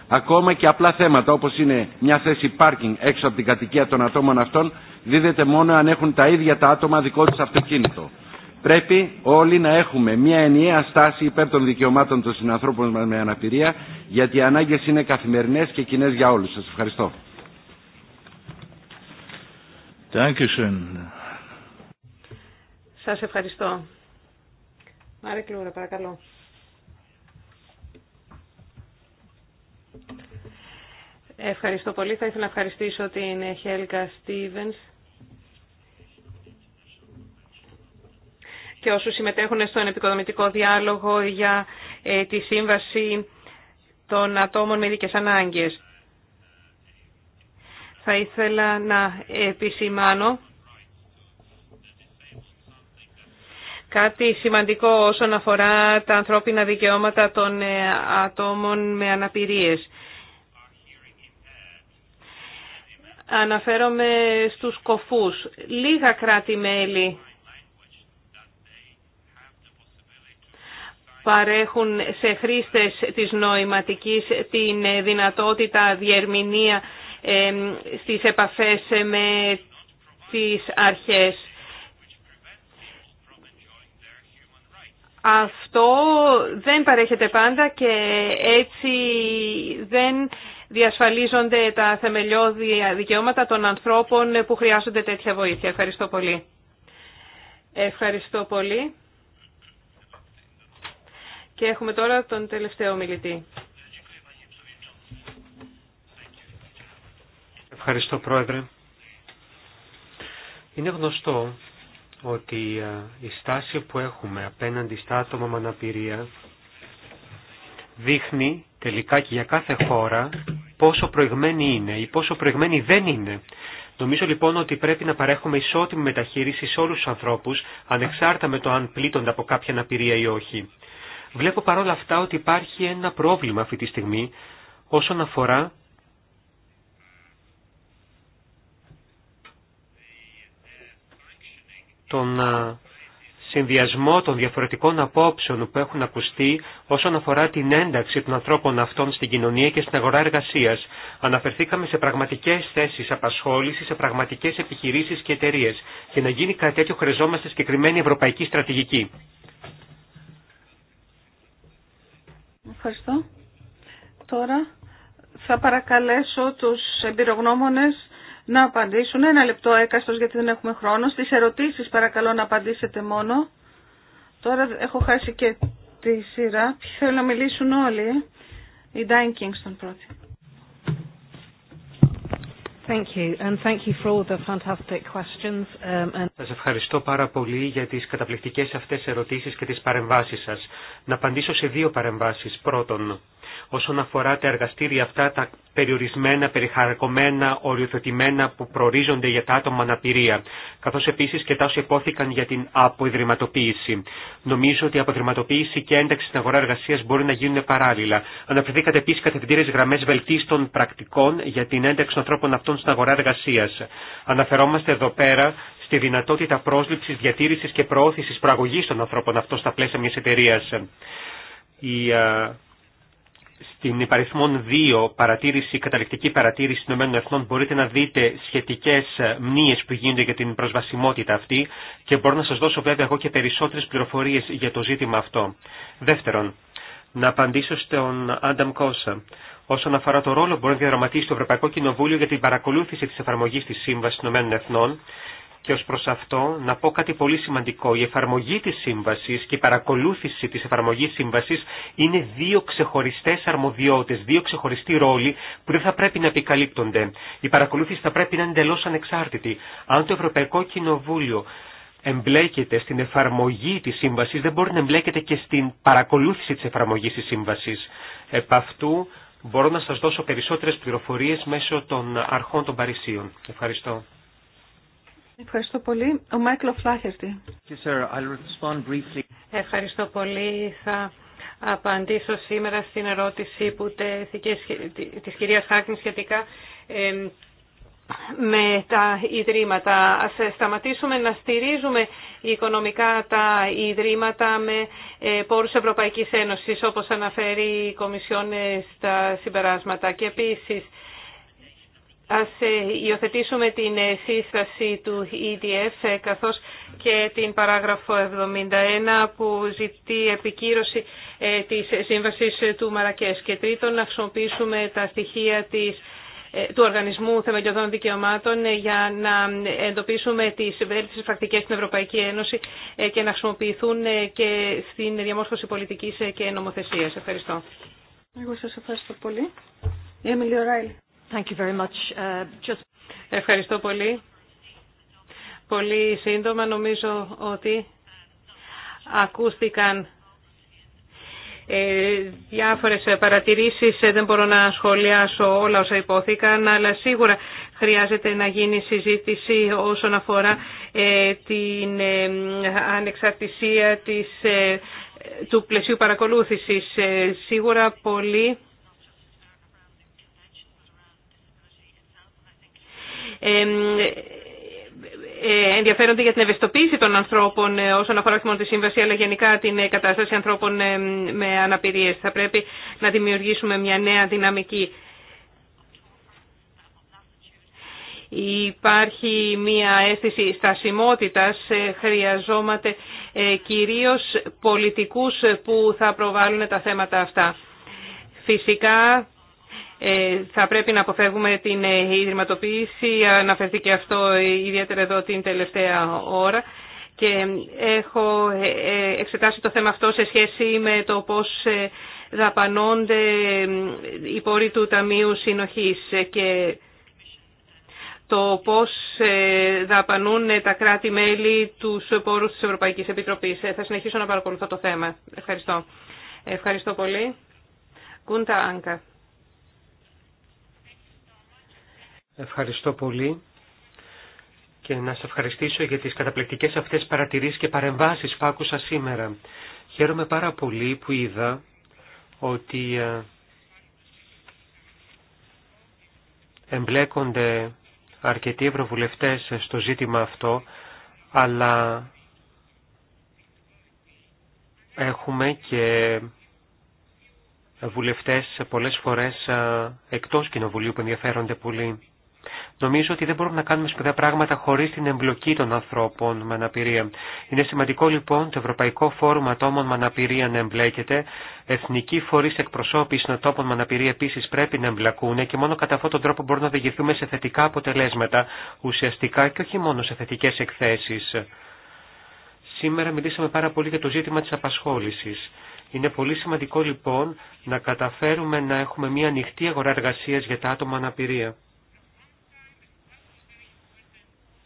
Ακόμα και απλά θέματα όπω είναι μια θέση πάρκινγκ έξω από την κατοικία των ατόμων αυτών δίδεται μόνο αν έχουν τα ίδια τα άτομα δικό του αυτοκίνητο. Πρέπει όλοι να έχουμε μια ενιαία στάση υπέρ των δικαιωμάτων των συνανθρώπων μας με αναπηρία, γιατί οι ανάγκες είναι καθημερινές και κοινέ για όλους. Σας ευχαριστώ. Σας ευχαριστώ. παρακαλώ. Ευχαριστώ πολύ. Θα ήθελα να ευχαριστήσω την Χέλκα Στίβενς και όσου συμμετέχουν στον επικοδομητικό διάλογο για ε, τη σύμβαση των ατόμων με ειδικέ ανάγκε. Θα ήθελα να επισημάνω κάτι σημαντικό όσον αφορά τα ανθρώπινα δικαιώματα των ε, ατόμων με αναπηρίες. Αναφέρομαι στους κοφούς. Λίγα κράτη-μέλη παρέχουν σε χρήστες της νοηματικής την δυνατότητα διερμηνία στις επαφές με τις αρχές. Αυτό δεν παρέχεται πάντα και έτσι δεν διασφαλίζονται τα θεμελιώδη δικαιώματα των ανθρώπων που χρειάζονται τέτοια βοήθεια. Ευχαριστώ πολύ. Ευχαριστώ πολύ. Και έχουμε τώρα τον τελευταίο μιλητή. Ευχαριστώ Πρόεδρε. Είναι γνωστό ότι η στάση που έχουμε απέναντι στα άτομα με αναπηρία δείχνει τελικά και για κάθε χώρα πόσο προηγμένη είναι ή πόσο προηγμένη δεν είναι. Νομίζω λοιπόν ότι πρέπει να παρέχουμε ισότιμη μεταχείριση σε όλους τους ανθρώπους, ανεξάρτητα με το αν πλήττονται από κάποια αναπηρία ή όχι. Βλέπω παρόλα αυτά ότι υπάρχει ένα πρόβλημα αυτή τη στιγμή όσον αφορά τον συνδυασμό των διαφορετικών απόψεων που έχουν ακουστεί όσον αφορά την ένταξη των ανθρώπων αυτών στην κοινωνία και στην αγορά εργασίας. Αναφερθήκαμε σε πραγματικές θέσει απασχόλησης, σε πραγματικές επιχειρήσει και εταιρείε. και να γίνει κάτι τέτοιο, χρειαζόμαστε συγκεκριμένη ευρωπαϊκή στρατηγική. Ευχαριστώ. Τώρα θα παρακαλέσω τους εμπειρογνώμονες να απαντήσουν. Ένα λεπτό έκαστος γιατί δεν έχουμε χρόνο. Στις ερωτήσεις παρακαλώ να απαντήσετε μόνο. Τώρα έχω χάσει και τη σειρά. Θέλω να μιλήσουν όλοι. Ε? Η Ντάιν Κίνγκστον πρώτη. Thank Σας ευχαριστώ πάρα πολύ για τις καταπληκτικές αυτές ερωτήσεις και τις παρεμβάσεις σας. Να απαντήσω σε δύο παρεμβάσεις. Πρώτον, όσον αφορά τα εργαστήρια αυτά, τα περιορισμένα, περιχαρακωμένα, οριοθετημένα που προορίζονται για τα άτομα αναπηρία, καθώς επίσης και τα όσοι υπόθηκαν για την αποϊδρυματοποίηση. Νομίζω ότι η αποϊδρυματοποίηση και ένταξη στην αγορά εργασίας μπορεί να γίνουν παράλληλα. Αναφερθήκατε επίσης κατευθυντήρες γραμμές βελτίστων πρακτικών για την ένταξη των ανθρώπων αυτών στην αγορά εργασίας. Αναφερόμαστε εδώ πέρα στη δυνατότητα πρόσληψης, διατήρησης και προώθησης προαγωγής των ανθρώπων αυτών στα πλαίσια μιας εταιρείας. Η στην υπαριθμόν 2 παρατήρηση, καταληκτική παρατήρηση των ΗΕ μπορείτε να δείτε σχετικές ε, μνήες που γίνονται για την προσβασιμότητα αυτή και μπορώ να σας δώσω βέβαια εγώ και περισσότερες πληροφορίες για το ζήτημα αυτό. Δεύτερον, να απαντήσω στον Άνταμ Κόσα. Όσον αφορά το ρόλο που μπορεί να διαδραματίσει το Ευρωπαϊκό Κοινοβούλιο για την παρακολούθηση τη εφαρμογή τη Σύμβαση των Ηνωμένων και ως προς αυτό να πω κάτι πολύ σημαντικό. Η εφαρμογή της σύμβασης και η παρακολούθηση της εφαρμογής σύμβασης είναι δύο ξεχωριστές αρμοδιότητες, δύο ξεχωριστοί ρόλοι που δεν θα πρέπει να επικαλύπτονται. Η παρακολούθηση θα πρέπει να είναι εντελώς ανεξάρτητη. Αν το Ευρωπαϊκό Κοινοβούλιο εμπλέκεται στην εφαρμογή της σύμβασης, δεν μπορεί να εμπλέκεται και στην παρακολούθηση της εφαρμογής της σύμβασης. Επ' αυτού μπορώ να σας δώσω περισσότερες πληροφορίες μέσω των αρχών των Παρισίων. Ευχαριστώ. Ευχαριστώ πολύ. Ο Μάικλ Φλάχερτη. Ευχαριστώ πολύ. Θα απαντήσω σήμερα στην ερώτηση που τέθηκε της κυρίας Χάκνη σχετικά με τα ιδρύματα. Ας σταματήσουμε να στηρίζουμε οικονομικά τα ιδρύματα με ε, πόρους Ευρωπαϊκής Ένωσης, όπως αναφέρει η Κομισιόν ε, στα συμπεράσματα. Και επίσης, Ας ε, υιοθετήσουμε την ε, σύσταση του EDF ε, καθώς και την παράγραφο 71 που ζητεί επικύρωση της σύμβασης του Μαρακές. Και τρίτον, να χρησιμοποιήσουμε τα στοιχεία της του Οργανισμού Θεμελιωδών Δικαιωμάτων για να εντοπίσουμε τις βέλτιστες πρακτικές στην Ευρωπαϊκή Ένωση και να χρησιμοποιηθούν και στην διαμόρφωση πολιτικής και νομοθεσίας. Ευχαριστώ. Εγώ σας ευχαριστώ πολύ. Η Thank you very much. Uh, Ευχαριστώ πολύ. Πολύ σύντομα νομίζω ότι ακούστηκαν ε, διάφορες παρατηρήσεις. Ε, δεν μπορώ να σχολιάσω όλα όσα υπόθηκαν, αλλά σίγουρα χρειάζεται να γίνει συζήτηση όσον αφορά ε, την ανεξαρτησία της, του πλαισίου παρακολούθησης. Σίγουρα πολύ. Ε, ενδιαφέρονται για την ευαισθητοποίηση των ανθρώπων ε, όσον αφορά όχι τη σύμβαση αλλά γενικά την ε, κατάσταση ανθρώπων με αναπηρίες. Θα πρέπει να δημιουργήσουμε μια νέα δυναμική. Υπάρχει μια αίσθηση στασιμότητας, χρειαζόμαστε κυρίως πολιτικούς που θα προβάλλουν τα θέματα αυτά. Φυσικά ε, θα πρέπει να αποφεύγουμε την ε, ιδρυματοποίηση, και αυτό ε, ιδιαίτερα εδώ την τελευταία ώρα και έχω εξετάσει το θέμα αυτό σε σχέση με το πώς δαπανώνται οι πόροι του Ταμείου Συνοχής και το πώς δαπανούν τα κράτη-μέλη του πόρους της Ευρωπαϊκής Επιτροπής. Θα συνεχίσω να παρακολουθώ το θέμα. Ευχαριστώ. Ευχαριστώ πολύ. Κούντα Άνκα. Ευχαριστώ πολύ και να σας ευχαριστήσω για τις καταπληκτικές αυτές παρατηρήσεις και παρεμβάσεις που άκουσα σήμερα. Χαίρομαι πάρα πολύ που είδα ότι ε, εμπλέκονται αρκετοί ευρωβουλευτές στο ζήτημα αυτό, αλλά έχουμε και βουλευτές πολλές φορές ε, εκτός κοινοβουλίου που ενδιαφέρονται πολύ. Νομίζω ότι δεν μπορούμε να κάνουμε σπουδαία πράγματα χωρίς την εμπλοκή των ανθρώπων με αναπηρία. Είναι σημαντικό λοιπόν το Ευρωπαϊκό Φόρουμ Ατόμων με Αναπηρία να εμπλέκεται. Εθνικοί φορεί εκπροσώπηση των ατόμων με αναπηρία επίση πρέπει να εμπλακούν και μόνο κατά αυτόν τον τρόπο μπορούμε να οδηγηθούμε σε θετικά αποτελέσματα ουσιαστικά και όχι μόνο σε θετικέ εκθέσει. Σήμερα μιλήσαμε πάρα πολύ για το ζήτημα της απασχόλησης. Είναι πολύ σημαντικό λοιπόν να καταφέρουμε να έχουμε μια ανοιχτή αγορά εργασίας για τα άτομα αναπηρία.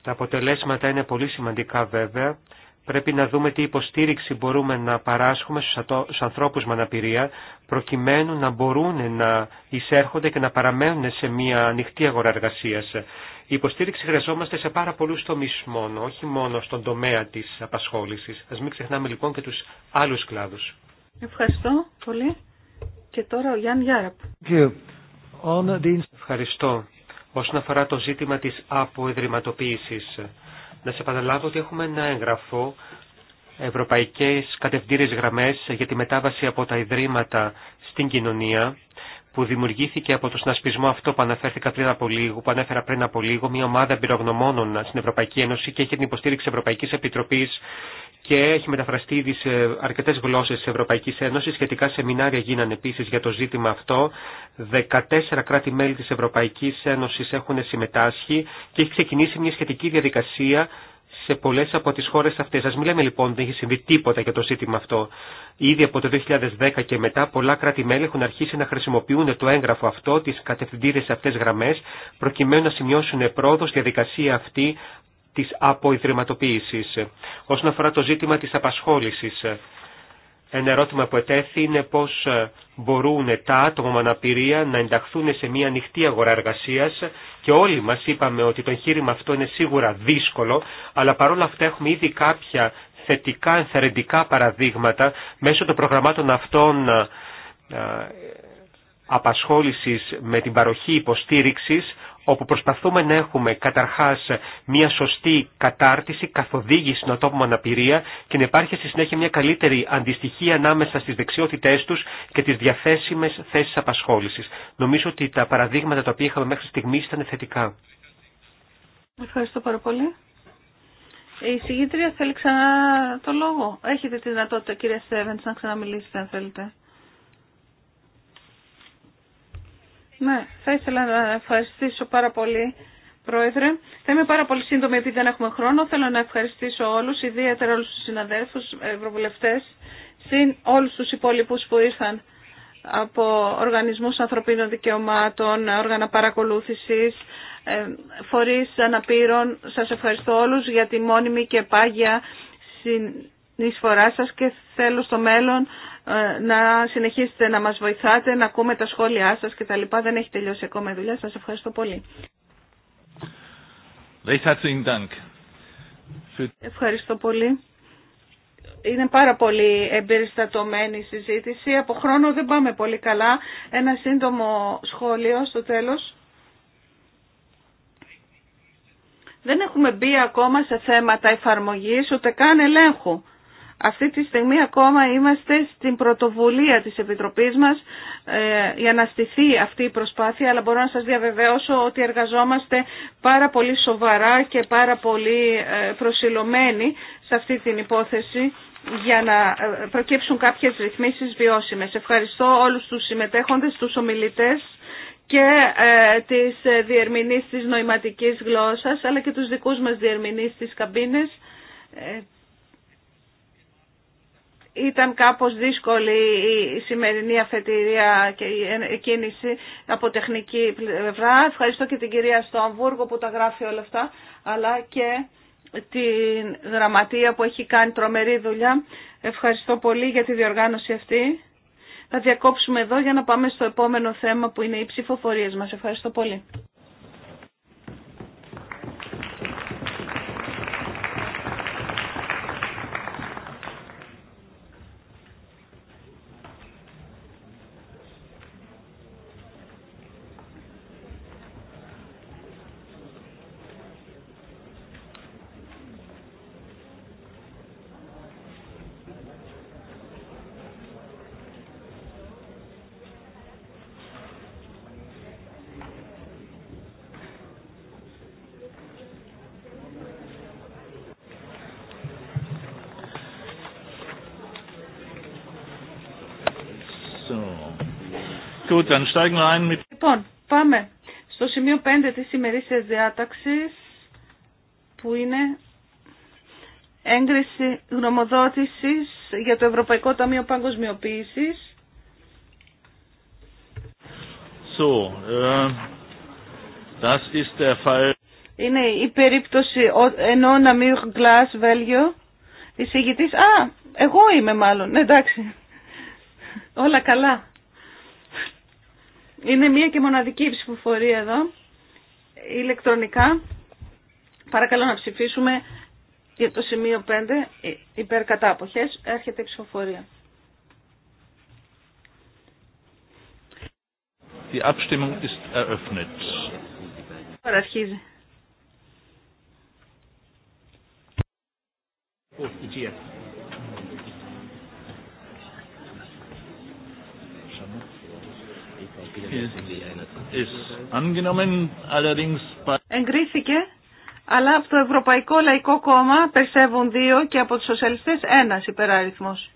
Τα αποτελέσματα είναι πολύ σημαντικά βέβαια. Πρέπει να δούμε τι υποστήριξη μπορούμε να παράσχουμε στους ανθρώπους με αναπηρία, προκειμένου να μπορούν να εισέρχονται και να παραμένουν σε μια ανοιχτή αγορά εργασίας. Η υποστήριξη χρειαζόμαστε σε πάρα πολλούς τομείς μόνο, όχι μόνο στον τομέα της απασχόλησης. Ας μην ξεχνάμε λοιπόν και τους άλλους κλάδους. Ευχαριστώ πολύ. Και τώρα ο Γιάννη Γιάραπ. Ευχαριστώ όσον αφορά το ζήτημα της αποεδρυματοποίησης. Να σε επαναλάβω ότι έχουμε ένα έγγραφο Ευρωπαϊκές Κατευθύνες Γραμμές για τη μετάβαση από τα Ιδρύματα στην κοινωνία που δημιουργήθηκε από το συνασπισμό αυτό που, αναφέρθηκα πριν από λίγο, που ανέφερα πριν από λίγο, μια ομάδα εμπειρογνωμόνων στην Ευρωπαϊκή Ένωση και έχει την υποστήριξη Ευρωπαϊκής Επιτροπής και έχει μεταφραστεί ήδη σε αρκετέ γλώσσε τη Ευρωπαϊκή Ένωση. Σχετικά σεμινάρια γίνανε επίση για το ζήτημα αυτό. 14 κράτη-μέλη τη Ευρωπαϊκή Ένωση έχουν συμμετάσχει και έχει ξεκινήσει μια σχετική διαδικασία σε πολλέ από τι χώρε αυτέ. Α μιλάμε λοιπόν, δεν έχει συμβεί τίποτα για το ζήτημα αυτό. Ήδη από το 2010 και μετά, πολλά κράτη-μέλη έχουν αρχίσει να χρησιμοποιούν το έγγραφο αυτό, τι κατευθυντήρε αυτέ γραμμέ, προκειμένου να σημειώσουν πρόοδο στη διαδικασία αυτή της αποϊδρυματοποίησης. Όσον αφορά το ζήτημα της απασχόλησης, ένα ερώτημα που ετέθη είναι πώς μπορούν τα άτομα με αναπηρία να ενταχθούν σε μια ανοιχτή αγορά εργασίας και όλοι μας είπαμε ότι το εγχείρημα αυτό είναι σίγουρα δύσκολο, αλλά παρόλα αυτά έχουμε ήδη κάποια θετικά ενθαρρυντικά παραδείγματα μέσω των προγραμμάτων αυτών ε, απασχόλησης με την παροχή υποστήριξης όπου προσπαθούμε να έχουμε καταρχάς μια σωστή κατάρτιση, καθοδήγηση στην ατόμο αναπηρία και να υπάρχει στη συνέχεια μια καλύτερη αντιστοιχία ανάμεσα στις δεξιότητές τους και τις διαθέσιμες θέσεις απασχόλησης. Νομίζω ότι τα παραδείγματα τα οποία είχαμε μέχρι στιγμής ήταν θετικά. Ευχαριστώ πάρα πολύ. Η συγγήτρια θέλει ξανά το λόγο. Έχετε τη δυνατότητα κυρία Στέβεντς να ξαναμιλήσετε αν θέλετε. Ναι, θα ήθελα να ευχαριστήσω πάρα πολύ, Πρόεδρε. Θα είμαι πάρα πολύ σύντομη επειδή δεν έχουμε χρόνο. Θέλω να ευχαριστήσω όλους, ιδιαίτερα όλους τους συναδέλφους, ευρωβουλευτές, συν όλους τους υπόλοιπους που ήρθαν από οργανισμούς ανθρωπίνων δικαιωμάτων, όργανα παρακολούθησης, ε, φορείς αναπήρων. Σας ευχαριστώ όλους για τη μόνιμη και πάγια εισφορά σας και θέλω στο μέλλον ε, να συνεχίσετε να μας βοηθάτε, να ακούμε τα σχόλιά σας και τα λοιπά. Δεν έχει τελειώσει ακόμα η δουλειά. Σας ευχαριστώ πολύ. Ευχαριστώ πολύ. Είναι πάρα πολύ εμπεριστατωμένη η συζήτηση. Από χρόνο δεν πάμε πολύ καλά. Ένα σύντομο σχόλιο στο τέλος. Δεν έχουμε μπει ακόμα σε θέματα εφαρμογής ούτε καν ελέγχου. Αυτή τη στιγμή ακόμα είμαστε στην πρωτοβουλία της Επιτροπής μας ε, για να στηθεί αυτή η προσπάθεια, αλλά μπορώ να σας διαβεβαιώσω ότι εργαζόμαστε πάρα πολύ σοβαρά και πάρα πολύ ε, προσιλωμένοι σε αυτή την υπόθεση για να ε, προκύψουν κάποιες ρυθμίσεις βιώσιμες. Ευχαριστώ όλους τους συμμετέχοντες, τους ομιλητές και ε, τις διερμηνείς της νοηματικής γλώσσας, αλλά και τους δικούς μας διερμηνείς της καμπίνες ήταν κάπως δύσκολη η σημερινή αφετηρία και η κίνηση από τεχνική πλευρά. Ευχαριστώ και την κυρία Στομβούργο που τα γράφει όλα αυτά, αλλά και την γραμματεία που έχει κάνει τρομερή δουλειά. Ευχαριστώ πολύ για τη διοργάνωση αυτή. Θα διακόψουμε εδώ για να πάμε στο επόμενο θέμα που είναι οι ψηφοφορίες μας. Ευχαριστώ πολύ. Λοιπόν, πάμε στο σημείο 5 τη ημερήσια διάταξης που είναι έγκριση γνωμοδότηση για το Ευρωπαϊκό Ταμείο Παγκοσμιοποίηση. Äh, είναι η περίπτωση ενώ να μην γκλάς Βέλγιο. Εισηγητής, α, εγώ είμαι μάλλον, εντάξει. Όλα καλά. Είναι μία και μοναδική ψηφοφορία εδώ, ηλεκτρονικά. Παρακαλώ να ψηφίσουμε για το σημείο 5, ε, υπέρ έρχεται η ψηφοφορία. Η Abstimmung ist eröffnet. Τώρα αρχίζει. Oh, Εγκρίθηκε, αλλά από το Ευρωπαϊκό Λαϊκό Κόμμα περισσεύουν δύο και από τους σοσιαλιστές ένας υπεράριθμος.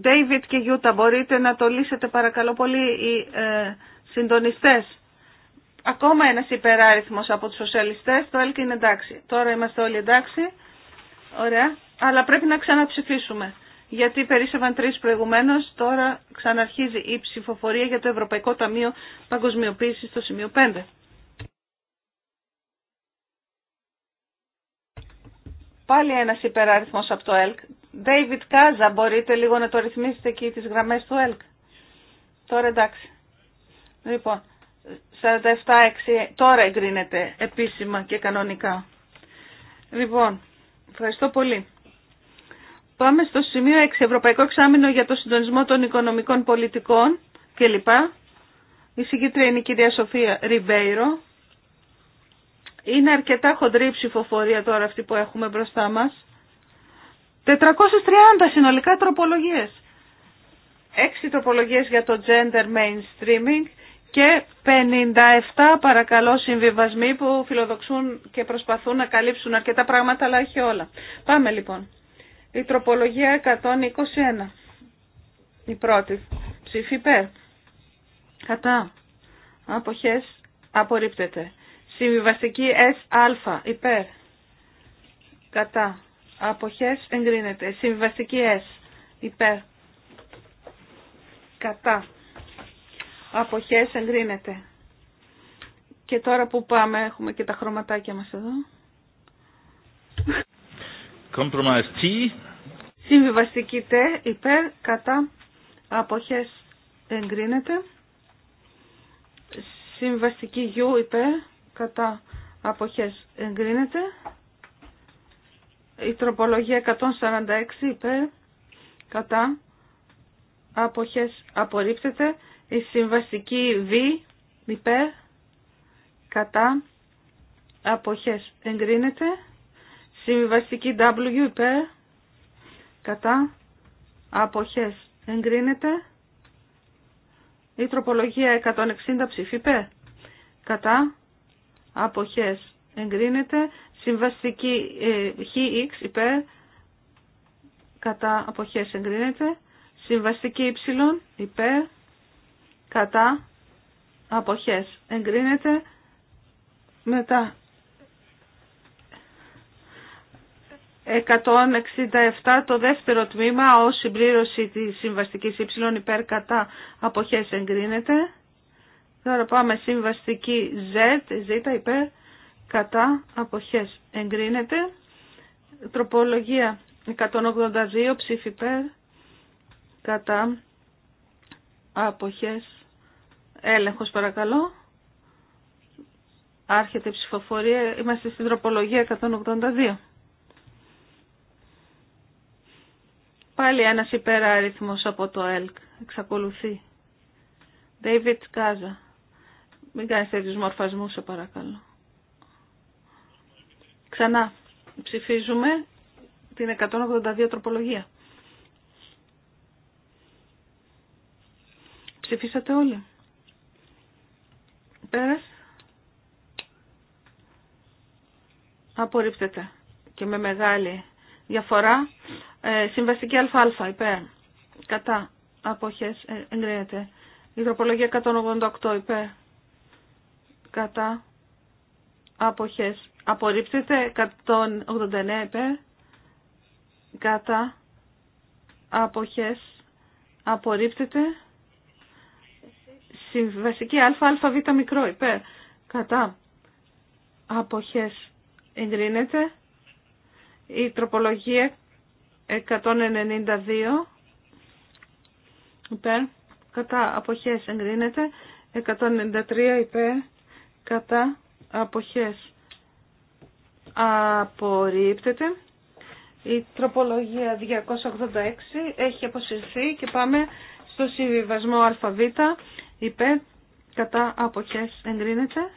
Ντέιβιτ και Γιούτα, μπορείτε να το λύσετε παρακαλώ πολύ οι ε, συντονιστές. Ακόμα ένας υπεράριθμος από τους σοσιαλιστές, το ΕΛΚ είναι εντάξει. Τώρα είμαστε όλοι εντάξει, ωραία, αλλά πρέπει να ξαναψηφίσουμε γιατί περίσσευαν τρει προηγουμένω τώρα ξαναρχίζει η ψηφοφορία για το Ευρωπαϊκό Ταμείο παγκοσμιοποίηση στο σημείο 5. Πάλι ένας υπεράριθμος από το ΕΛΚ. David Κάζα, μπορείτε λίγο να το ρυθμίσετε εκεί τις γραμμές του ΕΛΚ. Τώρα εντάξει. Λοιπόν, 47-6 τώρα εγκρίνεται επίσημα και κανονικά. Λοιπόν, ευχαριστώ πολύ. Πάμε στο σημείο 6, Ευρωπαϊκό Εξάμεινο για το Συντονισμό των Οικονομικών Πολιτικών κλπ. Η συγκήτρια είναι η κυρία Σοφία Ριβέιρο. Είναι αρκετά χοντρή ψηφοφορία τώρα αυτή που έχουμε μπροστά μας. 430 συνολικά τροπολογίες. 6 τροπολογίες για το gender mainstreaming και 57 παρακαλώ συμβιβασμοί που φιλοδοξούν και προσπαθούν να καλύψουν αρκετά πράγματα αλλά όχι όλα. Πάμε λοιπόν. Η τροπολογία 121. Η πρώτη. Ψήφι υπέρ. Κατά. Αποχές απορρίπτεται. Συμβιβαστική S-α. Υπέρ. Κατά. Αποχές εγκρίνεται. Συμβιβαστική S. Υπέρ. Κατά. Αποχές εγκρίνεται. Και τώρα που πάμε έχουμε και τα χρωματάκια μας εδώ. Compromise T. Συμβιβαστική T υπέρ κατά αποχές εγκρίνεται. Συμβιβαστική U υπέρ κατά αποχές εγκρίνεται. Η τροπολογία 146 υπέρ κατά αποχές απορρίπτεται. Η συμβαστική V υπέρ κατά αποχές εγκρίνεται. Συμβιβαστική W υπέρ κατά αποχές εγκρίνεται. Η τροπολογία 160 ψήφι υπέρ κατά αποχές εγκρίνεται. Συμβαστική ε, X υπέρ κατά αποχές εγκρίνεται. Συμβαστική Y υπέρ κατά αποχές εγκρίνεται. Μετά 167 το δεύτερο τμήμα ω συμπλήρωση της συμβαστική Y υπέρ κατά αποχές εγκρίνεται. Τώρα πάμε συμβαστική Z, Z υπέρ κατά αποχές εγκρίνεται. Τροπολογία 182 ψήφι υπέρ κατά αποχές έλεγχος παρακαλώ. Άρχεται η ψηφοφορία, είμαστε στην τροπολογία 182. Πάλι ένας υπεράριθμος από το ΕΛΚ. Εξακολουθεί. David Κάζα. Μην κάνεις τέτοιους μορφασμούς, σε παρακαλώ. Ξανά. Ψηφίζουμε την 182 τροπολογία. Ψηφίσατε όλοι. Πέρας. Απορρίπτεται. Και με μεγάλη διαφορά. Ε, συμβαστική ΑΑ υπέρ. Κατά. Απόχε, εγκρίνεται. Η 188 υπέρ. Κατά. άποχέ. Απορρίπτεται 189 υπέρ. Κατά. Απόχε. Απορρίπτεται. Συμβαστική ΑΑΒ μικρό υπέρ. Κατά. Αποχές εγκρίνεται η τροπολογία 192 υπέρ κατά αποχές εγκρίνεται 193 υπέρ κατά αποχές απορρίπτεται η τροπολογία 286 έχει αποσυρθεί και πάμε στο συμβιβασμό ΑΒ υπέρ κατά αποχές εγκρίνεται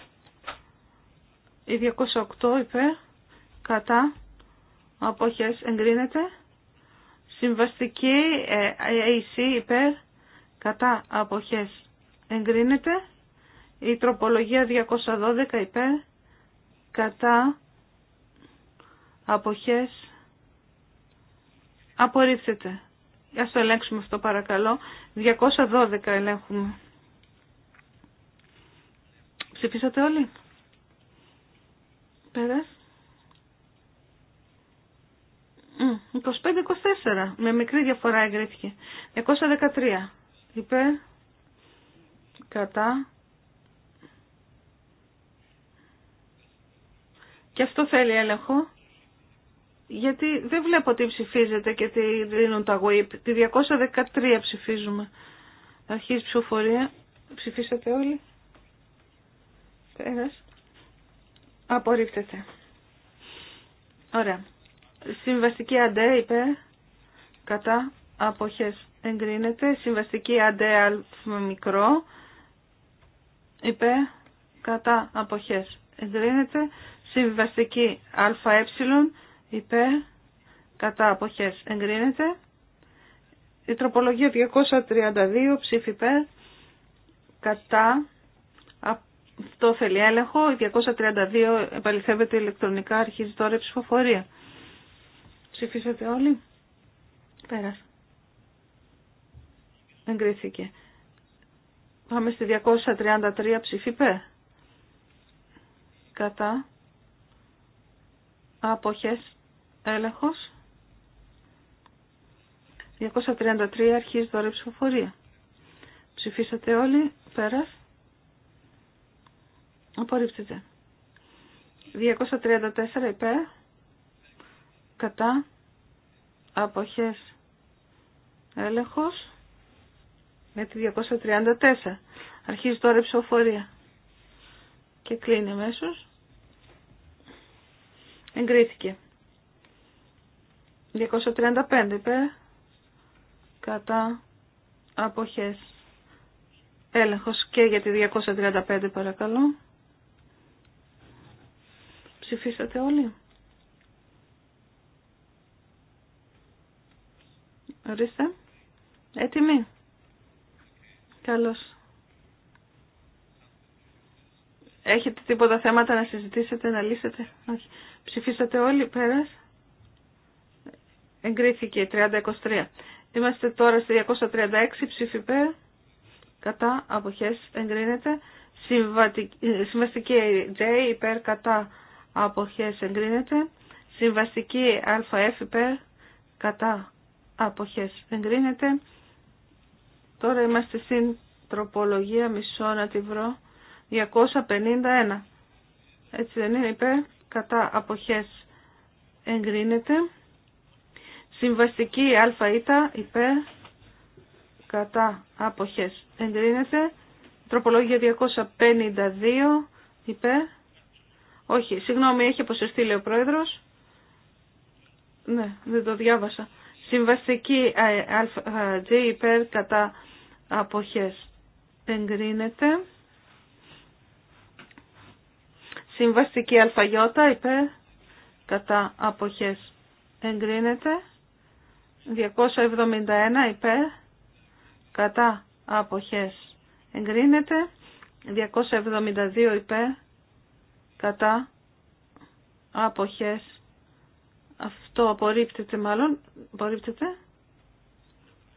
η 208 υπέρ κατά Απόχες εγκρίνεται. Συμβαστική ε, AC υπέρ κατά αποχές εγκρίνεται. Η τροπολογία 212 υπέρ κατά αποχές απορρίφθηκε. Ας το ελέγξουμε αυτό παρακαλώ. 212 ελέγχουμε. Ψηφίσατε όλοι. Πέρας. 25-24. Με μικρή διαφορά εγκρίθηκε. 213. είπε. Κατά. Και αυτό θέλει έλεγχο. Γιατί δεν βλέπω τι ψηφίζεται και τι δίνουν τα WIP. Τη 213 ψηφίζουμε. Αρχίζει ψηφοφορία. Ψηφίσατε όλοι. Πέρας. Απορρίφτεται. Ωραία. Συμβαστική αντέ είπε κατά αποχές εγκρίνεται. Συμβαστική αντέ αλφα μικρό είπε κατά αποχές εγκρίνεται. Συμβαστική εψιλον, είπε κατά αποχές εγκρίνεται. Η τροπολογία 232 ψήφι Πέ, κατά αυτό θέλει έλεγχο. Η 232 επαληθεύεται ηλεκτρονικά, αρχίζει τώρα η ψηφοφορία. Ψηφίσατε όλοι. Πέρασε. Εγκρίθηκε. Πάμε στη 233 ψηφίπε. Κατά. Αποχές. Έλεγχος. 233 Αρχής τώρα η ψηφοφορία. Ψηφίσατε όλοι. Πέρας. Απορρίπτεται. 234 υπέρ κατά αποχές έλεγχος με τη 234. Αρχίζει τώρα η ψηφοφορία και κλείνει αμέσω. Εγκρίθηκε. 235 είπε. κατά αποχές έλεγχος και για τη 235 παρακαλώ. Ψηφίσατε όλοι. Ορίστε. Έτοιμοι. Καλώς. Έχετε τίποτα θέματα να συζητήσετε, να λύσετε. Όχι. Ψηφίσατε όλοι πέρας. Εγκρίθηκε 30-23. Είμαστε τώρα στη 236 ψήφι πέρα. Κατά αποχές εγκρίνεται. Ε, συμβαστική J υπέρ κατά αποχές εγκρίνεται. Συμβαστική ΑΕΦ υπέρ κατά αποχές εγκρίνεται. Τώρα είμαστε στην τροπολογία μισό να τη βρω 251. Έτσι δεν είναι είπε. κατά αποχές εγκρίνεται. Συμβαστική ήτα είπε. κατά αποχές εγκρίνεται. Τροπολόγια 252 είπε. Όχι, συγγνώμη, έχει αποσυρθεί λέει ο πρόεδρος. Ναι, δεν το διάβασα. Συμβαστική ΑΓ υπέρ κατά αποχές εγκρίνεται. Συμβαστική ΑΙ υπέρ κατά αποχές εγκρίνεται. 271 υπέρ κατά αποχές εγκρίνεται. 272 υπέρ κατά αποχές αυτό απορρίπτεται μάλλον. Απορρίπτεται.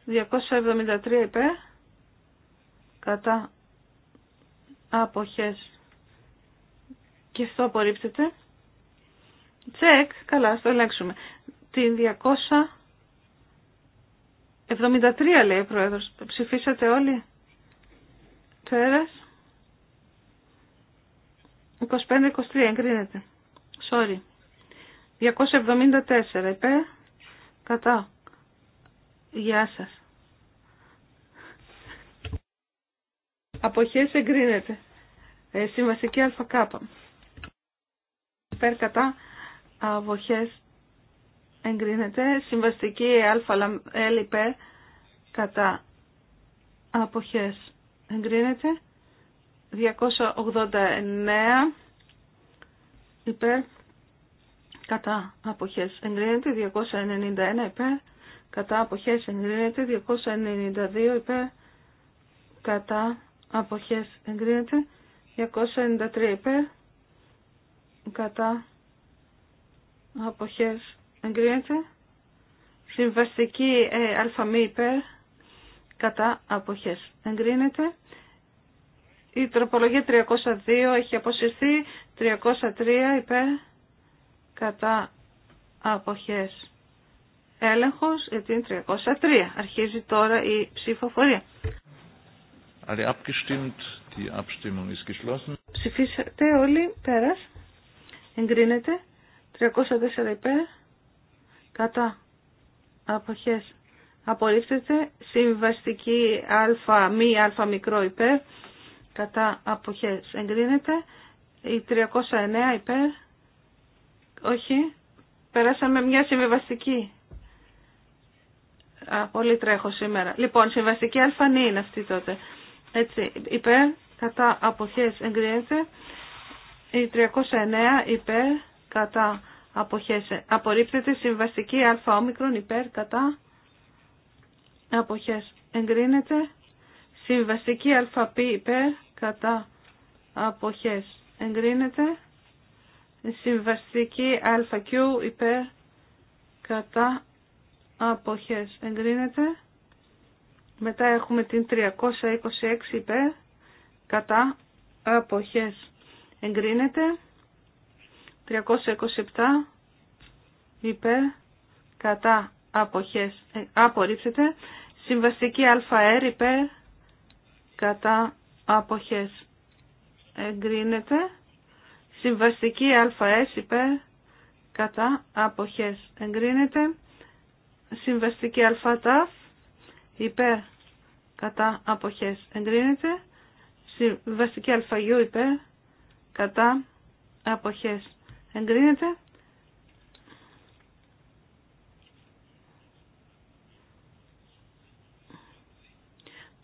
273 υπέ. Κατά αποχές. Και αυτό απορρίπτεται. Τσεκ. Καλά, ας το ελέγξουμε. Την 273 λέει ο Πρόεδρος. Ψηφίσατε όλοι. Τέρας. 25-23 εγκρίνεται. Sorry. 274 είπε Κατά. Γεια σας. Αποχές εγκρίνεται. Ε, συμβαστική ΑΚ. Υπέρ κατά αποχές εγκρίνεται. Συμβαστική ΑΛ υπέρ κατά αποχές εγκρίνεται. 289 υπέρ κατά αποχές εγκρίνεται 291 υπέρ, κατά αποχές εγκρίνεται 292 υπέρ, κατά αποχές εγκρίνεται 293 υπέρ, κατά αποχές εγκρίνεται συμβαστική ε, αλφαμή υπέρ, κατά αποχές εγκρίνεται η τροπολογία 302 έχει αποσυρθεί, 303 υπέρ, κατά αποχές έλεγχος για την 303. Αρχίζει τώρα η ψηφοφορία. abgestimmt, Ψηφίσατε όλοι, πέρας. Εγκρίνεται. 304 υπέρ. Κατά. Αποχές. Απορρίφτεται. Συμβαστική α, μη α μικρό υπέρ. Κατά αποχές. Εγκρίνεται. Η 309 υπέρ όχι. Περάσαμε μια συμβιβαστική. Α, πολύ τρέχω σήμερα. Λοιπόν, συμβαστική αλφανή είναι αυτή τότε. Έτσι, υπέρ, κατά αποχές εγκρίνεται. Η 309 υπέρ, κατά αποχές απορρίπτεται. Συμβαστική αλφαόμικρον υπέρ, κατά αποχές εγκρίνεται. Συμβαστική αλφαπή υπέρ, κατά αποχές εγκρίνεται. Συμβαστική Q υπέρ κατά αποχές εγκρίνεται. Μετά έχουμε την 326 υπέρ κατά αποχές εγκρίνεται. 327 υπέρ κατά αποχές ε, απορρίψεται. Συμβαστική R υπέρ κατά αποχές εγκρίνεται. Συμβαστική ΑΕΣ υπέρ κατά αποχές εγκρίνεται. Συμβαστική ΑΤΑΦ υπέρ κατά αποχές εγκρίνεται. Συμβαστική ΑΙΟ υπέρ κατά αποχές εγκρίνεται.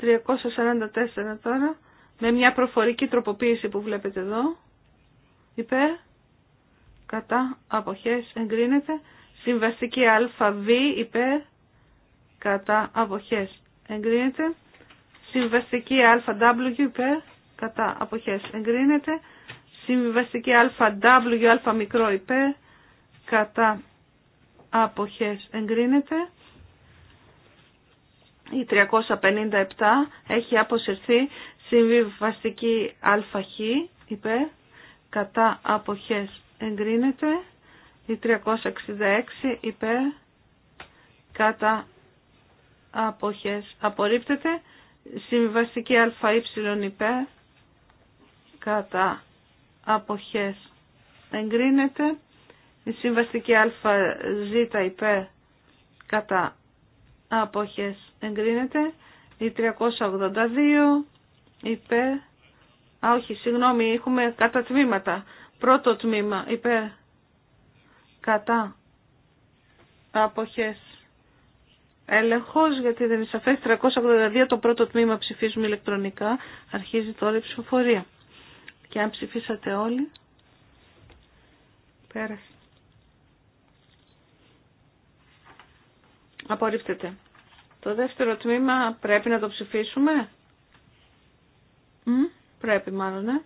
...344 τώρα, με μια προφορική τροποποίηση που βλέπετε εδώ υπέρ, κατά, αποχές, εγκρίνεται. Συμβαστική ΑΒ υπέρ, κατά, αποχές, εγκρίνεται. Συμβαστική w, υπέρ, κατά, αποχές, εγκρίνεται. Συμβαστική w, α μικρό υπέρ, κατά, αποχές, εγκρίνεται. Η 357 έχει αποσυρθεί συμβιβαστική ΑΧ υπέρ κατά αποχές εγκρίνεται, η 366 υπέρ κατά αποχές απορρίπτεται, Συμβαστική ΑΕ υπέρ κατά αποχές εγκρίνεται, η συμβαστική ΑΖ υπέρ κατά αποχές εγκρίνεται, η 382 υπέρ Α, όχι, συγγνώμη, έχουμε κατά τμήματα. Πρώτο τμήμα, είπε Κατά. Αποχές. Έλεγχος, γιατί δεν είναι σαφές, 382 το πρώτο τμήμα ψηφίζουμε ηλεκτρονικά. Αρχίζει τώρα η ψηφοφορία. Και αν ψηφίσατε όλοι, πέρασε. Απορρίφτεται. Το δεύτερο τμήμα πρέπει να το ψηφίσουμε. Mm? Πρέπει μάλλον, ε.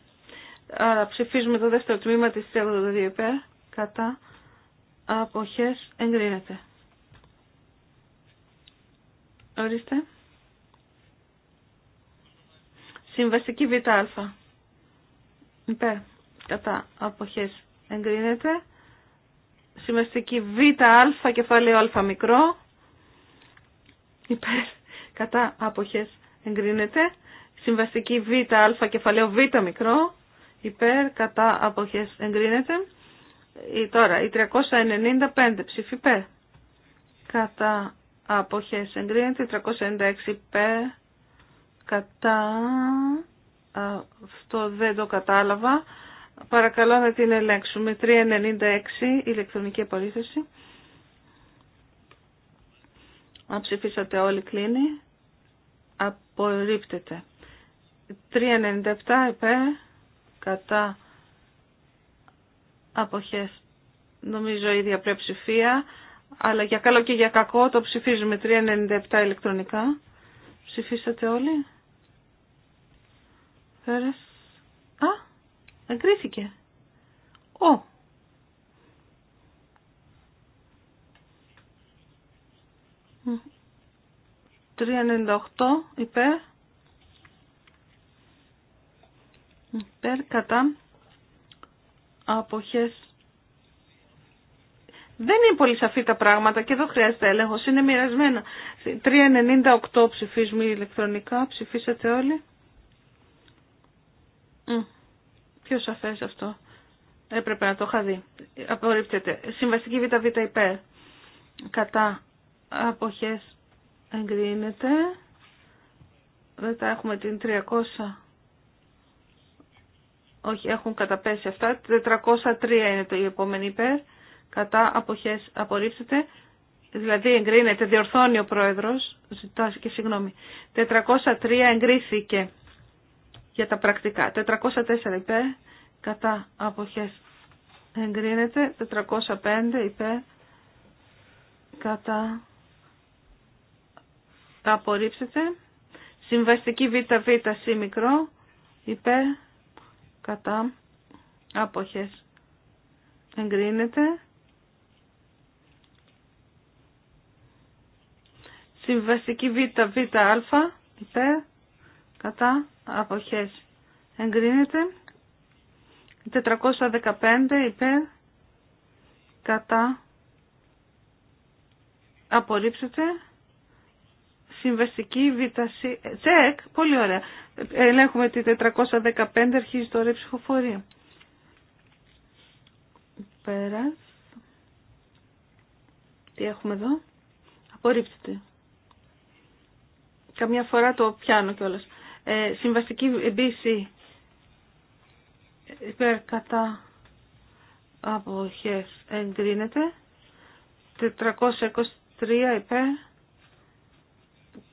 Άρα ψηφίζουμε το δεύτερο τμήμα της 82 υπέρ. Κατά αποχές εγκρίνεται. Ορίστε. Συμβαστική ΒΑ. Υπέρ. Κατά αποχές εγκρίνεται. Συμβαστική ΒΑ κεφάλαιο α μικρό. Υπέρ. Κατά αποχές εγκρίνεται. Συμβαστική Β, α κεφαλαίο Β μικρό, υπέρ, κατά, αποχές, εγκρίνεται. Η, τώρα, η 395 ψήφι Π, κατά, αποχές, εγκρίνεται. 396 υπέρ, κατά, αυτό δεν το κατάλαβα. Παρακαλώ να την ελέγξουμε. 396 ηλεκτρονική απορρίθωση. Αν ψηφίσατε όλοι κλείνει. Απορρίπτεται. 397 υπέ, κατά αποχές. Νομίζω η ίδια αλλά για καλό και για κακό το ψηφίζουμε 397 ηλεκτρονικά. Ψηφίσατε όλοι. Φέρες. Α, εγκρίθηκε. Ω. Τρία υπέρ. Υπέρ κατά αποχές. Δεν είναι πολύ σαφή τα πράγματα και εδώ χρειάζεται έλεγχο. Είναι μοιρασμένα. 398 ψηφίσμοι ηλεκτρονικά. Ψηφίσατε όλοι. Πιο αφές αυτό. Έπρεπε να το είχα δει. Απορρίπτεται. Συμβαστική ΒΒ υπέρ. Κατά αποχές εγκρίνεται. τα έχουμε την 300 όχι έχουν καταπέσει αυτά, 403 είναι το επόμενο υπέρ, κατά αποχές απορρίψετε, δηλαδή εγκρίνεται, διορθώνει ο πρόεδρος, ζητά και συγγνώμη, 403 εγκρίθηκε για τα πρακτικά, 404 υπέρ, κατά αποχές εγκρίνεται, 405 υπέρ, κατά απορρίψετε, συμβαστική ΒΒ σι μικρό, υπέρ, κατά άποχες εγκρίνεται συμβαστική β, β, α υπέρ κατά αποχές εγκρίνεται 415 υπέρ κατά απορρίψεται Συμβαστική βήταση. Τσεκ, πολύ ωραία. Ελέγχουμε τη 415, αρχίζει τώρα η ψηφοφορία. Πέρα. Τι έχουμε εδώ. Απορρίπτεται. Καμιά φορά το πιάνω κιόλα. Ε, συμβαστική εμπίση Υπέρ κατά αποχές εγκρίνεται. 423 υπέρ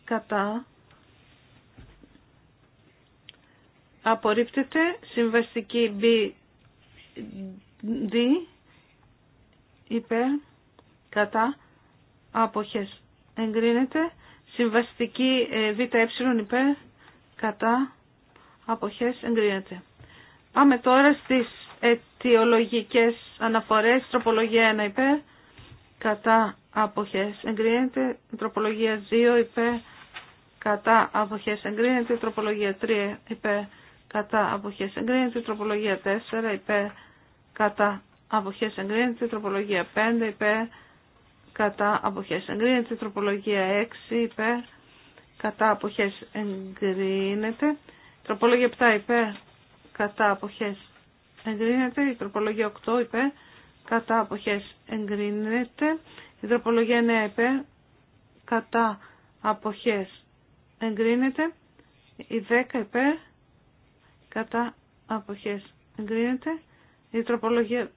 κατά απορρίπτεται συμβαστική BD υπέρ κατά άποχες εγκρίνεται συμβαστική ΒΕ ε, υπέρ κατά αποχές εγκρίνεται. Πάμε τώρα στις αιτιολογικές αναφορές τροπολογία 1 υπέρ κατά αποχές εγκρίνεται τροπολογία 2 υπέρ κατά απόχέ εγκρίνεται, τροπολογία 3 υπέρ κατά αποχέ εγκρίνεται, τροπολογία 4 υπέρ κατά αποχέ εγκρίνεται, τροπολογία 5 υπέρ κατά αποχέ εγκρίνεται, τροπολογία 6 υπέρ κατά αποχέ εγκρίνεται, τροπολογία 7 υπέρ κατά αποχέ εγκρίνεται, η τροπολογία 8 υπέρ κατά απόχέ εγκρίνεται, η τροπολογία 9 υπέρ κατά αποχές εγκρίνεται. Η 10 υπέρ κατά αποχές εγκρίνεται. Η τροπολογία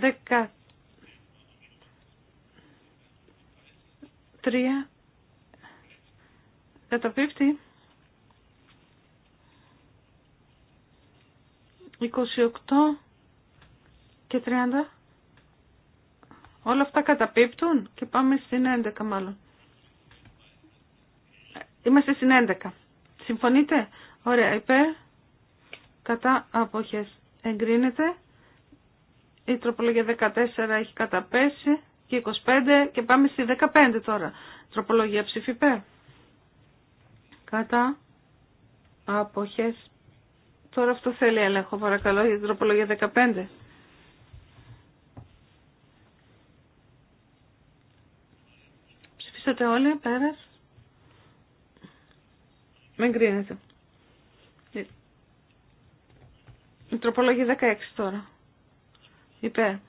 13 καταπίπτει 28 και 30 όλα αυτά καταπίπτουν και πάμε στην 11 μάλλον Είμαστε στην 11. Συμφωνείτε. Ωραία. Υπέρ. Κατά αποχές. Εγκρίνεται. Η τροπολογία 14 έχει καταπέσει. Και 25. Και πάμε στη 15 τώρα. Τροπολογία ψήφι υπέρ. Κατά αποχές. Τώρα αυτό θέλει έλεγχο παρακαλώ για την τροπολογία 15. Ψηφίσατε όλοι, πέρας μην Η τροπολογία 16 τώρα. υπέ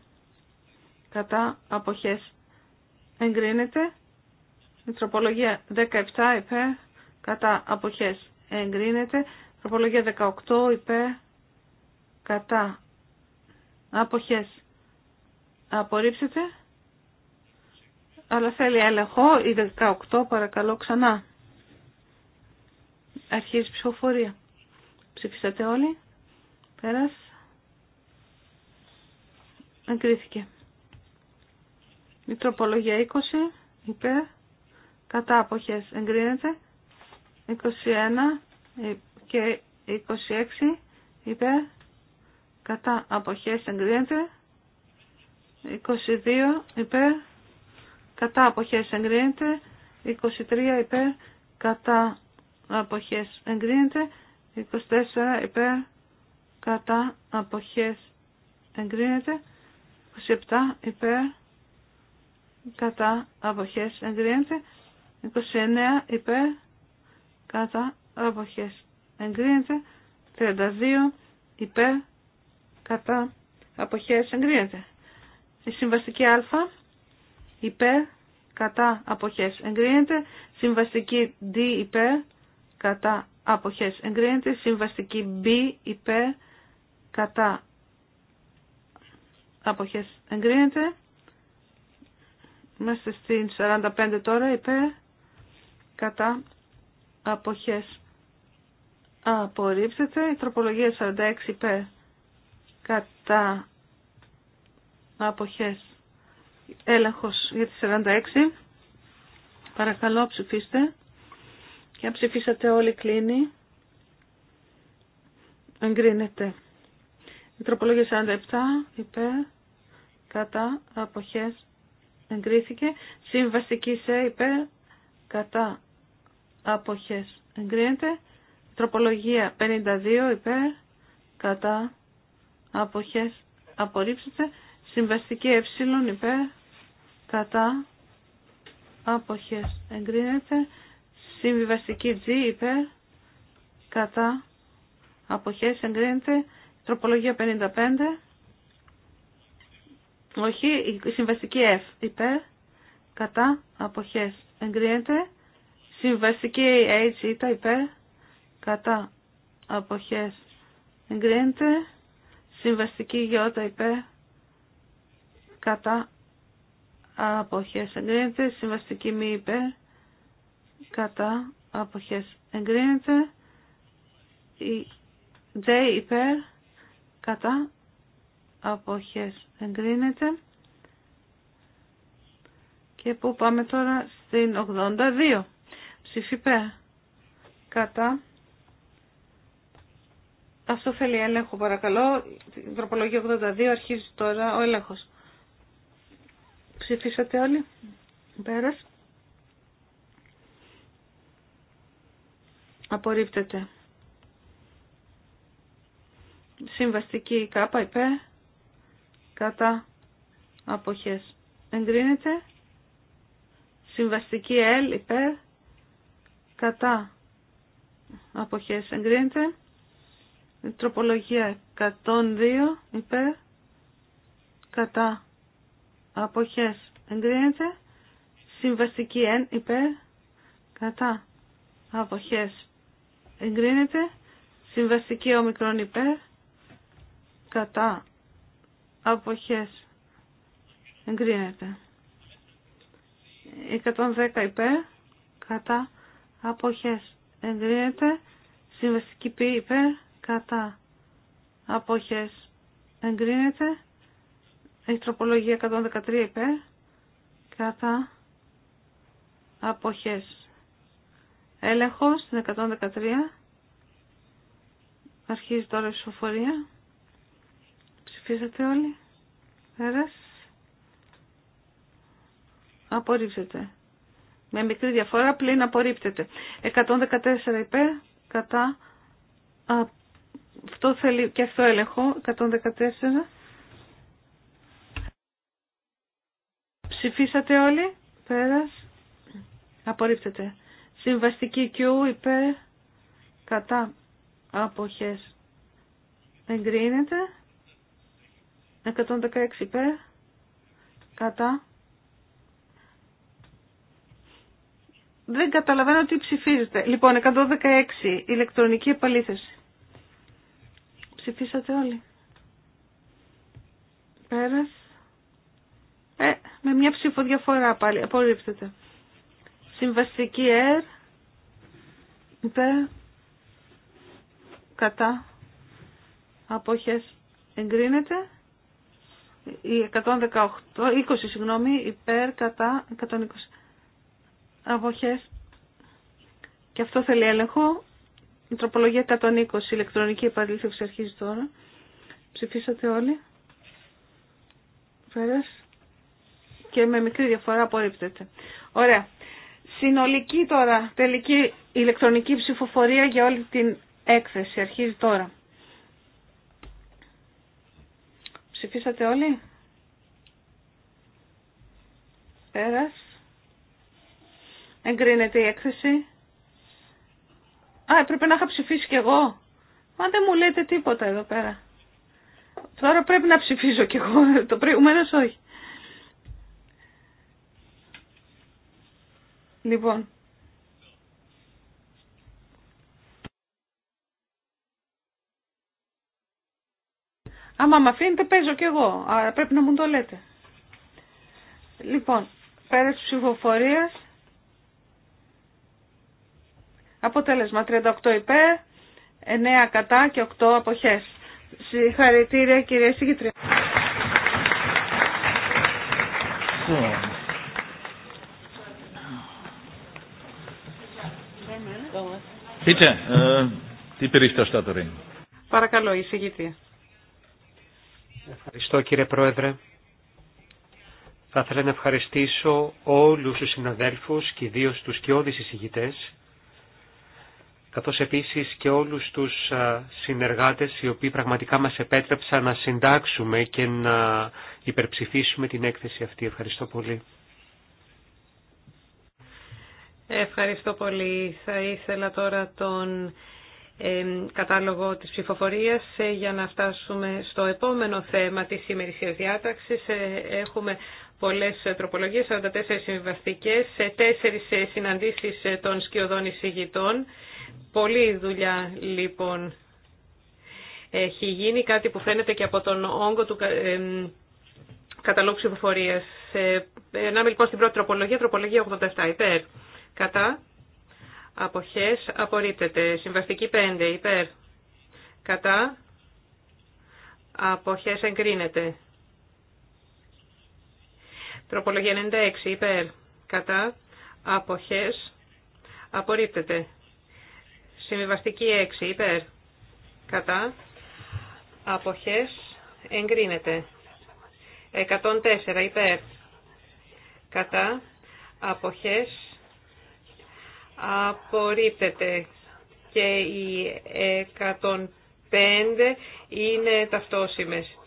Κατά αποχές. Εγκρίνεται. Η τροπολογία 17 υπέ Κατά αποχές. Εγκρίνεται. Η τροπολογία 18 υπέ Κατά αποχές. απορρίψεται. Αλλά θέλει έλεγχο. Η 18 παρακαλώ ξανά. Αρχίζει ψηφοφορία. Ψηφίσατε όλοι. Πέρας. Εγκρίθηκε. Η 20 υπέρ. Κατά αποχές εγκρίνεται. 21 ε, και 26 ειπε Κατά αποχές εγκρίνεται. 22 υπέρ. Κατά αποχές εγκρίνεται. 23 υπέρ. Κατά αποχές εγκρίνεται, 24 υπέρ κατά αποχές εγκρίνεται, 27 υπέρ κατά αποχές εγκρίνεται, 29 υπέρ κατά αποχές εγκρίνεται, 32 υπέρ κατά αποχές εγκρίνεται. Η συμβαστική α υπέρ κατά αποχές εγκρίνεται, συμβαστική d υπέρ κατά αποχές εγκρίνεται. Συμβαστική B υπέρ κατά αποχές εγκρίνεται. Είμαστε στην 45 τώρα υπέρ κατά αποχές απορρίπτεται. Η τροπολογία 46 υπέρ κατά αποχές έλεγχος για τη 46. Παρακαλώ ψηφίστε. Και αν ψηφίσατε όλοι κλείνει. Εγκρίνεται. Η τροπολογία 47 υπέρ κατά αποχές εγκρίθηκε. Συμβαστική σε υπέρ κατά αποχές εγκρίνεται. Τροπολογία 52 υπέρ κατά αποχές απορρίψεται. Συμβαστική ε υπέρ κατά αποχές εγκρίνεται. Συμβιβαστική G υπέρ κατά αποχές εγκρίνεται. Τροπολογία 55. Όχι, η συμβαστική F υπέρ κατά αποχές εγκρίνεται. Συμβαστική H υπέρ κατά αποχές εγκρίνεται. Συμβαστική γιώτα υπέρ κατά αποχές εγκρίνεται. Συμβαστική μη υπέρ κατά αποχές εγκρίνεται η J υπέρ κατά αποχές εγκρίνεται και που πάμε τώρα στην 82 ψήφι υπέρ κατά αυτό θέλει έλεγχο παρακαλώ την τροπολογία 82 αρχίζει τώρα ο έλεγχος ψηφίσατε όλοι πέρας Απορρίπτεται. Συμβαστική κάπα υπέ. Κατά αποχές. Εγκρίνεται. Συμβαστική L υπέρ. Κατά αποχές. Εγκρίνεται. Τροπολογία 102 υπέρ. Κατά αποχές. Εγκρίνεται. Συμβαστική N υπέρ. Κατά αποχές εγκρίνεται. Συμβαστική ομικρόν υπέρ. Κατά. Αποχές. Εγκρίνεται. 110 υπέρ. Κατά. Αποχές. Εγκρίνεται. Συμβαστική π υπέρ. Κατά. Αποχές. Εγκρίνεται. Έχει 113 υπέρ. Κατά. Αποχές Έλεγχο στην 113. Αρχίζει τώρα η ψηφοφορία. Ψηφίσατε όλοι. Πέρας. Απορρίψετε. Με μικρή διαφορά πλην απορρίπτεται. 114 υπέρ κατά αυτό θέλει και αυτό έλεγχο 114 ψηφίσατε όλοι πέρας απορρίπτεται Συμβαστική Q υπέρ κατά αποχές εγκρίνεται. 116 υπέρ κατά. Δεν καταλαβαίνω τι ψηφίζετε. Λοιπόν, 116 ηλεκτρονική επαλήθευση. Ψηφίσατε όλοι. Πέρας. Ε, με μια ψηφοδιαφορά πάλι. Απορρίπτεται. Συμβαστική ΕΡ υπέρ κατά απόχες εγκρίνεται. Η 118, 20 συγγνώμη, υπέρ κατά 120 απόχες. Και αυτό θέλει έλεγχο. Η τροπολογία 120, ηλεκτρονική επαλήθευση αρχίζει τώρα. Ψηφίσατε όλοι. φέρες Και με μικρή διαφορά απορρίπτεται. Ωραία. Συνολική τώρα, τελική ηλεκτρονική ψηφοφορία για όλη την έκθεση. Αρχίζει τώρα. Ψηφίσατε όλοι. Πέρας. Εγκρίνεται η έκθεση. Α, έπρεπε να είχα ψηφίσει κι εγώ. Μα δεν μου λέτε τίποτα εδώ πέρα. Τώρα πρέπει να ψηφίζω κι εγώ. <laughs> Το προηγούμενο όχι. Λοιπόν, άμα με αφήνετε παίζω κι εγώ, άρα πρέπει να μου το λέτε. Λοιπόν, πέρα της ψηφοφορίας, αποτέλεσμα 38 υπέρ, 9 κατά και 8 αποχές. Συγχαρητήρια κυρία Συγκητρία. Ε, τι Παρακαλώ, εισηγητή. Ευχαριστώ κύριε Πρόεδρε. Θα ήθελα να ευχαριστήσω όλους τους συναδέλφους και ιδίως τους κοιόδης εισηγητές, καθώς επίσης και όλους τους συνεργάτες οι οποίοι πραγματικά μας επέτρεψαν να συντάξουμε και να υπερψηφίσουμε την έκθεση αυτή. Ευχαριστώ πολύ. Ευχαριστώ πολύ. Θα ήθελα τώρα τον κατάλογο της ψηφοφορίας ε, για να φτάσουμε στο επόμενο θέμα της ημερησίας διάταξης. Ε, έχουμε πολλές τροπολογίες, 44 συμβαστικές, τέσσερις ε, συναντήσεις των σκιωδών εισηγητών. Πολύ δουλειά λοιπόν έχει γίνει, κάτι που φαίνεται και από τον όγκο του καταλόγου ψηφοφορίας. Να λοιπόν στην πρώτη τροπολογία, τροπολογία 87 υπέρ. Κατά. Αποχές απορρίπτεται. Συμβαστική 5 υπέρ. Κατά. Αποχές εγκρίνεται. Τροπολογία 96 υπέρ. Κατά. Αποχές απορρίπτεται. Συμβαστική 6 υπέρ. Κατά. Αποχές εγκρίνεται. 104 υπέρ. Κατά. Αποχές απορρίπτεται και οι 105 είναι ταυτόσιμες.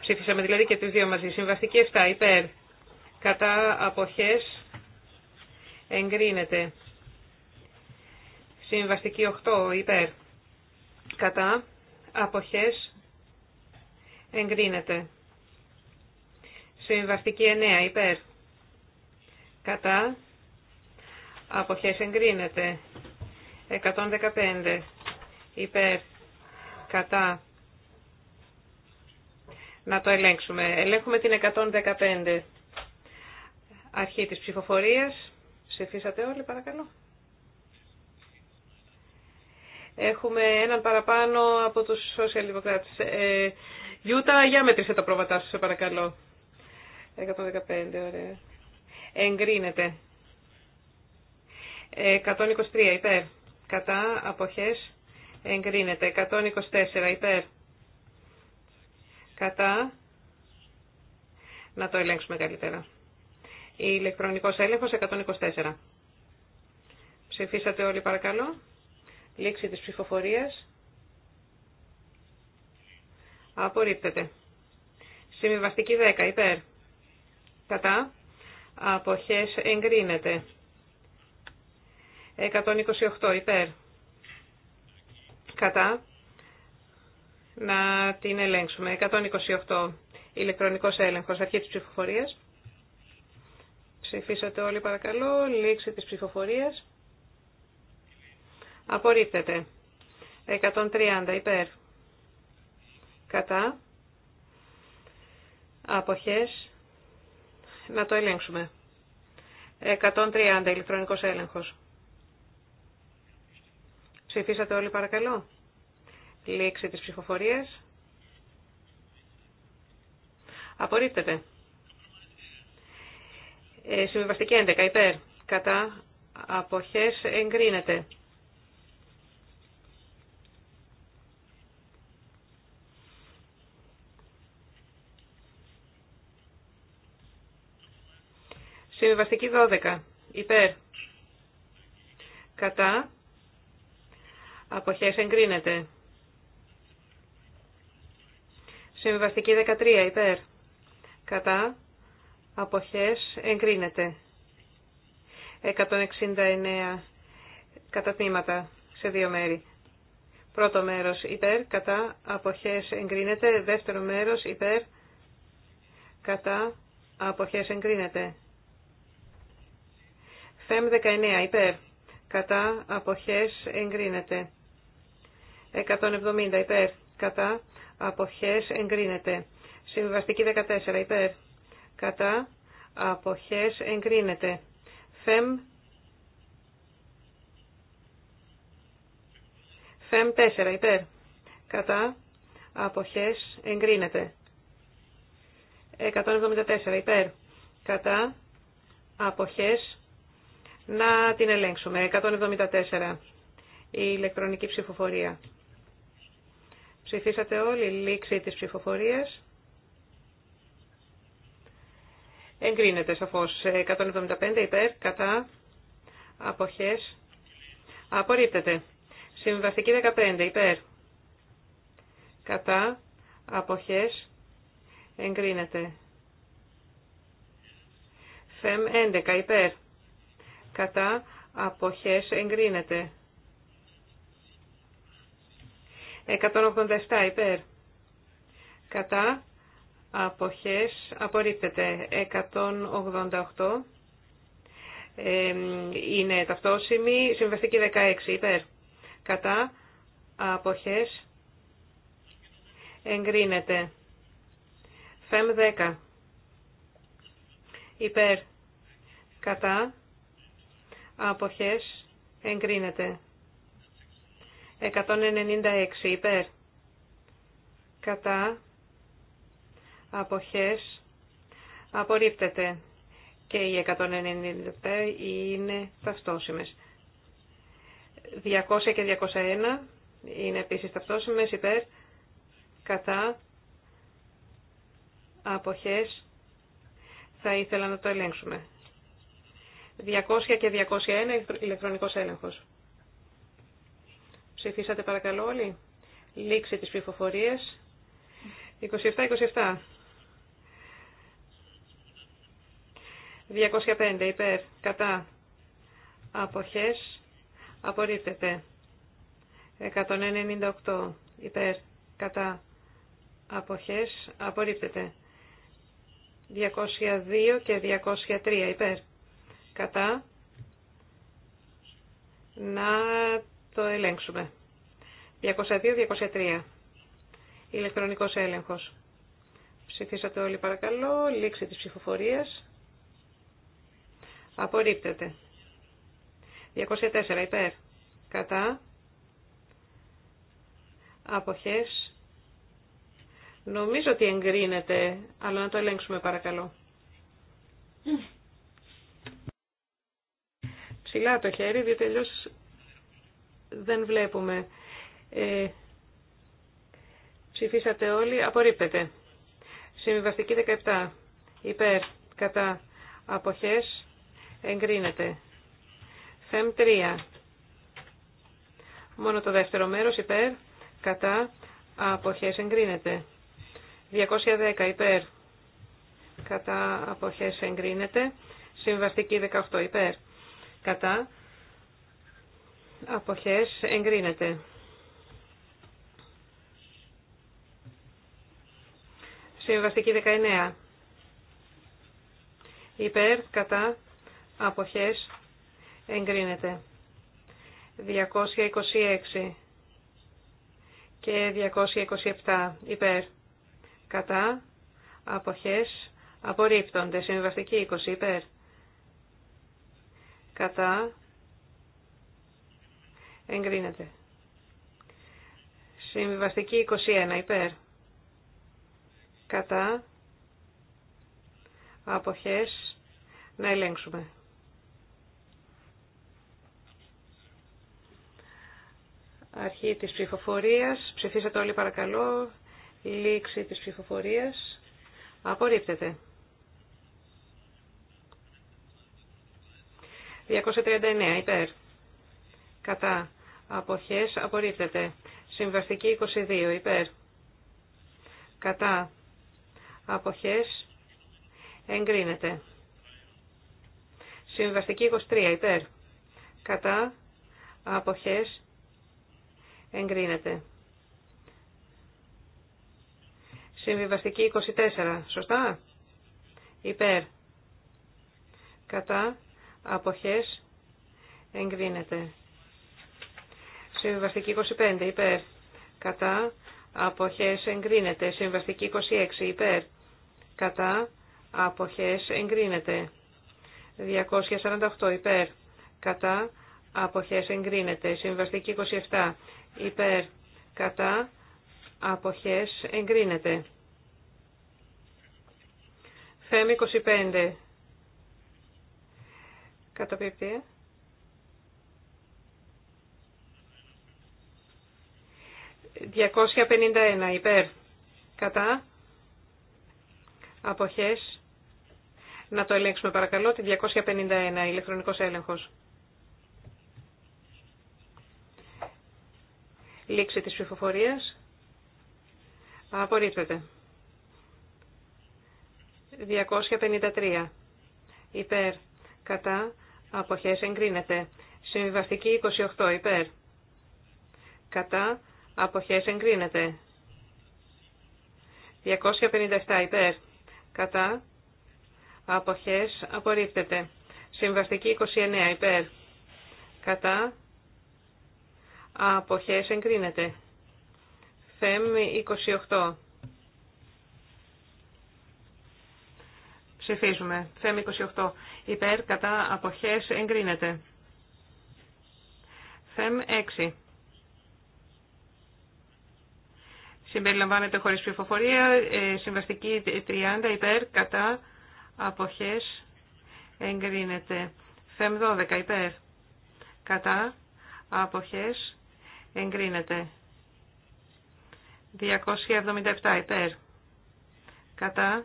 Ψήφισαμε δηλαδή και τις δύο μαζί. Συμβαστική 7 υπέρ. Κατά αποχές εγκρίνεται. Συμβαστική 8 υπέρ. Κατά αποχές εγκρίνεται. Συμβαστική 9 υπέρ. Κατά Αποχές εγκρίνεται. 115 υπέρ κατά. Να το ελέγξουμε. Ελέγχουμε την 115 αρχή της ψηφοφορίας. Ψηφίσατε όλοι παρακαλώ. Έχουμε έναν παραπάνω από τους σοσιαλδημοκράτες. Ε, Γιούτα, για μέτρησε τα πρόβατά σου, σε παρακαλώ. 115, ωραία. Εγκρίνεται. 123 υπέρ. Κατά αποχές εγκρίνεται. 124 υπέρ. Κατά. Να το ελέγξουμε καλύτερα. Η ηλεκτρονικός έλεγχος 124. Ψηφίσατε όλοι παρακαλώ. Λήξη της ψηφοφορίας. Απορρίπτεται. Συμβιβαστική 10 υπέρ. Κατά. Αποχές εγκρίνεται. 128 υπέρ. Κατά. Να την ελέγξουμε. 128 ηλεκτρονικός έλεγχος. Αρχή της ψηφοφορίας. Ψηφίσατε όλοι παρακαλώ. Λήξη της ψηφοφορίας. Απορρίπτεται. 130 υπέρ. Κατά. Αποχές. Να το ελέγξουμε. 130 ηλεκτρονικός έλεγχος. Ψηφίσατε όλοι παρακαλώ. Λήξη της ψηφοφορίας. Απορρίπτεται. Ε, συμβιβαστική 11 υπέρ. Κατά αποχές εγκρίνεται. Συμβιβαστική 12 υπέρ. Κατά Αποχές εγκρίνεται. Συμβιβαστική 13 υπέρ. Κατά. Αποχές εγκρίνεται. 169 κατά τμήματα σε δύο μέρη. Πρώτο μέρος υπέρ, κατά, αποχές εγκρίνεται. Δεύτερο μέρος υπέρ, κατά, αποχές εγκρίνεται. ΦΕΜ 19 υπέρ, κατά, αποχές εγκρίνεται. 170 υπέρ. Κατά. Αποχές εγκρίνεται. Συμβιβαστική 14 υπέρ. Κατά. Αποχές εγκρίνεται. Φεμ. Φεμ 4 υπέρ. Κατά. Αποχές εγκρίνεται. 174 υπέρ. Κατά. Αποχές. Να την ελέγξουμε. 174. Η ηλεκτρονική ψηφοφορία. Ψηφίσατε όλοι λήξη της ψηφοφορίας. Εγκρίνεται σαφώς 175 υπέρ, κατά, αποχές, απορρίπτεται. Συμβαστική 15 υπέρ, κατά, αποχές, εγκρίνεται. ΦΕΜ 11 υπέρ, κατά, αποχές, εγκρίνεται. 187 υπέρ. Κατά αποχές απορρίπτεται. 188 ε, είναι ταυτόσημη. Συμβαστική 16 υπέρ. Κατά αποχές εγκρίνεται. ΦΕΜ 10 υπέρ. Κατά αποχές εγκρίνεται. 196 υπέρ. Κατά. Αποχές. Απορρίπτεται. Και οι 195 είναι ταυτόσιμες. 200 και 201 είναι επίσης ταυτόσιμες υπέρ. Κατά. Αποχές. Θα ήθελα να το ελέγξουμε. 200 και 201 ηλεκτρονικός έλεγχος. Ψηφίσατε παρακαλώ όλοι. Λήξη της ψηφοφορίας. 27-27. 205 υπέρ, κατά, αποχές, απορρίπτεται. 198 υπέρ, κατά, αποχές, απορρίπτεται. 202 και 203 υπέρ, κατά, να το ελέγξουμε. 202-203. Ηλεκτρονικός έλεγχος. Ψηφίσατε όλοι παρακαλώ. Λήξη τη ψηφοφορία. Απορρίπτεται. 204 υπέρ. Κατά. Αποχές. Νομίζω ότι εγκρίνεται, αλλά να το ελέγξουμε παρακαλώ. Ψηλά το χέρι, διότι τελειώς δεν βλέπουμε. Ε, ψηφίσατε όλοι, απορρίπτεται. Συμβιβαστική 17. Υπέρ, κατά, αποχές, εγκρίνεται. Φεμ 3. Μόνο το δεύτερο μέρος υπέρ, κατά, αποχές εγκρίνεται. 210 υπέρ, κατά, αποχές εγκρίνεται. Συμβαστική 18 υπέρ, κατά, αποχές εγκρίνεται. Συμβαστική 19. Υπέρ, κατά, αποχές, εγκρίνεται. 226 και 227 υπέρ, κατά, αποχές, απορρίπτονται. Συμβαστική 20 υπέρ, κατά, Εγκρίνεται. Συμβιβαστική 21 υπέρ. Κατά. Αποχές. Να ελέγξουμε. Αρχή της ψηφοφορίας. Ψηφίσατε όλοι παρακαλώ. Λήξη της ψηφοφορίας. Απορρίπτεται. 239 υπέρ. Κατά. Αποχές απορρίπτεται. Συμβαστική 22 υπέρ. Κατά. Αποχές εγκρίνεται. Συμβαστική 23 υπέρ. Κατά. Αποχές εγκρίνεται. Συμβιβαστική 24. Σωστά. Υπέρ. Κατά. Αποχές εγκρίνεται. Συμβαστική 25 υπέρ. Κατά αποχές εγκρίνεται. Συμβαστική 26 υπέρ. Κατά αποχές εγκρίνεται. 248 υπέρ. Κατά αποχές εγκρίνεται. Συμβαστική 27 υπέρ. Κατά αποχές εγκρίνεται. ΦΕΜ 25. Καταπίπτει, ε? 251 υπέρ κατά αποχές. Να το ελέγξουμε παρακαλώ, τη 251 ηλεκτρονικός έλεγχος. Λήξη της ψηφοφορίας. Απορρίπτεται. 253. Υπέρ. Κατά. Αποχές εγκρίνεται. Συμβιβαστική 28. Υπέρ. Κατά. Αποχές εγκρίνεται. 257 υπέρ. Κατά. Αποχές απορρίπτεται. Συμβαστική 29 υπέρ. Κατά. Αποχές εγκρίνεται. ΦΕΜ 28. Ψηφίζουμε. ΦΕΜ 28. Υπέρ κατά αποχές εγκρίνεται. ΦΕΜ 6. συμπεριλαμβάνεται χωρίς ψηφοφορία. Ε, συμβαστική 30 υπέρ κατά αποχές εγκρίνεται. ΦΕΜ 12 υπέρ κατά αποχές εγκρίνεται. 277 υπέρ κατά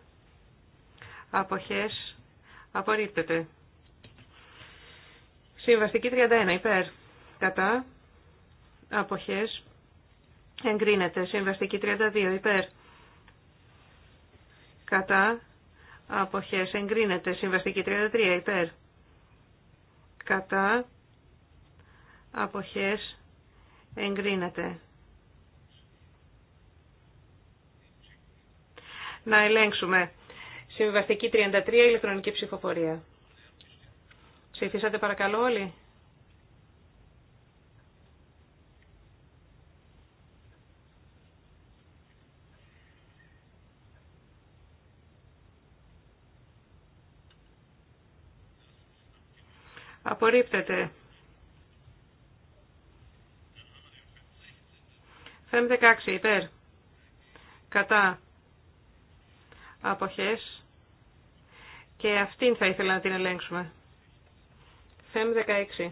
αποχές απορρίπτεται. Συμβαστική 31 υπέρ κατά αποχές εγκρίνεται. Συμβαστική 32 υπέρ. Κατά αποχές εγκρίνεται. Συμβαστική 33 υπέρ. Κατά αποχές εγκρίνεται. Να ελέγξουμε. Συμβαστική 33 ηλεκτρονική ψηφοφορία. Ψηφίσατε παρακαλώ όλοι. Απορρίπτεται. ΦΕΜ 16 υπέρ. Κατά. Αποχές. Και αυτήν θα ήθελα να την ελέγξουμε. ΦΕΜ 16.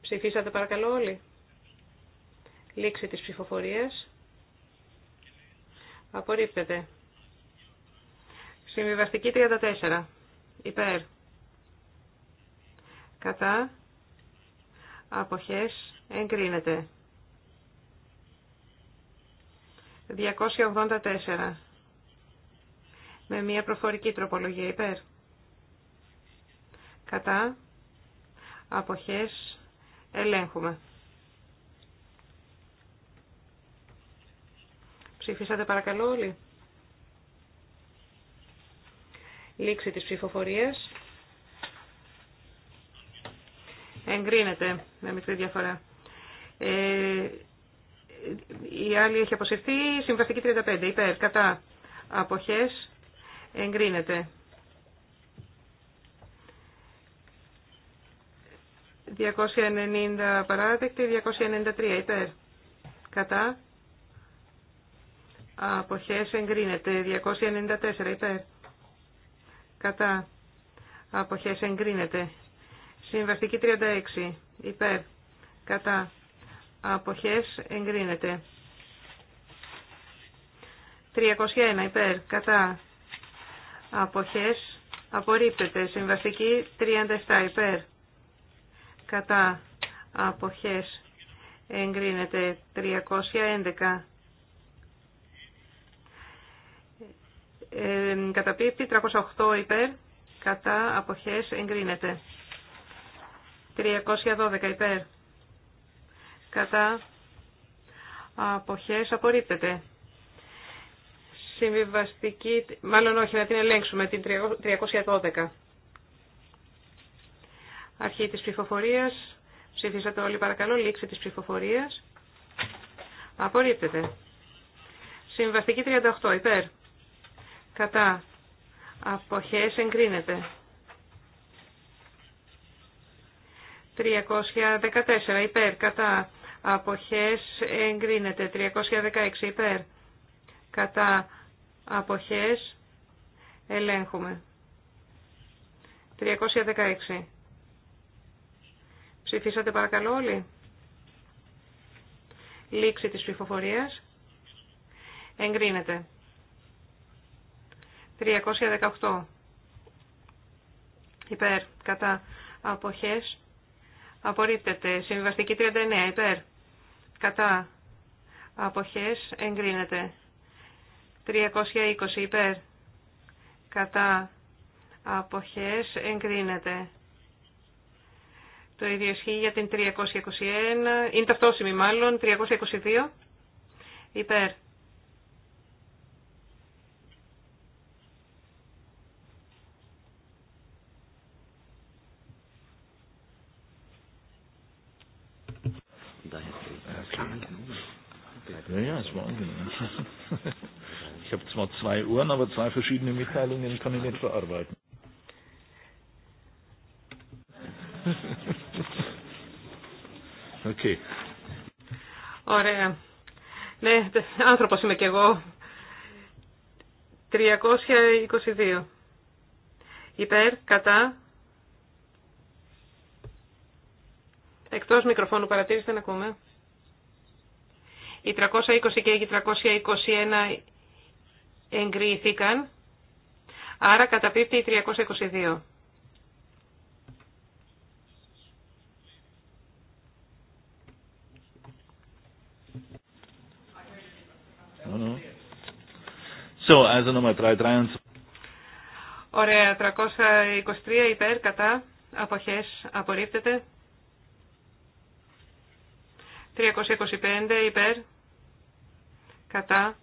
Ψηφίσατε παρακαλώ όλοι. Λήξη της ψηφοφορίας. Απορρίπτεται. Συμβιβαστική 34. Υπέρ κατά αποχές εγκρίνεται. 284 με μια προφορική τροπολογία υπέρ. Κατά αποχές ελέγχουμε. Ψηφίσατε παρακαλώ όλοι. Λήξη της ψηφοφορίας. Εγκρίνεται με μικρή διαφορά. Ε, η άλλη έχει αποσυρθεί. Συμβαστική 35. Υπέρ. Κατά. Αποχές. Εγκρίνεται. 290 παράδεκτη. 293. Υπέρ. Κατά. Αποχές εγκρίνεται. 294 υπέρ. Κατά. Αποχές εγκρίνεται. Συμβαστική 36. Υπέρ. Κατά. Αποχές εγκρίνεται. 301. Υπέρ. Κατά. Αποχές απορρίπτεται. Συμβαστική 37. Υπέρ. Κατά. Αποχές εγκρίνεται. 311. Ε, καταπίπτει 308 υπέρ, κατά αποχές εγκρίνεται. 312 υπέρ. Κατά αποχές απορρίπτεται. Συμβιβαστική, μάλλον όχι, να την ελέγξουμε, την 312. Αρχή της ψηφοφορίας. Ψηφίσατε όλοι παρακαλώ, λήξη της ψηφοφορίας. Απορρίπτεται. Συμβαστική 38 υπέρ. Κατά αποχές εγκρίνεται. 314 υπέρ κατά αποχές εγκρίνεται 316 υπέρ κατά αποχές ελέγχουμε 316 ψηφίσατε παρακαλώ όλοι λήξη της ψηφοφορίας εγκρίνεται 318 υπέρ κατά αποχές απορρίπτεται. Συμβιβαστική 39 υπέρ. Κατά. Αποχές εγκρίνεται. 320 υπέρ. Κατά. Αποχές εγκρίνεται. Το ίδιο ισχύει για την 321. Είναι ταυτόσημη μάλλον. 322 υπέρ. Ja, es war angenehm. Ich habe zwar zwei Uhren, aber zwei verschiedene Mitteilungen kann ich nicht verarbeiten. Okay. Ωραία. Ναι, άνθρωπος είμαι κι εγώ. 322. Υπέρ, κατά. Εκτός μικροφώνου παρατήρηση δεν ακούμε. Οι 320 και οι 321 εγκρίθηκαν, άρα καταπίπτει η 322. Ωραία, 323 υπέρ, κατά, αποχές, απορρίπτεται. 325 υπέρ, κατά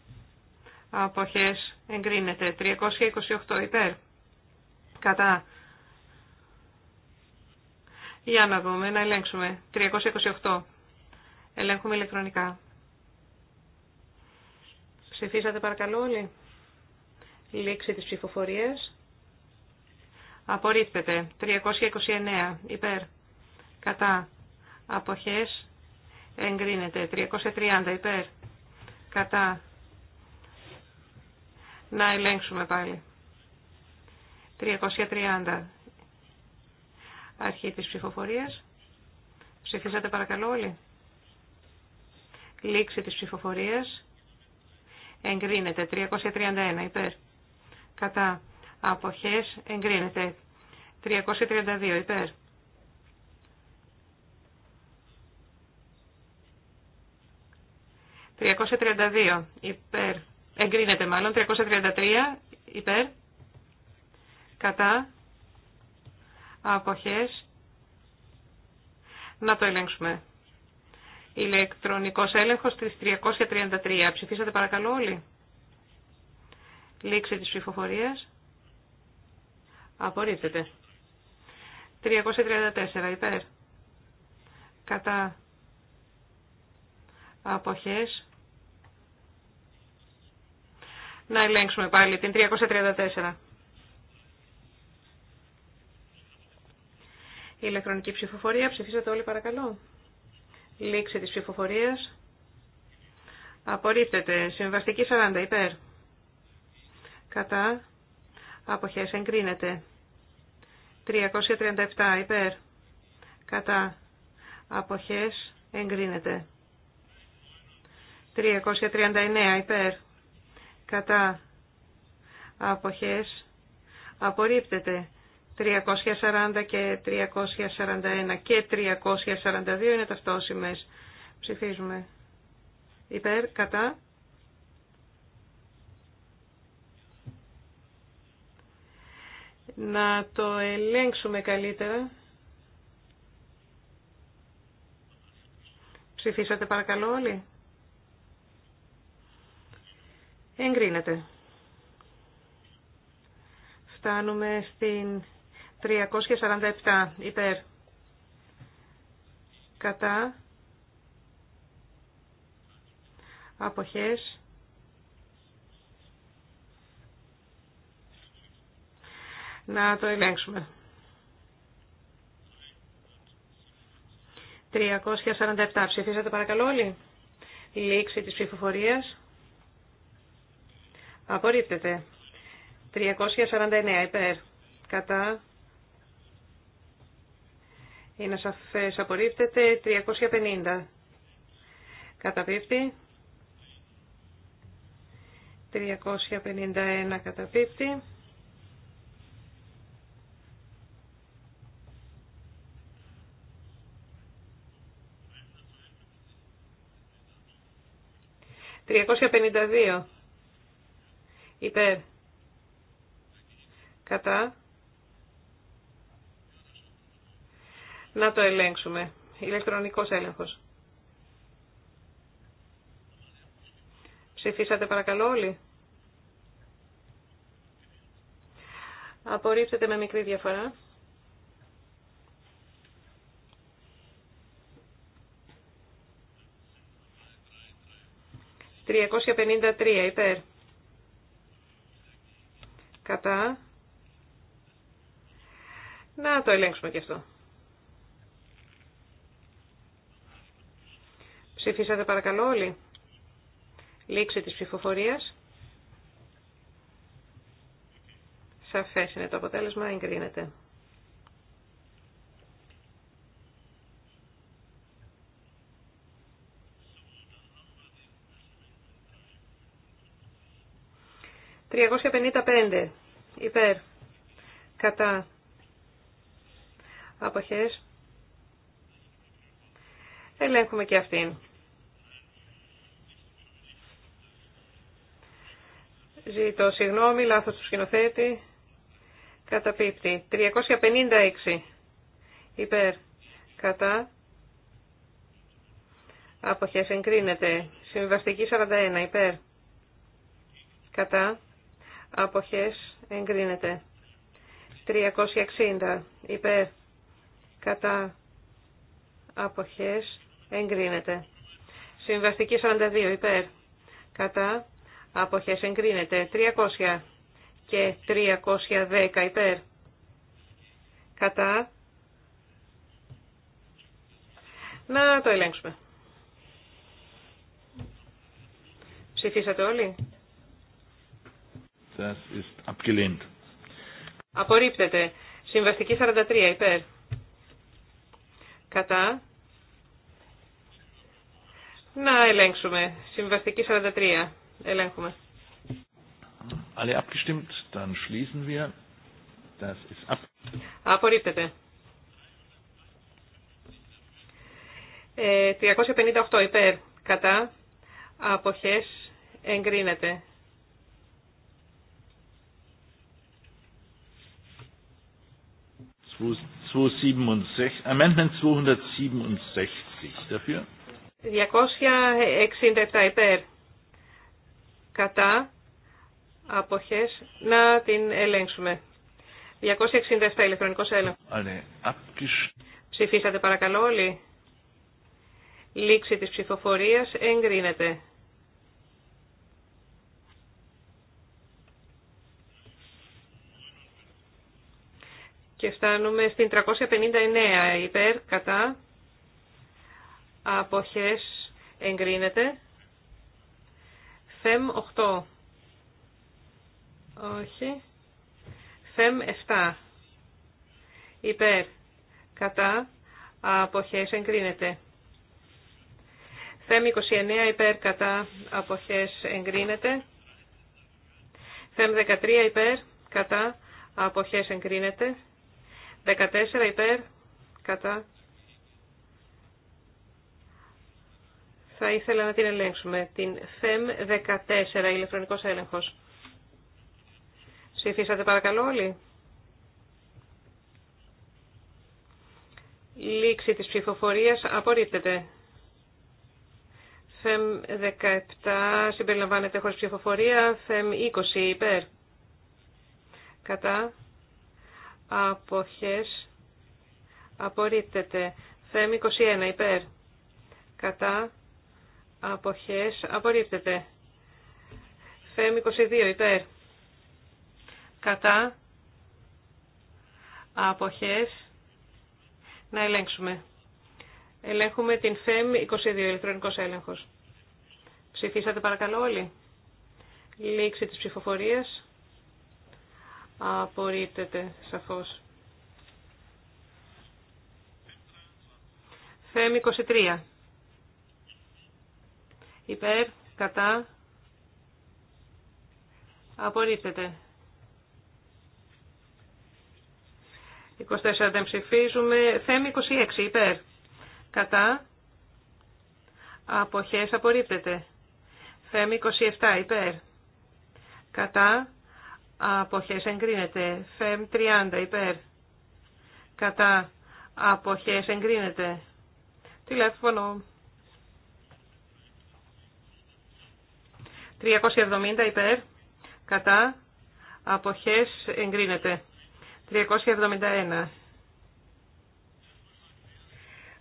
αποχές εγκρίνεται. 328 υπέρ κατά για να δούμε, να ελέγξουμε. 328. Ελέγχουμε ηλεκτρονικά. Ψηφίσατε παρακαλώ όλοι. Λήξη της ψηφοφορίας. Απορρίπτεται. 329. Υπέρ. Κατά. Αποχές. Εγκρίνεται. 330. Υπέρ. Κατά. Να ελέγξουμε πάλι. 330. Αρχή της ψηφοφορίας. Ψηφίσατε παρακαλώ όλοι. Λήξη της ψηφοφορίας. Εγκρίνεται. 331 υπέρ. Κατά. Αποχές εγκρίνεται. 332 υπέρ. 332 υπέρ. Εγκρίνεται μάλλον. 333 υπέρ. Κατά. Αποχές. Να το ελέγξουμε. Ηλεκτρονικός έλεγχος της 333. Ψηφίσατε παρακαλώ όλοι. Λήξη της ψηφοφορίας. Απορρίπτεται. 334 υπέρ. Κατά. Αποχές. Να ελέγξουμε πάλι την 334. ηλεκτρονική ψηφοφορία. Ψηφίσατε όλοι παρακαλώ. Λήξη της ψηφοφορίας. Απορρίπτεται. Συμβαστική 40 υπέρ. Κατά. Αποχές εγκρίνεται. 337 υπέρ. Κατά. Αποχές εγκρίνεται. 339 υπέρ κατά αποχές απορρίπτεται. 340 και 341 και 342 είναι ταυτόσιμες. Ψηφίζουμε. Υπέρ, κατά. Να το ελέγξουμε καλύτερα. Ψηφίσατε παρακαλώ όλοι. Εγκρίνεται. Φτάνουμε στην 347 υπέρ. Κατά. Αποχές. Να το ελέγξουμε. 347 ψηφίσατε παρακαλώ όλοι. Λήξη της ψηφοφορίας. Απορρίπτεται. 349 υπέρ. Κατά. Είναι σαφές. Απορρίπτεται. 350. Καταπίπτει. 351 καταπίπτει. Τριακόσια υπέρ, κατά, να το ελέγξουμε, ηλεκτρονικός έλεγχος. Ψηφίσατε παρακαλώ όλοι. Απορρίψετε με μικρή διαφορά. «353 υπέρ». Κατά. Να το ελέγξουμε και αυτό. Ψηφίσατε παρακαλώ όλοι. Λήξη της ψηφοφορίας. Σαφές είναι το αποτέλεσμα, εγκρίνεται. 355 υπέρ κατά αποχές ελέγχουμε και αυτήν. Ζήτω συγγνώμη, λάθος του σκηνοθέτη. Καταπίπτει. 356 υπέρ κατά αποχές εγκρίνεται. Συμβαστική 41 υπέρ κατά αποχές εγκρίνεται. 360 υπέρ κατά αποχές εγκρίνεται. Συμβαστική 42 υπέρ κατά αποχές εγκρίνεται. 300 και 310 υπέρ κατά να το ελέγξουμε. Ψηφίσατε όλοι. Das Απορρίπτεται. Συμβαστική 43 υπέρ. Κατά. Να ελέγξουμε. Συμβαστική 43. Ελέγχουμε. Alle abgestimmt, dann schließen wir. Das ist ab. Απορρίπτεται. Ε, 358 υπέρ. Κατά. Αποχές εγκρίνεται. 267, Amendment 267 dafür. 267 υπέρ. Κατά. Αποχές. Να την ελέγξουμε. 267 ηλεκτρονικός έλεγχος. Ψηφίσατε παρακαλώ όλοι. Λήξη της ψηφοφορίας εγκρίνεται. Και φτάνουμε στην 359 υπέρ κατά αποχές εγκρίνεται. Φεμ 8. Όχι. Φεμ 7. Υπέρ. Κατά. Αποχές εγκρίνεται. Φεμ 29. Υπέρ. Κατά. Αποχές εγκρίνεται. Φεμ 13. Υπέρ. Κατά. Αποχές εγκρίνεται. 14 υπέρ κατά. Θα ήθελα να την ελέγξουμε. Την ΦΕΜ 14, ηλεκτρονικός έλεγχος. Ψηφίσατε παρακαλώ όλοι. Λήξη της ψηφοφορίας απορρίπτεται. ΦΕΜ 17 συμπεριλαμβάνεται χωρίς ψηφοφορία. ΦΕΜ 20 υπέρ. Κατά αποχές απορρίπτεται. Φέμ 21 υπέρ. Κατά αποχές απορρίπτεται. Φέμ 22 υπέρ. Κατά αποχές να ελέγξουμε. Ελέγχουμε την ΦΕΜ 22, ηλεκτρονικός έλεγχος. Ψηφίσατε παρακαλώ όλοι. Λήξη της ψηφοφορίας. Απορρίπτεται, σαφώς. Θέμη 23. Υπέρ, κατά, απορρίπτεται. 24 δεν ψηφίζουμε. Θέμη 26 υπέρ. Κατά. Αποχές απορρίπτεται. Θέμη 27 υπέρ. Κατά αποχές εγκρίνεται. ΦΕΜ 30 υπέρ κατά αποχές εγκρίνεται. Τηλέφωνο 370 υπέρ κατά αποχές εγκρίνεται. 371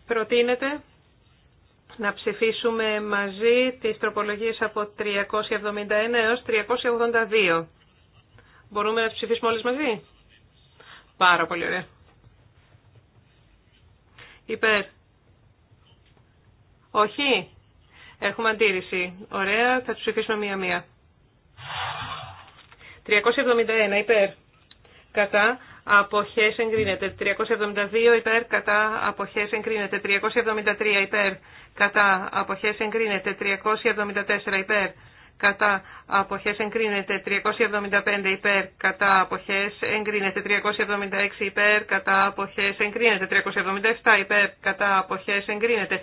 προτείνεται να ψηφίσουμε μαζί τις τροπολογίες από 371 έως 382. Μπορούμε να τις ψηφίσουμε όλες μαζί. Πάρα πολύ ωραία. Υπέρ. Όχι. Έχουμε αντίρρηση. Ωραία. Θα τους ψηφίσουμε μία-μία. 371. Υπέρ. Κατά. Αποχές εγκρίνεται. 372 υπέρ. Κατά. Αποχές εγκρίνεται. 373 υπέρ. Κατά. Αποχές εγκρίνεται. 374 υπέρ κατά αποχές εγκρίνεται 375 υπέρ κατά αποχές εγκρίνεται 376 υπέρ κατά αποχές εγκρίνεται 377 υπέρ κατά αποχές εγκρίνεται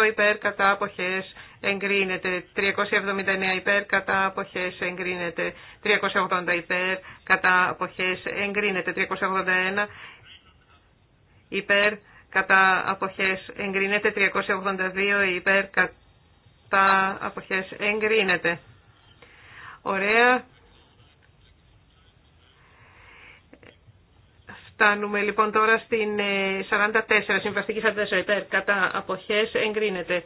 378 υπέρ κατά αποχές εγκρίνεται 379 υπέρ κατά αποχές εγκρίνεται 380 υπέρ κατά αποχές εγκρίνεται 381 υπέρ κατά αποχές εγκρίνεται 382 υπέρ κατά κατά αποχές εγκρίνεται. Ωραία. Φτάνουμε λοιπόν τώρα στην 44, ε, συμβαστική 44 υπέρ, κατά αποχές εγκρίνεται.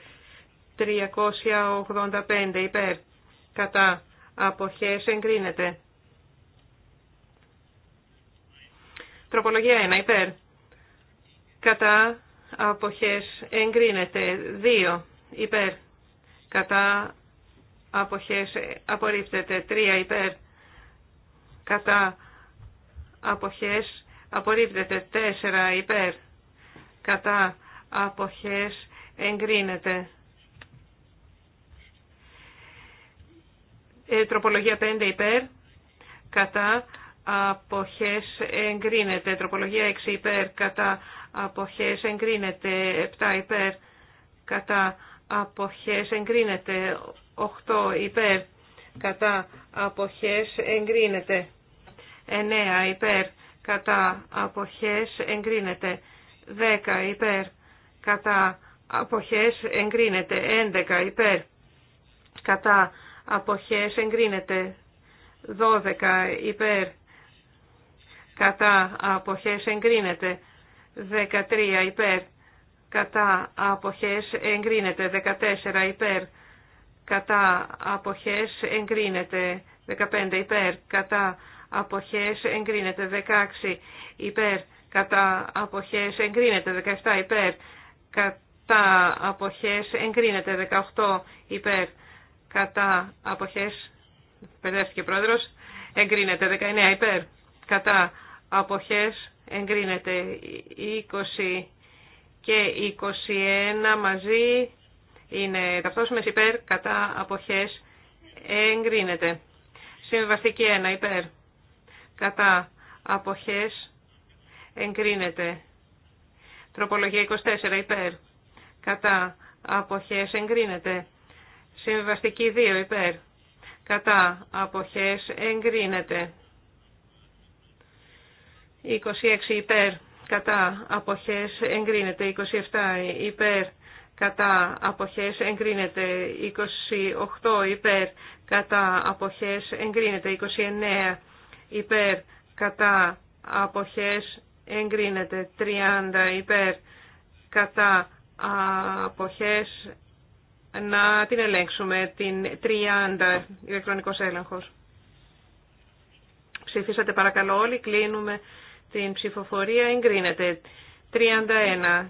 385 υπέρ, κατά αποχές εγκρίνεται. Τροπολογία 1 υπέρ, κατά αποχές εγκρίνεται. 2 υπέρ, κατά αποχές ε, απορρίπτεται 3 υπέρ κατά αποχές απορρίπτεται 4 υπέρ κατά αποχές εγκρίνεται ε, τροπολογία 5 υπέρ κατά αποχές εγκρίνεται τροπολογία 6 υπέρ κατά αποχές εγκρίνεται 7 υπέρ κατά αποχές εγκρίνεται. 8 υπέρ κατά αποχές εγκρίνεται. 9 υπέρ κατά αποχές εγκρίνεται. 10 υπέρ κατά αποχές εγκρίνεται. 11 υπέρ κατά αποχές εγκρίνεται. 12 υπέρ κατά αποχές εγκρίνεται. 13 υπέρ κατά αποχές εγκρίνεται 14 υπέρ κατά αποχές εγκρίνεται 15 υπέρ κατά αποχές εγκρίνεται 16 υπέρ κατά αποχές εγκρίνεται 17 υπέρ κατά αποχές εγκρίνεται 18 υπέρ κατά αποχές παιδεύτηκε πρόεδρος εγκρίνεται 19 υπέρ κατά αποχές εγκρίνεται 20 και 21 μαζί είναι ταυτόσιμες υπέρ κατά αποχές εγκρίνεται. Συμβαστική 1 υπέρ κατά αποχές εγκρίνεται. Τροπολογία 24 υπέρ κατά αποχές εγκρίνεται. Συμβαστική 2 υπέρ κατά αποχές εγκρίνεται. 26 υπέρ κατά αποχές εγκρίνεται 27 υπέρ κατά αποχές εγκρίνεται 28 υπέρ κατά αποχές εγκρίνεται 29 υπέρ κατά αποχές εγκρίνεται 30 υπέρ κατά αποχές να την ελέγξουμε την 30 ηλεκτρονικός έλεγχος ψηφίσατε παρακαλώ όλοι κλείνουμε την ψηφοφορία εγκρίνεται. 31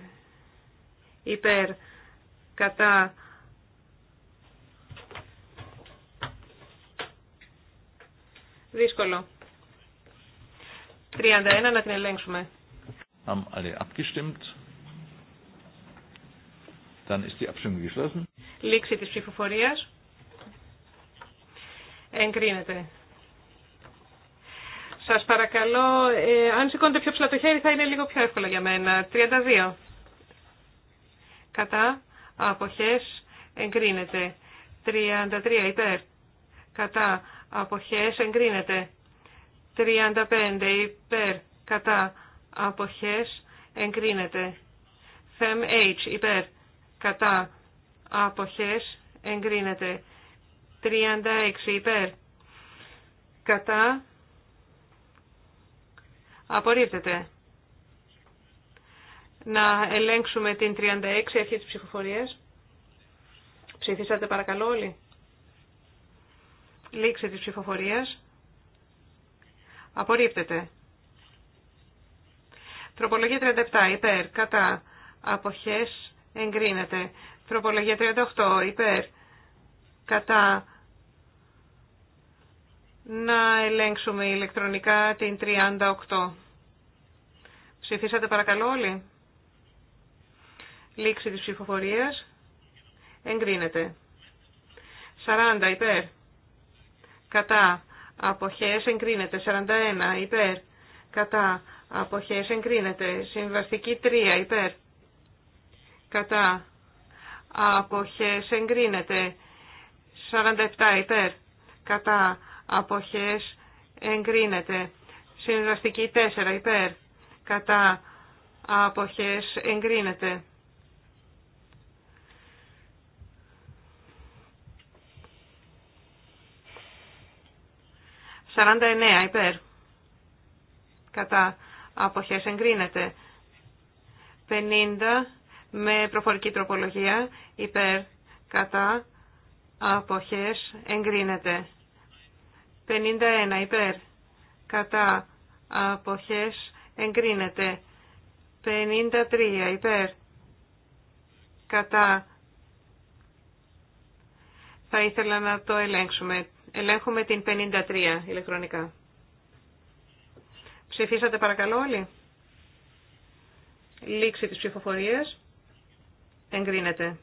υπέρ κατά δύσκολο. 31 να την ελέγξουμε. Haben alle abgestimmt. Dann ist die Abstimmung geschlossen. Λήξη της ψηφοφορίας. Εγκρίνεται. Σας παρακαλώ, ε, αν σηκώνετε πιο ψηλά το χέρι θα είναι λίγο πιο εύκολο για μένα. 32. Κατά. Αποχές. Εγκρίνεται. 33. Υπέρ. Κατά. Αποχές. Εγκρίνεται. 35. Υπέρ. Κατά. Αποχές. Εγκρίνεται. Φεμ H. Υπέρ. Κατά. Αποχές. Εγκρίνεται. 36. Υπέρ. Κατά Απορρίπτεται. Να ελέγξουμε την 36 αρχή της ψηφοφορίας. Ψηφίσατε παρακαλώ όλοι. Λήξη της ψηφοφορίας. Απορρίπτεται. Τροπολογία 37. Υπέρ. Κατά. Αποχές. Εγκρίνεται. Τροπολογία 38. Υπέρ. Κατά να ελέγξουμε ηλεκτρονικά την 38. Ψηφίσατε παρακαλώ όλοι. Λήξη της ψηφοφορίας. Εγκρίνεται. 40 υπέρ. Κατά. Αποχές εγκρίνεται. 41 υπέρ. Κατά. Αποχές εγκρίνεται. Συμβαστική 3 υπέρ. Κατά. Αποχές εγκρίνεται. 47 υπέρ. Κατά αποχές εγκρίνεται. Συμβαστική 4 υπέρ κατά αποχές εγκρίνεται. Σαράντα εννέα υπέρ. Κατά αποχές εγκρίνεται. Πενήντα με προφορική τροπολογία υπέρ. Κατά αποχές εγκρίνεται. 51 υπέρ κατά αποχές εγκρίνεται 53 υπέρ κατά θα ήθελα να το ελέγξουμε ελέγχουμε την 53 ηλεκτρονικά ψηφίσατε παρακαλώ όλοι λήξη της ψηφοφορίας εγκρίνεται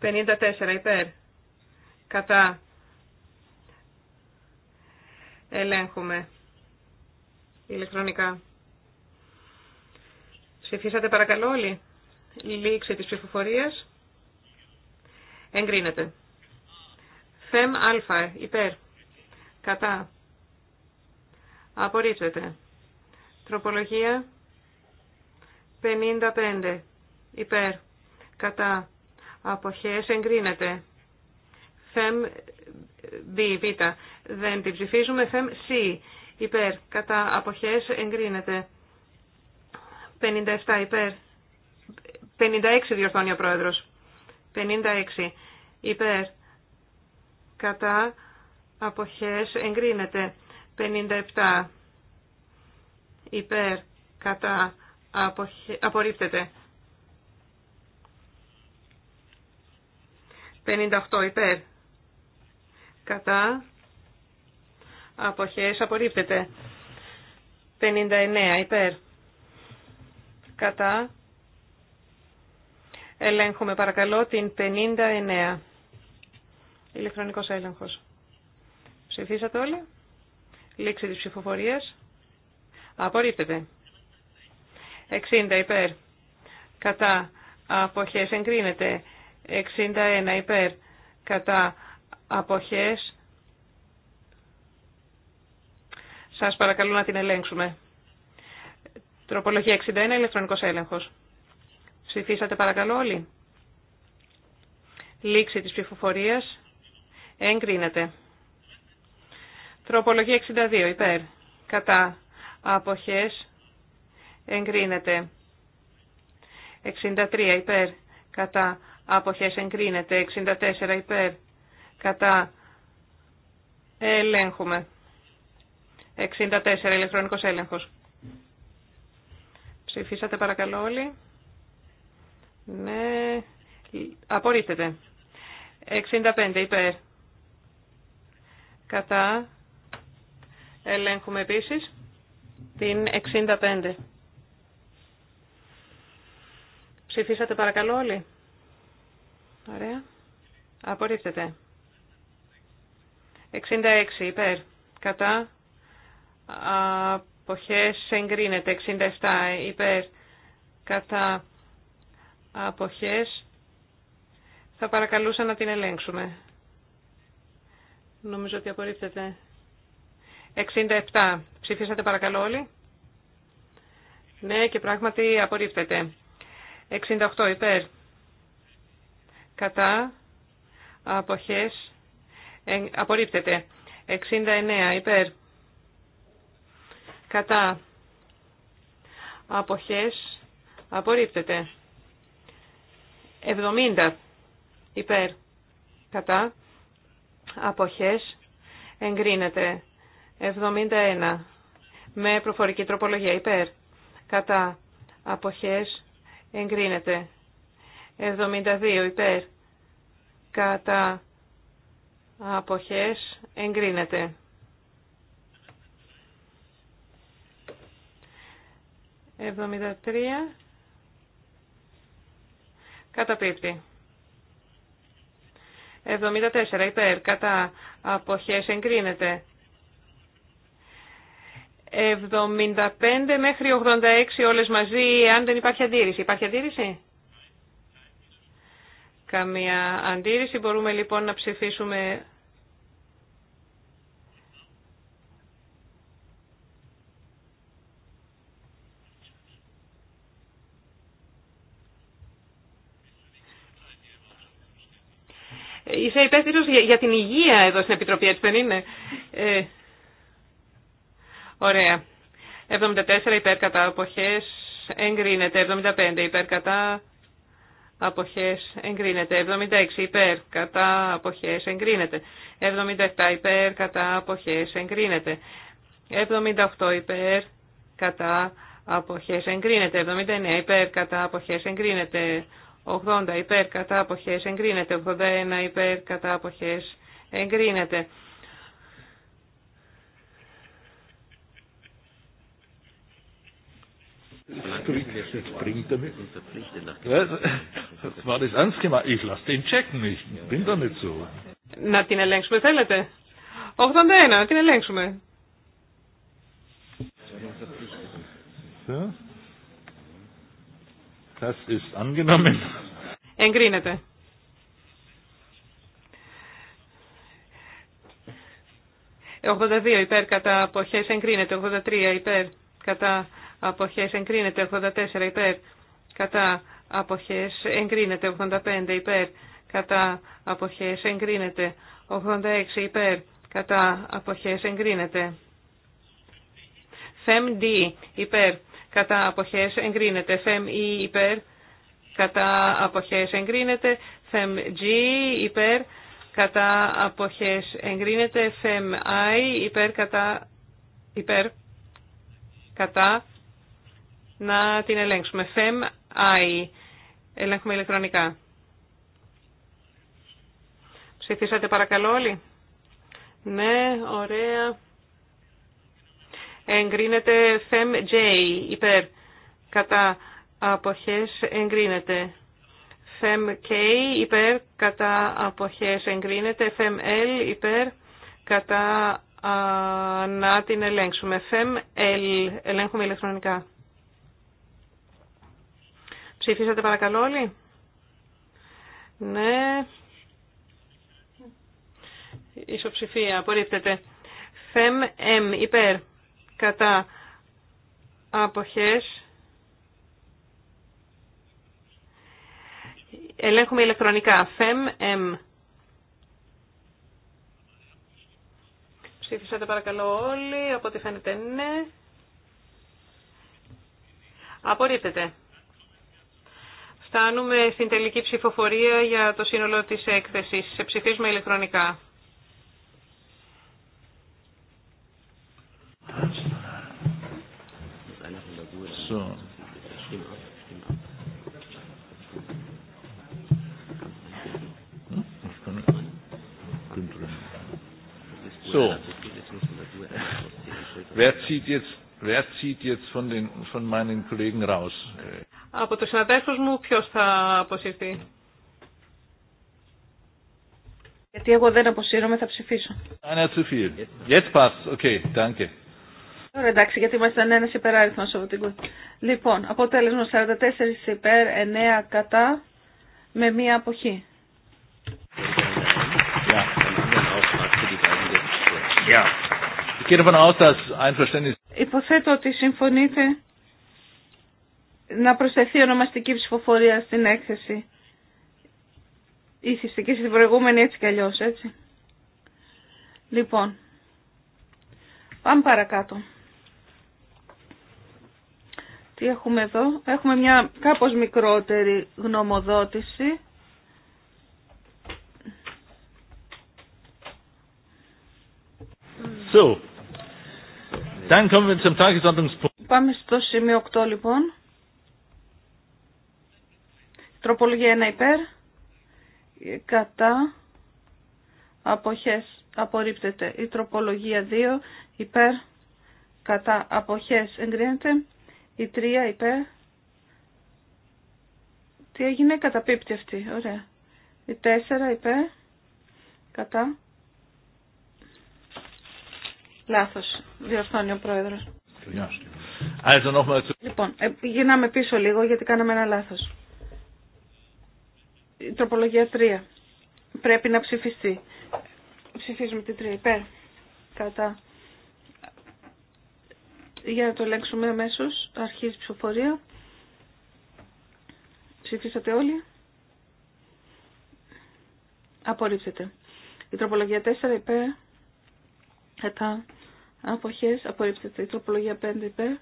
54 υπέρ κατά Ελέγχουμε ηλεκτρονικά. Ψηφίσατε παρακαλώ όλοι. Λήξη της ψηφοφορίας. Εγκρίνεται. Φεμ α, υπέρ. Κατά. Απορρίπτεται. Τροπολογία 55. Υπέρ. Κατά. Αποχές εγκρίνεται. Φεμ β. Δεν την ψηφίζουμε. σι, υπέρ. Κατά αποχές εγκρίνεται. 57 υπέρ. 56 διορθώνει ο πρόεδρος. 56 υπέρ. Κατά αποχές εγκρίνεται. 57 υπέρ. Κατά αποχε... απορρίπτεται. 58 υπέρ. Κατά Αποχές απορρίπτεται. 59 υπέρ. Κατά. Ελέγχουμε παρακαλώ την 59. Ηλεκτρονικός έλεγχος. Ψηφίσατε όλοι. Λήξη της ψηφοφορίας. Απορρίπτεται. 60 υπέρ. Κατά. Αποχές εγκρίνεται. 61 υπέρ. Κατά. Αποχές Σας παρακαλώ να την ελέγξουμε. Τροπολογία 61, ηλεκτρονικός έλεγχος. Ψηφίσατε παρακαλώ όλοι. Λήξη της ψηφοφορίας. Εγκρίνεται. Τροπολογία 62, υπέρ. Κατά. Αποχές. Εγκρίνεται. 63, υπέρ. Κατά. Αποχές εγκρίνεται. 64, υπέρ. Κατά. Ελέγχουμε. 64, ηλεκτρονικός έλεγχος. Ψηφίσατε παρακαλώ όλοι. Ναι. Απορρίπτεται. 65 υπέρ. Κατά. Ελέγχουμε επίσης την 65. Ψηφίσατε παρακαλώ όλοι. Ωραία. Απορρίπτεται. 66 υπέρ. Κατά αποχές εγκρίνεται 67 υπέρ κατά αποχές θα παρακαλούσα να την ελέγξουμε νομίζω ότι απορρίπτεται 67 ψηφίσατε παρακαλώ όλοι ναι και πράγματι απορρίπτεται 68 υπέρ κατά αποχές ε, απορρίπτεται 69 υπέρ κατά αποχές απορρίπτεται. 70 υπέρ κατά αποχές εγκρίνεται. 71 με προφορική τροπολογία υπέρ κατά αποχές εγκρίνεται. 72 υπέρ κατά αποχές εγκρίνεται. 73 καταπίπτει. 74 υπέρ κατά αποχές εγκρίνεται. 75 μέχρι 86 όλες μαζί αν δεν υπάρχει αντίρρηση. Υπάρχει αντίρρηση? Καμία αντίρρηση. Μπορούμε λοιπόν να ψηφίσουμε είσαι υπεύθυνο για, την υγεία εδώ στην Επιτροπή, έτσι δεν είναι. Ε, ωραία. 74 υπέρ κατά αποχές εγκρίνεται. 75 υπέρ κατά αποχές εγκρίνεται. 76 υπέρ κατά αποχές εγκρίνεται. 77 υπέρ κατά αποχές εγκρίνεται. 78 υπέρ κατά αποχές εγκρίνεται. 79 υπέρ κατά αποχές εγκρίνεται. 80 υπέρ κατά αποχές εγκρίνεται, 81 υπέρ κατά αποχές εγκρίνεται. Να την ελέγξουμε θέλετε. 81, να την ελέγξουμε. Das ist angenommen. Εγκρίνεται. Ε, 82 υπέρ κατά αποχές εγκρίνεται. 83 υπέρ κατά αποχές εγκρίνεται. 84 υπέρ κατά αποχές εγκρίνεται. 85 υπέρ κατά αποχές εγκρίνεται. 86 υπέρ κατά αποχές εγκρίνεται. 5D υπέρ κατά αποχές εγκρίνεται. Φεμ ή υπέρ κατά αποχές εγκρίνεται. Φεμ G υπέρ κατά αποχές εγκρίνεται. Φεμ I υπέρ κατά υπέρ κατά να την ελέγξουμε. Φεμ I ελέγχουμε ηλεκτρονικά. Ψηφίσατε παρακαλώ όλοι. Ναι, ωραία εγκρίνεται FEMJ υπέρ κατά αποχές εγκρίνεται FEMK υπέρ κατά αποχές εγκρίνεται FEML υπέρ κατά να την ελέγξουμε FEML ελέγχουμε ηλεκτρονικά ψηφίσατε παρακαλώ όλοι ναι ισοψηφία απορρίπτεται FEMM υπέρ κατά αποχές ελέγχουμε ηλεκτρονικά ΦΕΜ, M ψήφισατε παρακαλώ όλοι από ό,τι φαίνεται ναι απορρίπτεται Φτάνουμε στην τελική ψηφοφορία για το σύνολο της έκθεσης. Σε ψηφίζουμε ηλεκτρονικά. Από τους συναδέλφους μου ποιος θα αποσυρθεί. Γιατί εγώ δεν αποσύρωμαι, θα ψηφίσω. Τώρα εντάξει, γιατί ήμασταν ένα υπεράριθμος από την Λοιπόν, αποτέλεσμα 44 υπέρ, 9 κατά, με μία αποχή. Υποθέτω ότι συμφωνείτε να προσθεθεί ονομαστική ψηφοφορία στην έκθεση. Ήθιστε και στην προηγούμενη έτσι κι αλλιώς, έτσι. Λοιπόν, πάμε παρακάτω. Τι έχουμε εδώ. Έχουμε μια κάπως μικρότερη γνωμοδότηση. Dann kommen wir zum Tagesordnungspunkt. Πάμε στο σημείο 8 λοιπόν. Τροπολογία 1 υπέρ. Κατά. Αποχές απορρίπτεται. Η τροπολογία 2 υπέρ. Κατά. Αποχές εγκρίνεται. Η 3 υπέρ. Τι έγινε, καταπίπτει αυτή. Ωραία. Η 4 υπέρ. Κατά. Λάθος, διορθώνει ο πρόεδρο. Λοιπόν, ε, γινάμε πίσω λίγο γιατί κάναμε ένα λάθος. Η τροπολογία 3. Πρέπει να ψηφιστεί. Ψηφίζουμε την 3. Υπέρ. Κατά. Για να το ελέγξουμε αμέσω. Αρχίζει η ψηφοφορία. Ψηφίσατε όλοι. Απορρίψετε. Η τροπολογία 4 υπέρ κατά αποχές απορρίπτεται. Η τροπολογία 5 υπέρ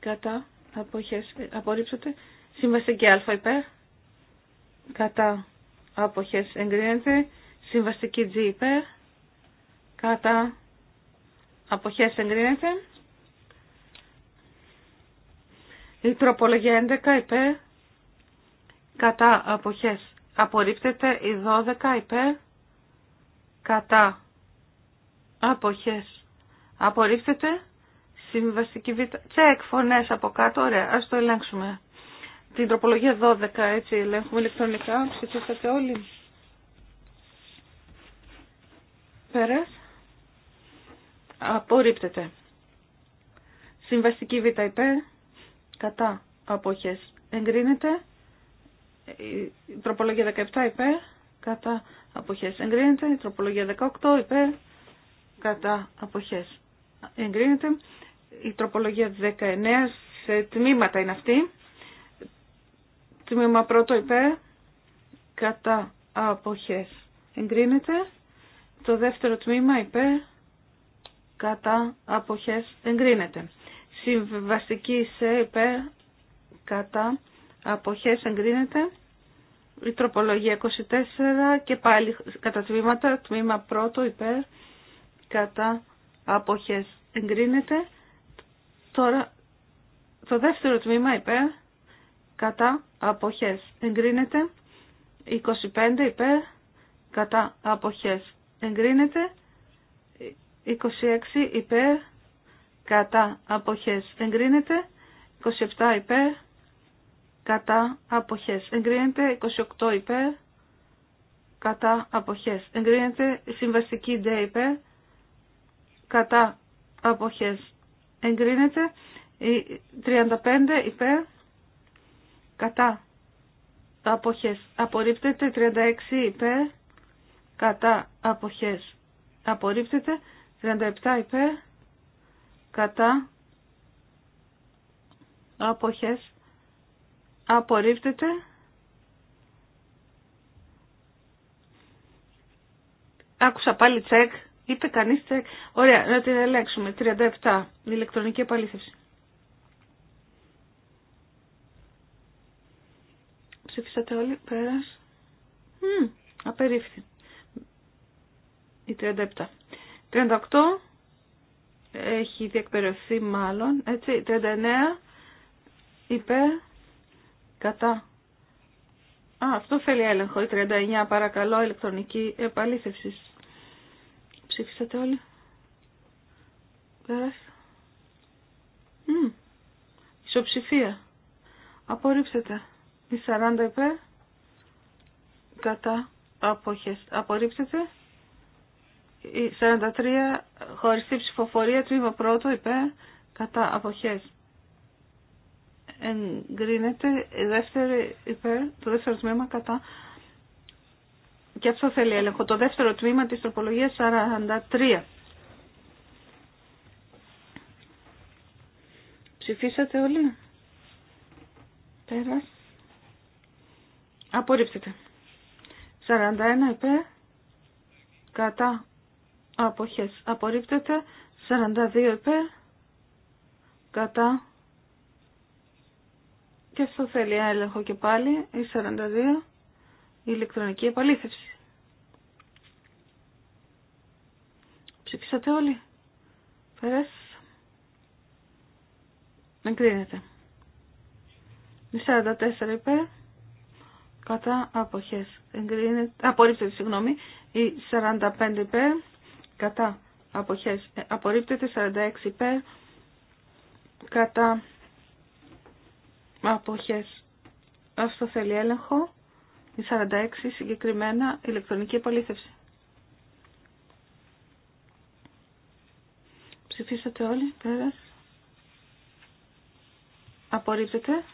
κατά αποχές σύμβαση Συμβαστική α υπέρ κατά αποχές εγκρίνεται. Συμβαστική G υπέρ κατά αποχές εγκρίνεται. Η τροπολογία 11 υπέρ κατά αποχές απορρίπτεται. Η 12 υπέρ κατά Αποχές. Απορρίπτεται. Συμβαστική β. Τσεκ, φωνές από κάτω. Ωραία, ας το ελέγξουμε. Την τροπολογία 12, έτσι, ελέγχουμε ηλεκτρονικά. Ψηφίσατε όλοι. Πέρας. Απορρίπτεται. Συμβαστική βήτα υπέρ. Κατά. Αποχές. Εγκρίνεται. τροπολογία 17 υπέρ. Κατά. Αποχές. Εγκρίνεται. Η τροπολογία 18 υπέρ κατά αποχές. Εγκρίνεται η τροπολογία 19 σε τμήματα είναι αυτή. Τμήμα πρώτο υπέρ κατά αποχές. Εγκρίνεται το δεύτερο τμήμα υπέρ κατά αποχές. Εγκρίνεται. Συμβαστική σε υπέρ κατά αποχές εγκρίνεται. Η τροπολογία 24 και πάλι κατά τμήματα, τμήμα πρώτο υπέρ, κατά αποχές εγκρίνεται. Τώρα το δεύτερο τμήμα υπέρ κατά αποχές εγκρίνεται. 25 υπέρ κατά αποχές εγκρίνεται. 26 υπέρ κατά αποχές εγκρίνεται. 27 υπέρ κατά αποχές εγκρίνεται. 28 υπέρ κατά αποχές εγκρίνεται. Συμβαστική ντε υπέρ κατά αποχές εγκρίνεται, 35 υπέρ κατά αποχές απορρίπτεται, 36 υπέρ κατά αποχές απορρίπτεται, 37 υπέρ κατά αποχές απορρίπτεται, άκουσα πάλι τσεκ Είπε κανείς, ωραία, να την ελέγξουμε. 37, ηλεκτρονική επαλήθευση. Ψήφισατε όλοι, πέρας. Μμμ, απερίφθη. Η 37. 38, έχει διεκπαιρεωθεί μάλλον, έτσι. 39, Είπε κατά. Α, αυτό θέλει έλεγχο. Η 39, παρακαλώ, ηλεκτρονική επαλήθευση. Ψήφισατε όλοι. Πέρασε. Mm. Ισοψηφία. Απορρίψετε. Η 40 υπέρ. Κατά αποχές. Απορρίψετε. Η 43 χωριστή ψηφοφορία τρίμα πρώτο υπέρ. Κατά αποχές. Εγκρίνεται η δεύτερη υπέρ. Το δεύτερο τμήμα κατά και αυτό θέλει έλεγχο. Το δεύτερο τμήμα της τροπολογίας 43. Ψηφίσατε όλοι. Πέρας. Απορρίπτεται. 41 υπέρ. Κατά. Αποχές. Απορρίπτεται. 42 υπέ Κατά. Και αυτό θέλει έλεγχο και πάλι. Η 42 η ηλεκτρονική επαλήθευση. Ψηφίσατε όλοι. Περές. Εγκρίνεται. 44 υπέρ. Κατά αποχές. Εγκρίνεται. Απορρίπτεται, συγγνώμη. Η 45 υπέρ. Κατά αποχές. Ε, απορρίπτεται. 46 υπέρ. Κατά αποχές. Αυτό θέλει έλεγχο. Η 46 συγκεκριμένα ηλεκτρονική επαλήθευση. Ψηφίσατε όλοι, πέρας. Απορρίπτεται.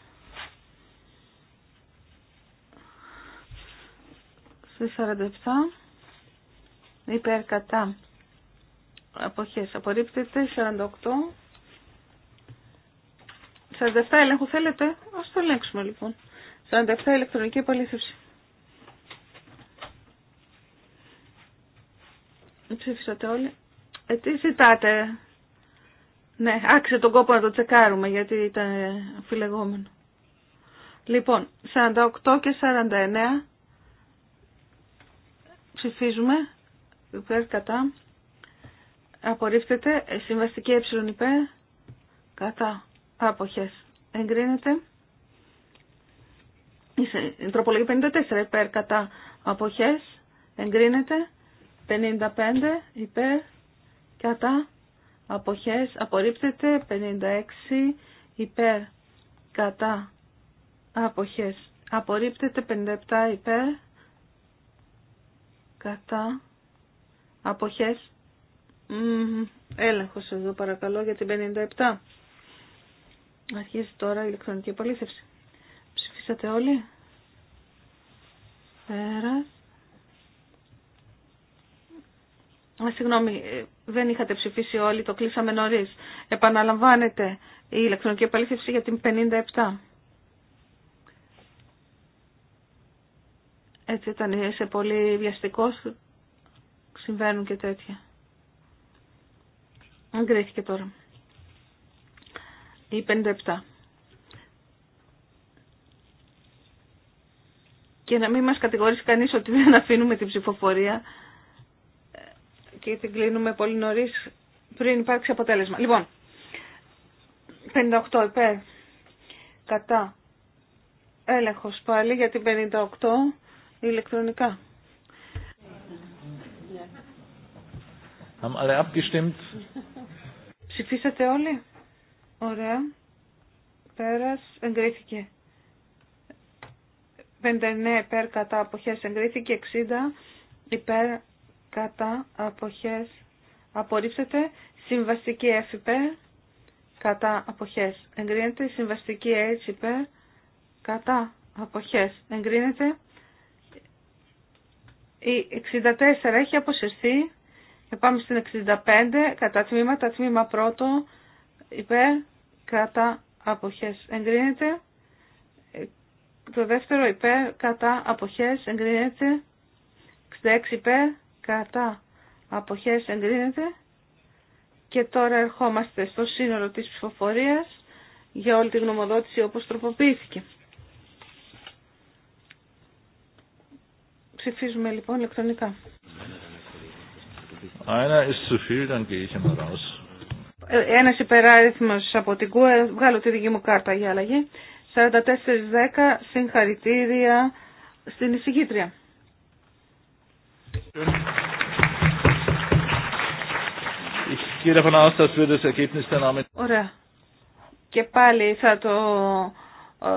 Η 47 υπέρ κατά αποχές απορρίπτεται. 48 47 έλεγχο θέλετε, ας το ελέγξουμε λοιπόν. 47 ηλεκτρονική επαλήθευση. Ψήφισατε όλοι. Ε, τι ζητάτε. Ναι, άξιζε τον κόπο να το τσεκάρουμε γιατί ήταν φιλεγόμενο. Λοιπόν, 48 και 49 ψηφίζουμε υπέρ κατά. Απορρίφτεται ε, συμβαστική ε υπέρ κατά άποχες. Εγκρίνεται. Η τροπολογία 54 υπέρ κατά αποχές εγκρίνεται. 55 υπέρ κατά αποχές απορρίπτεται 56 υπέρ κατά αποχές απορρίπτεται 57 υπέρ κατά αποχές mm, έλεγχος εδώ παρακαλώ για την 57 αρχίζει τώρα η ηλεκτρονική υπολήθευση ψηφίσατε όλοι πέρας Συγγνώμη, δεν είχατε ψηφίσει όλοι, το κλείσαμε νωρί. Επαναλαμβάνεται η ηλεκτρονική επαλήθευση για την 57. Έτσι όταν είσαι πολύ βιαστικός συμβαίνουν και τέτοια. Αγκρίθηκε τώρα. Η 57. Και να μην μας κατηγορήσει κανείς ότι δεν αφήνουμε την ψηφοφορία και την κλείνουμε πολύ νωρίς πριν υπάρξει αποτέλεσμα. Λοιπόν, 58 υπέρ κατά έλεγχος πάλι για την 58 ηλεκτρονικά. Haben Ψηφίσατε όλοι. Ωραία. Πέρας. Εγκρίθηκε. 59 υπέρ κατά αποχές εγκρίθηκε. 60 υπέρ κατά αποχές απορρίψετε συμβαστική F κατά αποχές εγκρίνεται συμβαστική H κατά αποχές εγκρίνεται η 64 έχει αποσυρθεί και πάμε στην 65 κατά τμήματα τμήμα πρώτο υπέρ κατά αποχές εγκρίνεται το δεύτερο υπέρ κατά αποχές εγκρίνεται 66 υπέρ κατά αποχές εγκρίνεται και τώρα ερχόμαστε στο σύνολο της ψηφοφορίας για όλη τη γνωμοδότηση όπως τροποποιήθηκε. Ψηφίζουμε λοιπόν ηλεκτρονικά. Ε, Ένα υπεράριθμο από την ΚΟΕ, βγάλω τη δική μου κάρτα για αλλαγή. 44-10, συγχαρητήρια στην εισηγήτρια. Ωραία. Και πάλι θα το ε,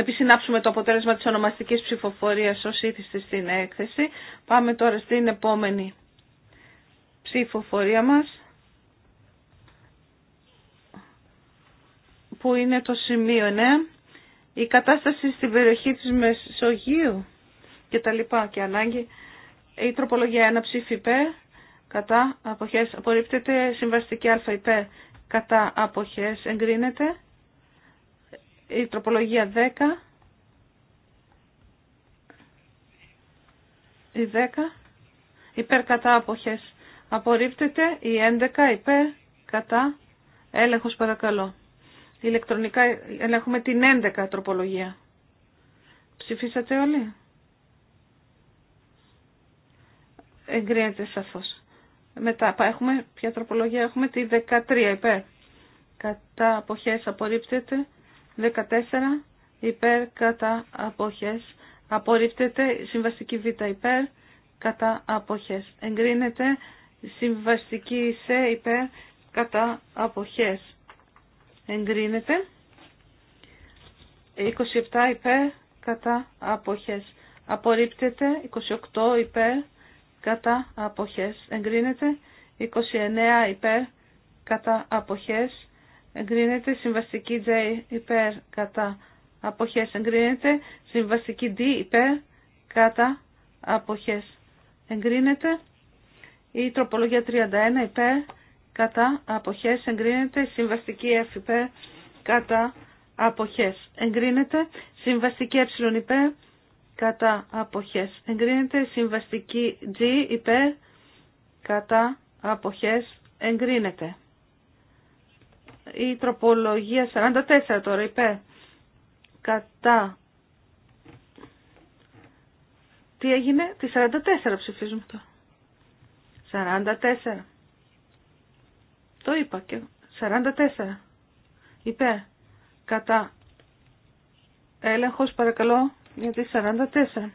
επισυνάψουμε το αποτέλεσμα της ονομαστικής ψηφοφορίας ως ήθιστη στην έκθεση. Πάμε τώρα στην επόμενη ψηφοφορία μας που είναι το σημείο 9 η κατάσταση στην περιοχή της Μεσογείου και τα λοιπά και ανάγκη η τροπολογία 1 ψήφι υπέ, κατά αποχές απορρίπτεται. Συμβαστική α υπέρ, κατά αποχές εγκρίνεται. Η τροπολογία 10. Η 10 υπέρ κατά αποχές απορρίπτεται. Η 11 υπέρ κατά έλεγχος παρακαλώ. Ηλεκτρονικά ελέγχουμε την 11 τροπολογία. Ψηφίσατε όλοι. Εγκρίνεται σαφώς. Μετά έχουμε, ποια τροπολογία έχουμε, τη 13 υπέρ. Κατά αποχές απορρίπτεται. 14 υπέρ κατά αποχές. Απορρίπτεται συμβαστική β υπέρ κατά αποχές. Εγκρίνεται συμβαστική σε υπέρ κατά αποχές. Εγκρίνεται 27 υπέρ κατά αποχές. Απορρίπτεται 28 υπέρ κατά αποχές εγκρίνεται 29 υπέρ κατά αποχές εγκρίνεται συμβαστική J υπέρ κατά αποχές εγκρίνεται συμβαστική D υπέρ κατά αποχές εγκρίνεται η τροπολογία 31 υπέρ κατά αποχές εγκρίνεται συμβαστική F υπέρ κατά αποχές εγκρίνεται συμβαστική ε υπέρ κατά αποχές. Εγκρίνεται συμβαστική G υπέρ κατά αποχές. Εγκρίνεται. Η τροπολογία 44 τώρα υπέρ κατά. Τι έγινε, τη 44 ψηφίζουμε το. 44. Το είπα και 44. Υπέρ. Κατά. Έλεγχος παρακαλώ για τη 44.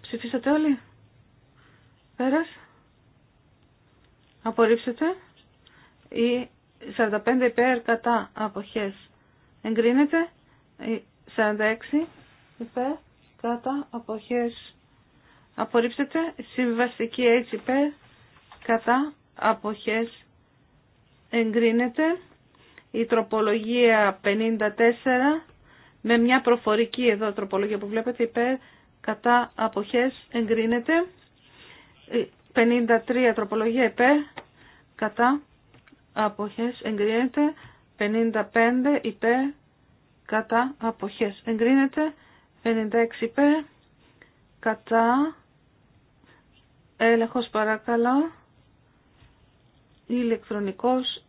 Ψηφίσατε όλοι. Πέρας. Απορρίψετε. Η 45 υπέρ κατά αποχές εγκρίνεται. Η 46 υπέρ κατά αποχές απορρίψετε. Η συμβαστική έτσι υπέρ κατά αποχές εγκρίνεται η τροπολογία 54 με μια προφορική εδώ τροπολογία που βλέπετε υπέρ κατά αποχές εγκρίνεται 53 τροπολογία υπέρ κατά αποχές εγκρίνεται 55 υπέρ κατά αποχές εγκρίνεται 56 υπέρ κατά έλεγχος παρακαλώ ηλεκτρονικός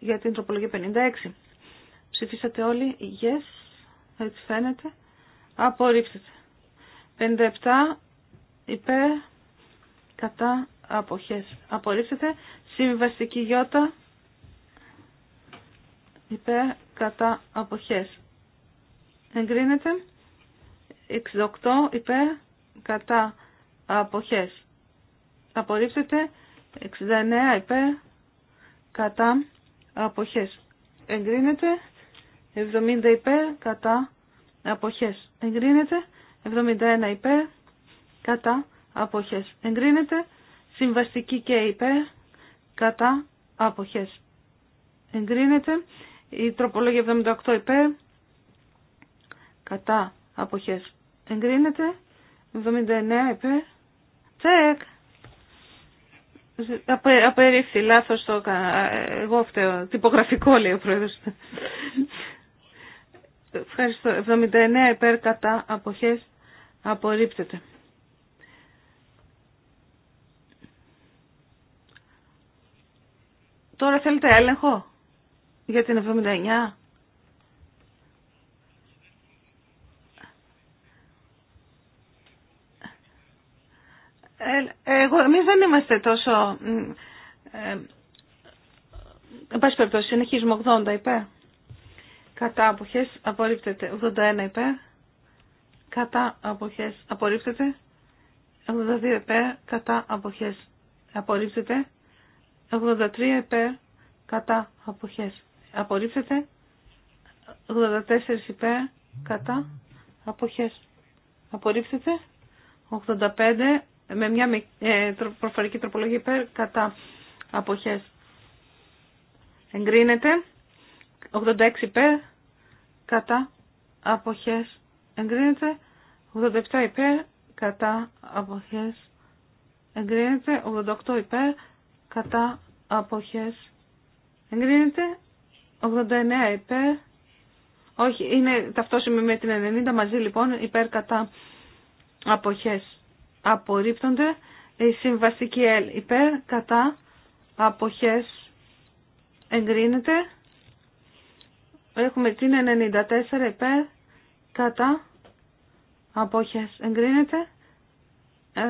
για την τροπολογία 56. Ψηφίσατε όλοι. Yes. Έτσι φαίνεται. Απορρίψετε. 57 υπέρ κατά αποχές. Απορρίψετε. Συμβαστική γιώτα υπέρ κατά αποχές. Εγκρίνεται. 68 υπέρ κατά αποχές. Απορρίψετε. 69 υπέρ κατά αποχές εγκρίνεται 70 υπέρ κατά αποχές εγκρίνεται 71 υπέρ κατά αποχές εγκρίνεται συμβαστική και υπέρ κατά αποχές εγκρίνεται η τροπολόγια 78 υπέρ κατά αποχές εγκρίνεται 79 υπέρ τσεκ απερίφθη, λάθος το έκανα. Εγώ φταίω. Τυπογραφικό λέει ο πρόεδρος. Ευχαριστώ. 79 υπέρ κατά αποχές απορρίπτεται. Τώρα θέλετε έλεγχο για την 79. Ε, εγώ, εμείς δεν είμαστε τόσο... Ε, εν πάση περιπτώσει, συνεχίζουμε 80 είπε, Κατά αποχές απορρίπτεται. 81 υπέρ. Κατά αποχές απορρίπτεται. 82 υπέρ. Κατά αποχές απορρίπτεται. 83 υπέρ. Κατά αποχές απορρίπτεται. 84 υπέρ. Κατά αποχές απορρίπτεται. 85 με μια ε, προφορική τροπολογία υπέρ κατά αποχές εγκρίνεται 86 υπέρ κατά αποχές εγκρίνεται 87 υπέρ κατά αποχές εγκρίνεται 88 υπέρ κατά αποχές εγκρίνεται 89 υπέρ όχι είναι ταυτόσιμη με την 90 μαζί λοιπόν υπέρ κατά αποχές απορρίπτονται η συμβαστική L υπέρ κατά αποχές εγκρίνεται έχουμε την 94 υπέρ κατά αποχές εγκρίνεται 95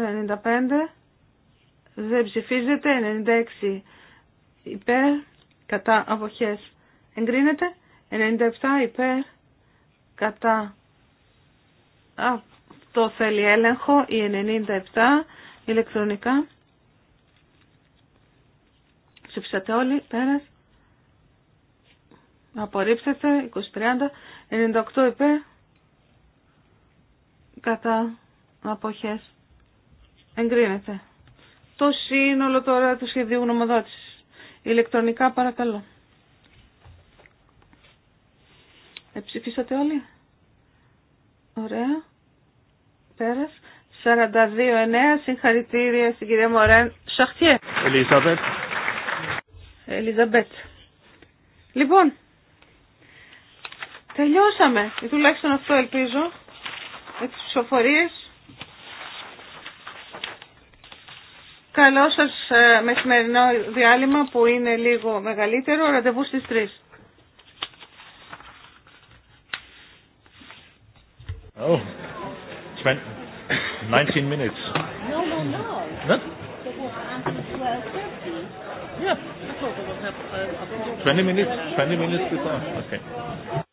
δεν ψηφίζεται 96 υπέρ κατά αποχές εγκρίνεται 97 υπέρ κατά το θέλει έλεγχο, η 97 ηλεκτρονικά. Ψηφίσατε όλοι, πέρας. Απορρίψετε, 20-30, 98 υπέρ, κατά αποχές. Εγκρίνεται. Το σύνολο τώρα του σχεδίου γνωμοδότησης. Ηλεκτρονικά παρακαλώ. Εψηφίσατε όλοι. Ωραία καλησπερα 42 42-9. Συγχαρητήρια στην κυρία Μωρέν Σαχτιέ. Ελίζαμπετ. Ελίζαμπετ. Λοιπόν, τελειώσαμε. Ή τουλάχιστον αυτό ελπίζω. Με τις ψηφοφορίες. Καλό σας ε, μεσημερινό διάλειμμα που είναι λίγο μεγαλύτερο. Ραντεβού στις 3. Oh. 19 minutes. No, no, no. What? 12.30. Yeah. 20 minutes, 20 minutes before. Okay.